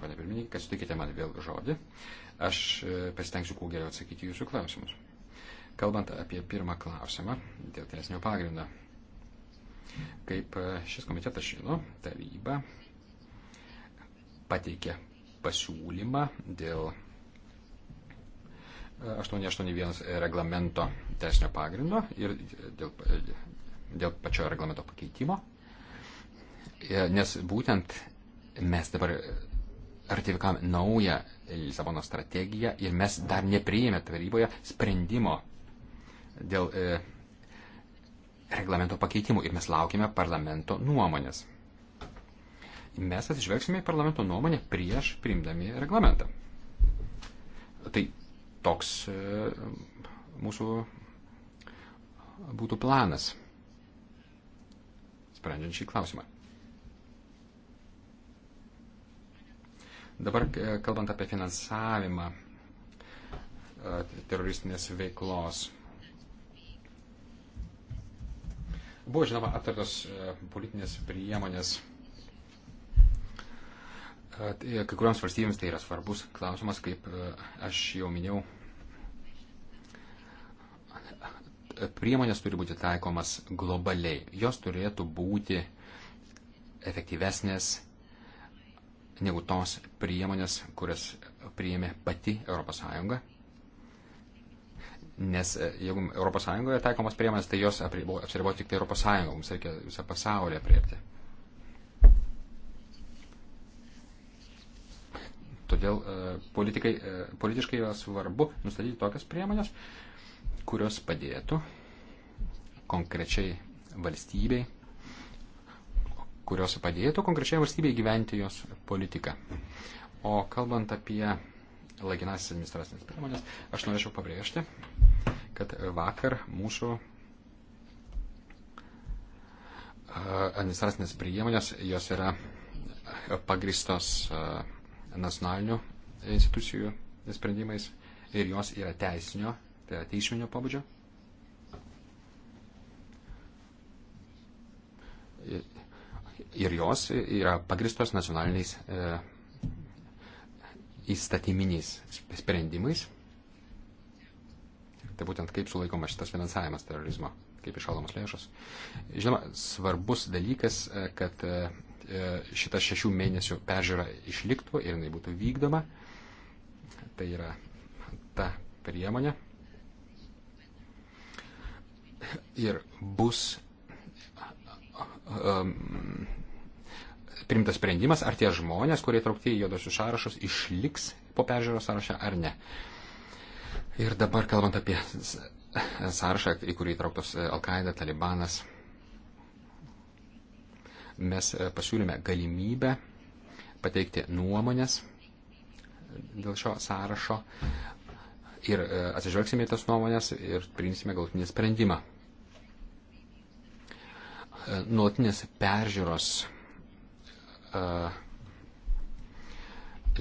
pane pirmininkai, kad sutikite man vėl žodį. Aš pasitengsiu kuo geriau atsakyti jūsų klausimus. Kalbant apie pirmą klausimą dėl teisinio pagrindo, Kaip e, šis komitetas žino, taryba pateikė pasiūlymą dėl 881 e, reglamento teisinio pagrindo ir dėl, e, dėl pačio reglamento pakeitimo. Nes būtent mes dabar ratifikavom naują Lisabono strategiją ir mes dar nepriėmė taryboje sprendimo dėl reglamento pakeitimų ir mes laukime parlamento nuomonės. Mes atsižvelgsime į parlamento nuomonę prieš priimdami reglamentą. Tai toks e, mūsų būtų planas, sprendžiant šį klausimą. Dabar e, kalbant apie finansavimą e, teroristinės veiklos Buvo, žinoma, aptartos e, politinės priemonės. E, kai kuriuoms valstybėms tai yra svarbus klausimas, kaip e, aš jau minėjau, priemonės turi būti taikomas globaliai. Jos turėtų būti efektyvesnės negu tos priemonės, kurias priėmė pati ES Nes e, jeigu ES taikomos priemonės, tai jos apsiribo tik tai ES, mums reikia visą pasaulį apriepti. Todėl e, politikai, e, politiškai yra svarbu nustatyti tokias priemonės, kurios padėtų konkrečiai valstybei, kurios padėtų konkrečiai valstybei gyventi jos politiką. O kalbant apie laikinasis administracinės priemonės, aš norėčiau pabrėžti, kad vakar mūsų administracinės priemonės, jos yra pagristos nacionalinių institucijų sprendimais ir jos yra teisinio, tai yra teisminio pabudžio. Ir jos yra pagristos nacionaliniais e, įstatyminiais sprendimais. Tai būtent kaip sulaikomas šitas finansavimas terorizmo, kaip išalomos lėšos. Žinoma, svarbus dalykas, e, kad e, e, šita šešių mėnesių peržiūra išliktų ir jinai būtų vykdoma. Tai yra ta priemonė. Ir bus um, primtas sprendimas, ar tie žmonės, kurie traukti į juodosius sąrašus, išliks po peržiūros sąrašą ar ne. Ir dabar kalbant apie sąrašą, į kurį įtrauktos e, Al-Qaeda, Talibanas, mes e, pasiūlėme galimybę pateikti nuomonės dėl šio sąrašo ir e, atsižvelgsime į tas nuomonės ir priimsime galutinį sprendimą. Nuolatinės peržiūros E,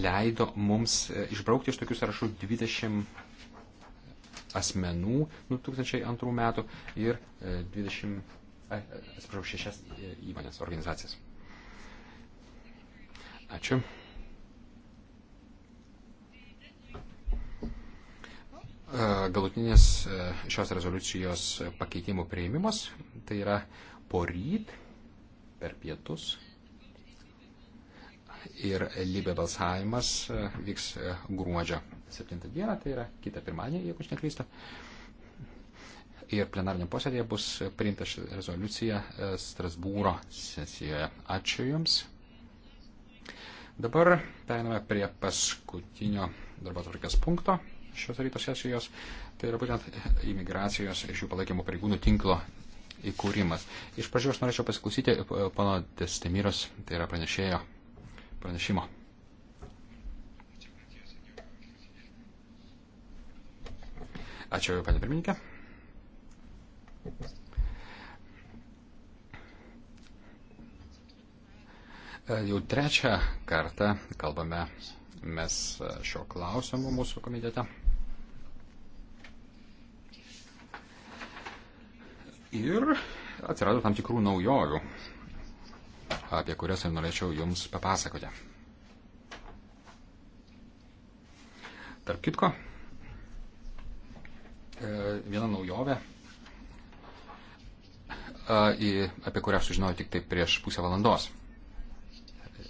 leido mums e, išbraukti iš tokių sąrašų 20 asmenų 2002 metų ir 20, e, atsiprašau, 6 įmonės organizacijas. Ačiū. Galutinės šios rezoliucijos pakeitimų prieimimas, tai yra poryt per pietus ir Libė balsavimas e, vyks e, gruodžio 7 dieną, tai yra kitą pirmadienį, jeigu aš neklystu. Ir plenarnio posėdėje bus priimta ši rezoliucija e, Strasbūro sesijoje. Ačiū Jums. Dabar periname prie paskutinio darbo tvarkės punkto šios ryto sesijos. Tai yra būtent imigracijos iš jų palaikymo pareigūnų tinklo įkūrimas. Iš pradžių aš norėčiau pasiklausyti pono Testemiros, tai yra pranešėjo pranešimo. Ačiū, panė pirmininkė. Jau trečią kartą kalbame mes šio klausimu mūsų komitete. Ir atsirado tam tikrų naujovių apie kurias ir norėčiau Jums papasakoti. Tarp kitko, e, viena naujovė, e, apie kurią sužinojau tik tai prieš pusę valandos.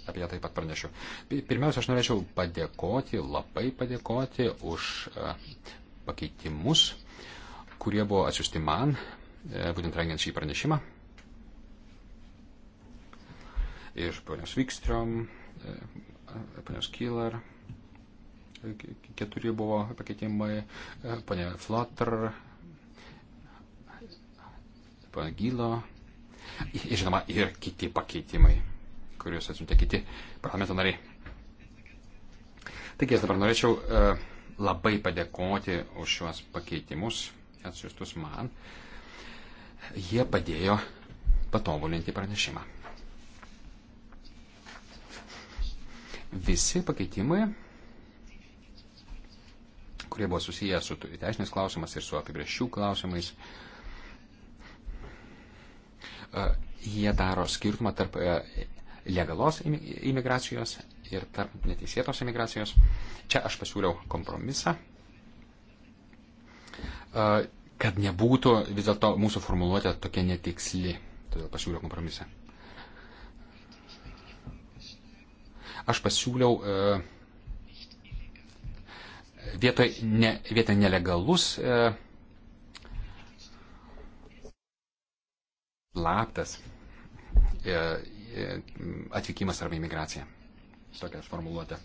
Apie ją taip pat pranešiu. Pirmiausia, aš norėčiau padėkoti, labai padėkoti už e, pakeitimus, kurie buvo atsiusti man, būtent rengiant šį pranešimą iš ponios Vikstrom, e, e, ponios Kilar, e, keturi buvo pakeitimai, ponė Flotter, ponė Gilo, ir žinoma, ir kiti pakeitimai, kuriuos atsiuntė kiti parlamento nariai. Taigi, aš dabar norėčiau labai padėkoti už šiuos pakeitimus atsiustus man. Jie padėjo patobulinti pranešimą. Visi pakeitimai, kurie buvo susiję su teisinės klausimas ir su apibrėžčių klausimais, e, jie daro skirtumą tarp e, legalos imigracijos ir tarp neteisėtos imigracijos. Čia aš pasiūliau kompromisą, e, kad nebūtų vis dėlto mūsų formuluotė tokia netiksli. Todėl pasiūliau kompromisą. aš pasiūliau e, vietoj, ne, vietoj nelegalus e, slaptas e, atvykimas arba imigracija. Tokia formuluotė.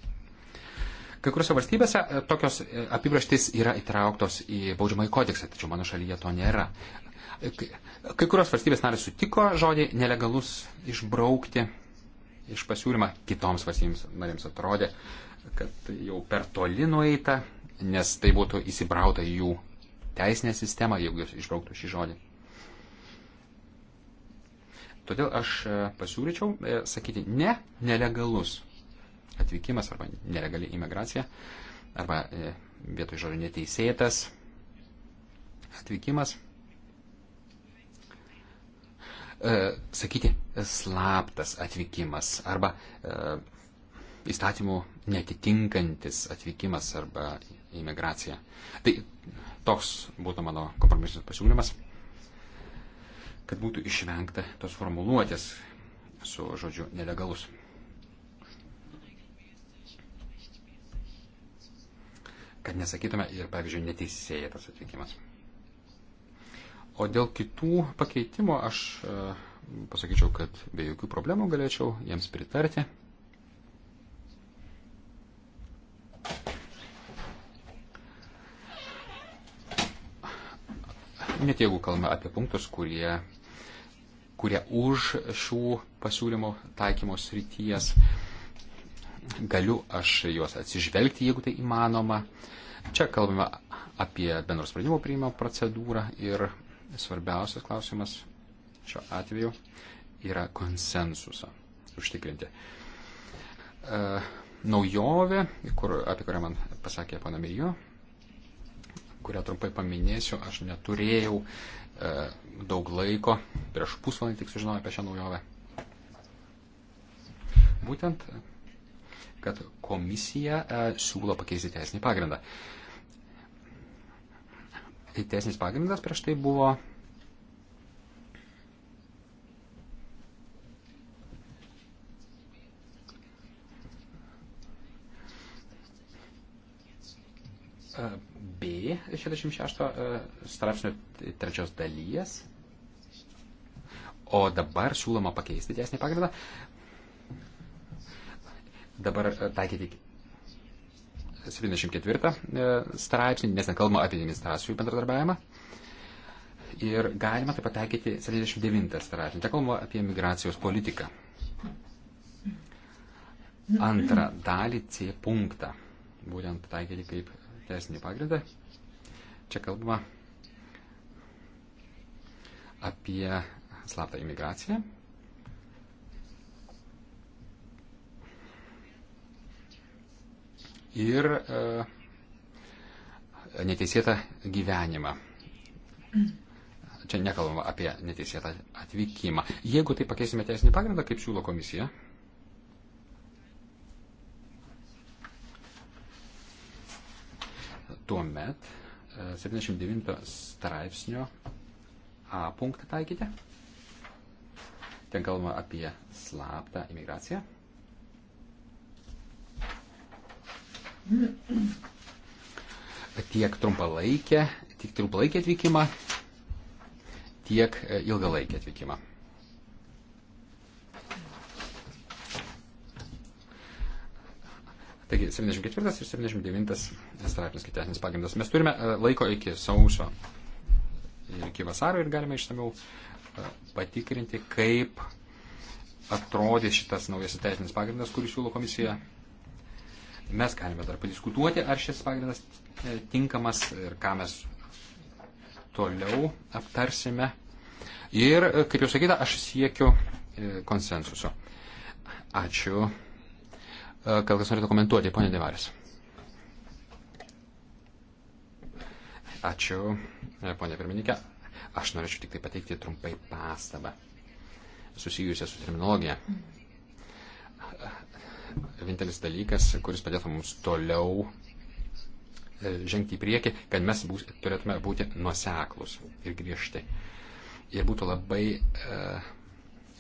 Kai kuriuose valstybėse tokios apibraštys yra įtrauktos į baudžiamąjį kodeksą, tačiau mano šalyje to nėra. Kai kurios valstybės narės sutiko žodį nelegalus išbraukti iš pasiūlymą, kitoms valstybėms narėms atrodė, kad jau per toli nueita, nes tai būtų įsibrauta į jų teisinę sistemą, jeigu jūs išbrauktų šį žodį. Todėl aš e, pasiūlyčiau e, sakyti ne nelegalus atvykimas arba nelegali imigracija arba e, vietoj žodžio neteisėtas atvykimas E, sakyti slaptas atvykimas arba e, įstatymų netitinkantis atvykimas arba imigracija. Tai toks būtų mano kompromisinis pasiūlymas, kad būtų išvengta tos formuluotės su žodžiu nelegalus. Kad nesakytume ir, pavyzdžiui, neteisėjas atvykimas. O dėl kitų pakeitimo aš e, pasakyčiau, kad be jokių problemų galėčiau jiems pritarti. Net jeigu kalbame apie punktus, kurie, kurie už šių pasiūlymų taikymo srities, galiu aš juos atsižvelgti, jeigu tai įmanoma. Čia kalbame apie bendros sprendimo priimimo procedūrą ir svarbiausias klausimas šiuo atveju yra konsensusą užtikrinti. E, naujovė, kur, apie kurią man pasakė pana Mirijo, kurią trumpai paminėsiu, aš neturėjau e, daug laiko, prieš pusvalandį tik sužinojau apie šią naujovę. Būtent, kad komisija e, siūlo pakeisti teisinį pagrindą. E, teisinis pagrindas prieš tai buvo B 66 e, straipsnio trečios dalies, o dabar siūloma pakeisti teisinį pagrindą. Dabar e, taikyti 74 e, straipsnį, nes nekalbama apie administracijų bendradarbiavimą. Ir galima taip pat taikyti 79 straipsnį, ten kalbama apie migracijos politiką. Antrą dalį C punktą, būtent taikyti kaip teisinį pagrindą. Čia kalbama apie slaptą imigraciją, ir e, neteisėtą gyvenimą. Čia nekalbama apie neteisėtą atvykimą. Jeigu tai pakeisime teisinį pagrindą, kaip siūlo komisija, tuomet 79 e, straipsnio A punktą taikyti. Ten kalbama apie slaptą imigraciją. tiek trumpalaikę, tiek trumpalaikę atvykimą, tiek e, ilgalaikę atvykimą. Taigi 74 ir 79 straipsnis kitesnis pagrindas. Mes turime e, laiko iki sausio ir iki vasaro ir galime išsamiau e, patikrinti, kaip atrodė šitas naujas teisinis pagrindas, kurį siūlo komisija Mes galime dar padiskutuoti, ar šis pagrindas e, tinkamas ir ką mes toliau aptarsime. Ir, e, kaip jau sakyta, aš siekiu e, konsensuso. Ačiū. Gal kas norėtų komentuoti, ponė Devaris? Ačiū, ponė pirmininkė. Aš norėčiau tik tai pateikti trumpai pastabą susijusią su terminologija vienintelis dalykas, kuris padėtų mums toliau e, žengti į priekį, kad mes būs, turėtume būti nuseklus ir griežti. Ir būtų labai e,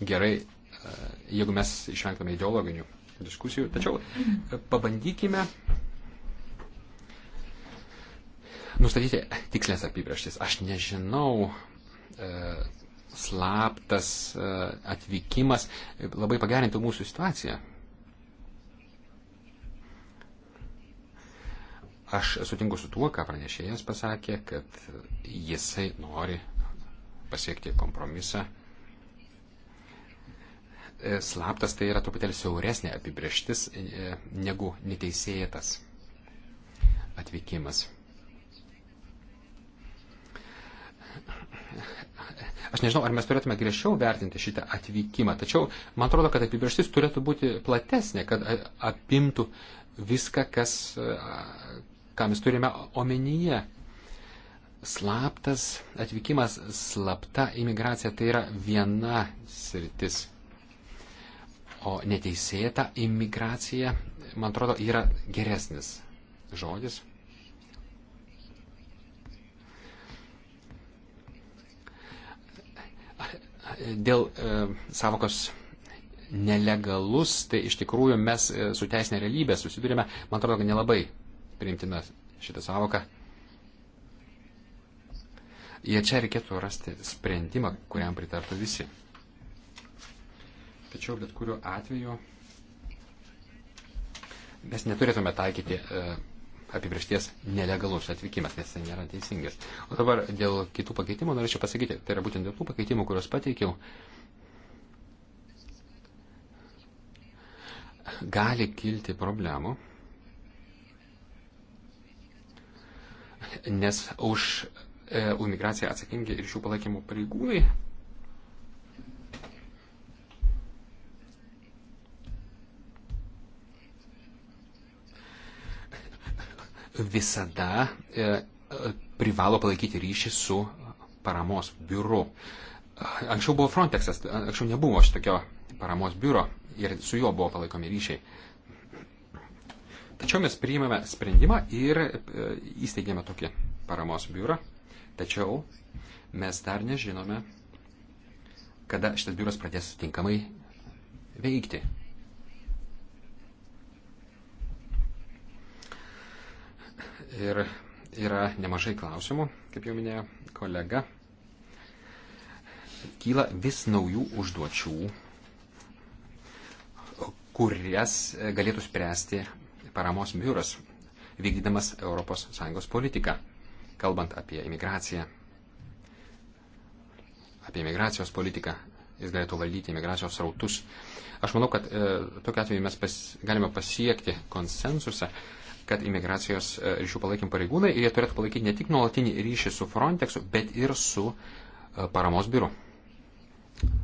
gerai, e, jeigu mes išvengtume ideologinių diskusijų. Tačiau e, pabandykime nustatyti tikslės apibrieštis. Aš nežinau, e, slaptas e, atvykimas labai pagerintų mūsų situaciją. Aš sutinku su tuo, ką pranešėjas pasakė, kad jisai nori pasiekti kompromisą. E, slaptas tai yra truputėlį siauresnė apibrieštis e, negu neteisėtas atvykimas. Aš nežinau, ar mes turėtume griežčiau vertinti šitą atvykimą, tačiau man atrodo, kad apibrieštis turėtų būti platesnė, kad apimtų viską, kas, ką mes turime omenyje. Slaptas atvykimas, slapta imigracija tai yra viena sritis. O neteisėta imigracija, man atrodo, yra geresnis žodis. Dėl e, savokos nelegalus, tai iš tikrųjų mes e, su teisinė realybė susidurime, man atrodo, nelabai priimtina šitą savoką. Ir čia reikėtų rasti sprendimą, kuriam pritartų visi. Tačiau bet kuriuo atveju mes neturėtume taikyti e, apibriešties nelegalus atvykimas, nes tai nėra teisingas. O dabar dėl kitų pakeitimų norėčiau pasakyti, tai yra būtent dėl tų pakeitimų, kuriuos pateikiau, gali kilti problemų nes už, e, už migraciją atsakingi ir šių palaikymų pareigūnai. visada e, privalo palaikyti ryšį su paramos biuru. Anksčiau buvo Frontexas, anksčiau nebuvo šitokio paramos biuro ir su juo buvo palaikomi ryšiai. Tačiau mes priimame sprendimą ir e, įsteigėme tokį paramos biurą, tačiau mes dar nežinome, kada šitas biuras pradės tinkamai veikti. Ir yra nemažai klausimų, kaip jau minėjo kolega. Kyla vis naujų užduočių, kurias galėtų spręsti paramos biuras, vykdydamas ES politiką, kalbant apie imigraciją, apie imigracijos politiką, jis galėtų valdyti imigracijos rautus. Aš manau, kad e, tokiu atveju mes pas, galime pasiekti konsensusą, kad imigracijos e, ryšių palaikym pareigūnai ir jie turėtų palaikyti ne tik nuolatinį ryšį su Frontexu, bet ir su e, paramos biuru.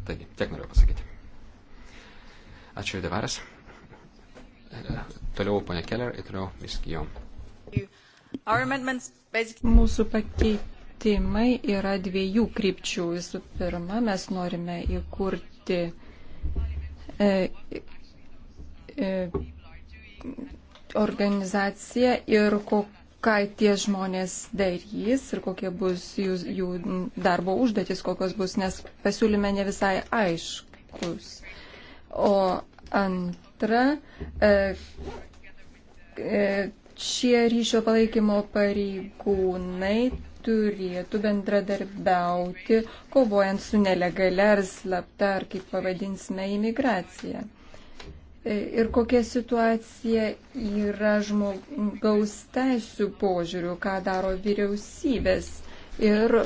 Taigi, tiek noriu pasakyti. Ačiū, Devaras. Toliau ponia Keller ir toliau įsigijom. Mūsų pakeitimai yra dviejų krypčių. Visų pirma, mes norime įkurti e, e, organizaciją ir kokią ką tie žmonės darys ir kokie bus jų, jų darbo užduotis, kokios bus, nes pasiūlyme ne visai aiškus. O Antra, e, e, šie ryšio palaikymo pareigūnai turėtų bendradarbiauti, kovojant su nelegale ar slapta, ar kaip pavadinsime, imigracija. E, ir kokia situacija yra žmogaus teisų požiūrių, ką daro vyriausybės ir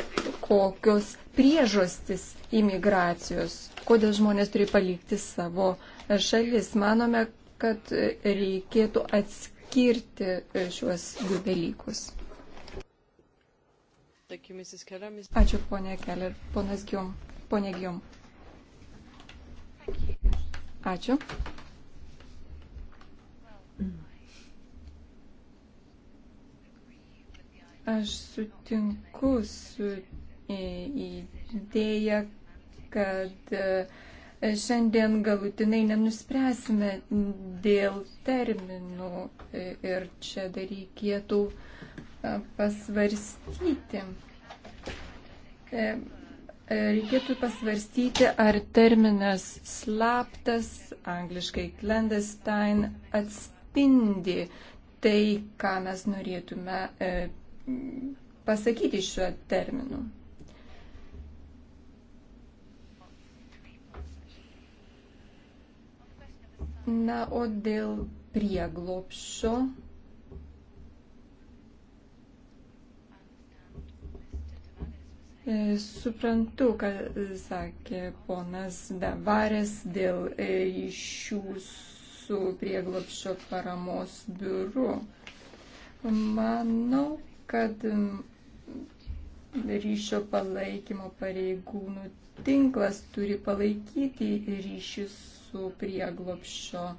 kokios priežastis imigracijos, kodėl žmonės turi palikti savo uh, šalis. Manome, kad reikėtų atskirti šiuos du dalykus. Ačiū, ponė Keller. Ponas Gium. Ponė Gium. Ačiū. Aš sutinku su e, idėja, kad uh, šiandien galutinai nenuspręsime dėl terminų ir čia dar reikėtų pasvarstyti. E, e, reikėtų pasvarstyti, ar terminas slaptas, angliškai clandestine, atspindi tai, ką mes norėtume e, pasakyti šiuo terminu. Na, o dėl prieglopšio. E, suprantu, ką sakė ponas Davarės dėl e, ryšių su prieglopščio paramos biuru. Manau, kad ryšio palaikymo pareigūnų tinklas turi palaikyti ryšius su prieglopščio e,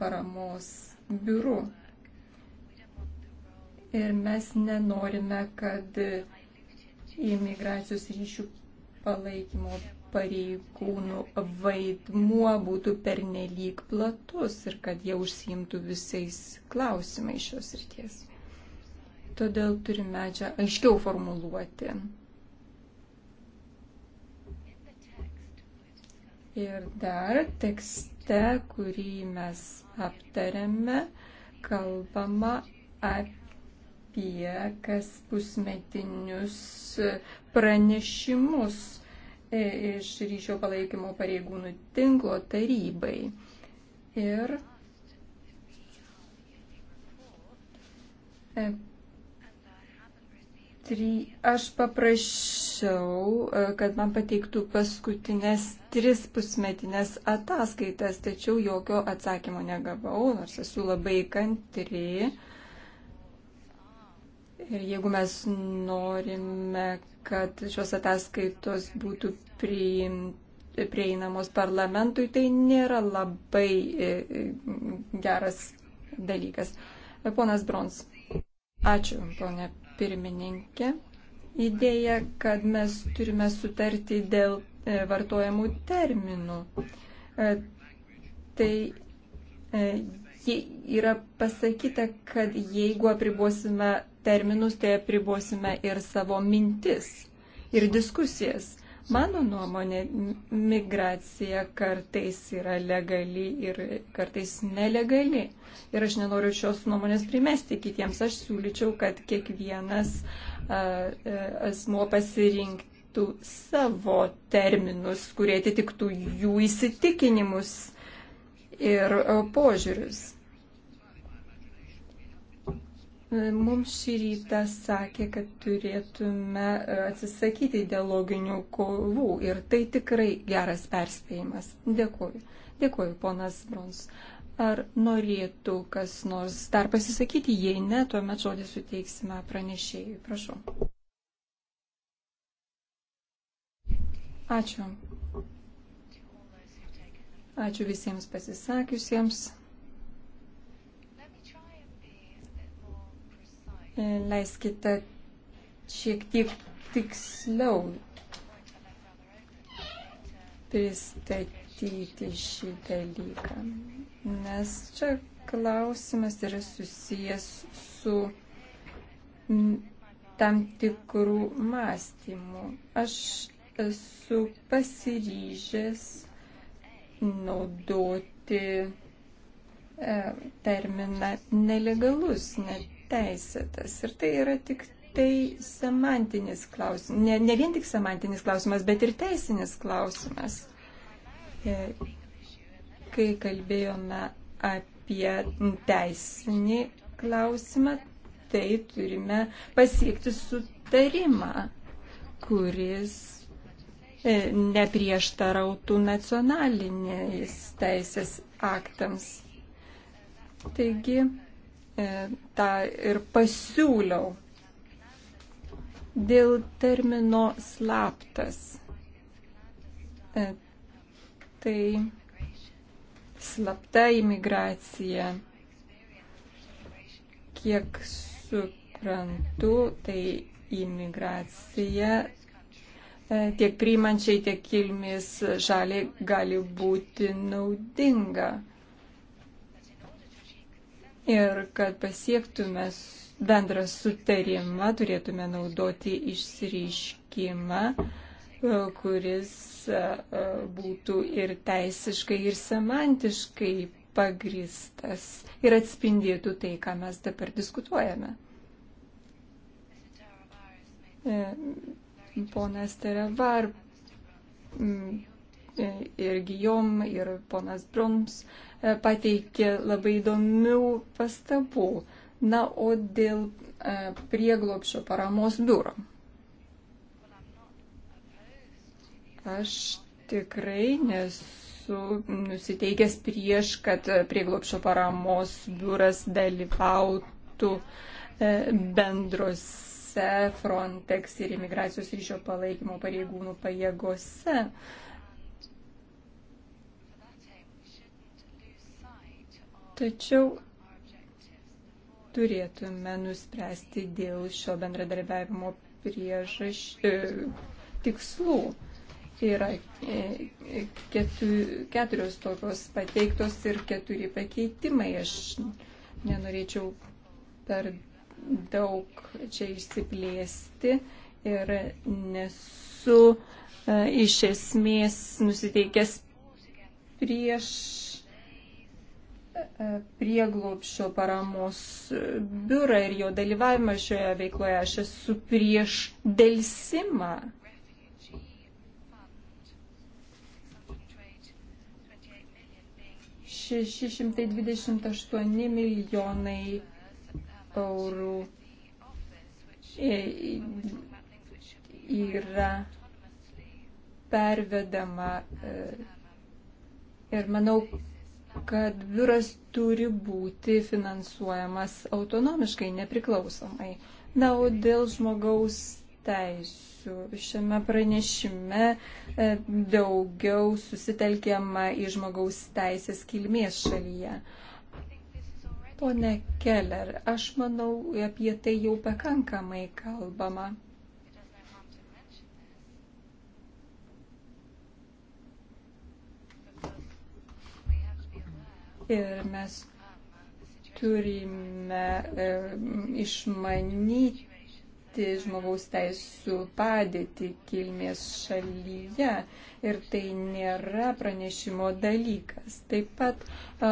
paramos biuru. Ir mes nenorime, kad imigracijos ryšių palaikymo pareigūnų vaidmuo būtų pernelyg platus ir kad jie užsiimtų visais klausimais šios ryties. Todėl turime čia aiškiau formuluoti Ir dar tekste, kurį mes aptarėme, kalbama apie kas pusmetinius pranešimus e, iš ryšio palaikymo pareigūnų tinklo tarybai. Ir e, Try, aš paprašiau, e, kad man pateiktų paskutinės tris pusmetinės ataskaitas, tačiau jokio atsakymo negavau, nors esu labai kantri. Ir jeigu mes norime, kad šios ataskaitos būtų prieinamos parlamentui, tai nėra labai e, e, geras dalykas. Ponas Brons. Ačiū, ponė pirmininkė. Idėja, kad mes turime sutarti dėl e, vartojamų terminų. E, tai e, yra pasakyta, kad jeigu apribosime terminus, tai apribosime ir savo mintis ir diskusijas. Mano nuomonė, migracija kartais yra legali ir kartais nelegali. Ir aš nenoriu šios nuomonės primesti kitiems. Aš siūlyčiau, kad kiekvienas e, asmuo pasirinktų savo terminus, kurie atitiktų jų įsitikinimus ir požiūrius. Mums šį rytą sakė, kad turėtume e, atsisakyti ideologinių kovų ir tai tikrai geras perspėjimas. Dėkuoju. Dėkuoju, ponas Brons. Ar norėtų kas nors dar pasisakyti? Jei ne, tuomet žodį suteiksime pranešėjui. Prašau. Ačiū. Ačiū visiems pasisakiusiems. Leiskite šiek tiek tiksliau pristatyti šį dalyką, nes čia klausimas yra susijęs su tam tikrų mąstymų. Aš esu pasiryžęs naudoti e, terminą nelegalus, net teisėtas. Ir tai yra tik tai semantinis klausimas. Ne, ne vien tik semantinis klausimas, bet ir teisinis klausimas. E, kai kalbėjome apie teisinį klausimą, tai turime pasiekti sutarimą, kuris e, neprieštarautų nacionaliniais teisės aktams. Taigi, E, tą ir pasiūliau. Dėl termino slaptas. E, tai slapta imigracija. Kiek suprantu, tai imigracija e, tiek priimančiai, tiek kilmės šaliai gali būti naudinga ir kad pasiektume bendrą sutarimą, turėtume naudoti išsireiškimą, e, kuris e, e, būtų ir teisiškai, ir semantiškai pagristas ir atspindėtų tai, ką mes dabar diskutuojame. Ponas Terevar ir Gijom, ir ponas Broms e, pateikė labai įdomių pastabų. Na, o dėl e, prieglopšio paramos biuro. Aš tikrai nesu nusiteikęs prieš, kad prieglopšio paramos biuras dalyvautų e, bendrose Frontex ir imigracijos ryšio palaikymo pareigūnų pajėgose. Uh, Tačiau turėtume nuspręsti dėl šio bendradarbiavimo priežaš, e, tikslų. Yra e, ketu, keturios tokios pateiktos ir keturi pakeitimai. Aš nenorėčiau per daug čia išsiplėsti ir nesu e, iš esmės nusiteikęs prieš prieglopščio paramos biurą ir jo dalyvavimą šioje veikloje. Aš esu prieš dėlsimą. Šeši šimtai dvidešimt aštuoni milijonai eurų yra pervedama e, ir manau, kad biuras turi būti finansuojamas autonomiškai, nepriklausomai. Na, o dėl žmogaus teisų šiame pranešime e, daugiau susitelkiama į žmogaus teisės kilmės šalyje. Pone Keller, aš manau, apie tai jau pakankamai kalbama. Ir mes turime e, išmanyti žmogaus teisų padėti kilmės šalyje ir tai nėra pranešimo dalykas. Taip pat e, e,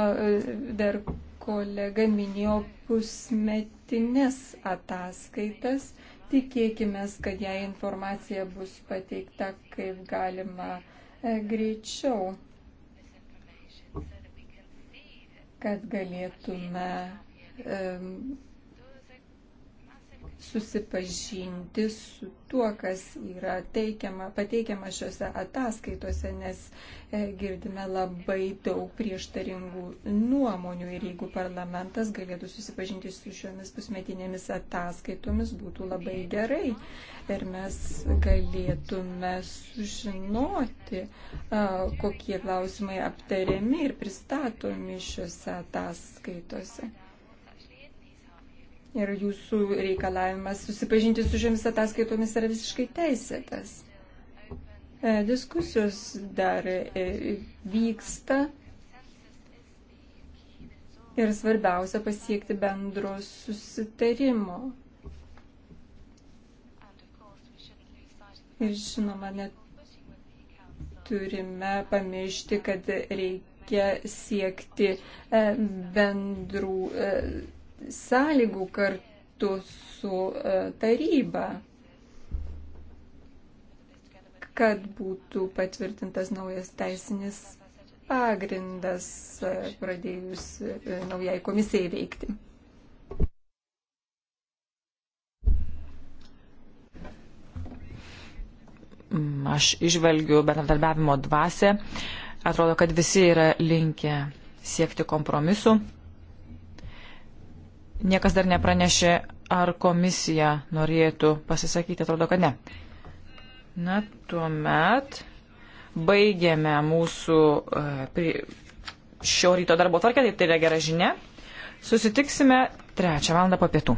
dar kolega minėjo pusmetinės ataskaitas. Tikėkime, kad jei informacija bus pateikta kaip galima greičiau. kad galėtume susipažinti su tuo, kas yra teikiama, pateikiama šiuose ataskaitose, nes e, girdime labai daug prieštaringų nuomonių ir jeigu parlamentas galėtų susipažinti su šiomis pusmetinėmis ataskaitomis, būtų labai gerai ir mes galėtume sužinoti, kokie klausimai aptariami ir pristatomi šiuose ataskaitose ir jūsų reikalavimas susipažinti su šiomis ataskaitomis yra visiškai teisėtas. E, diskusijos dar e, vyksta ir svarbiausia pasiekti bendro susitarimo. Ir žinoma, neturime pamiršti, kad reikia siekti e, bendrų sąlygų kartu su e, taryba, kad būtų patvirtintas naujas teisinis pagrindas e, pradėjus e, naujai komisijai veikti. Mm, aš išvelgiu bendradarbiavimo dvasę. Atrodo, kad visi yra linkę siekti kompromisu. Niekas dar nepranešė, ar komisija norėtų pasisakyti, atrodo, kad ne. Na, tuomet baigėme mūsų e, šio ryto darbo tvarkę, tai yra gera žinia. Susitiksime trečią valandą po pietų.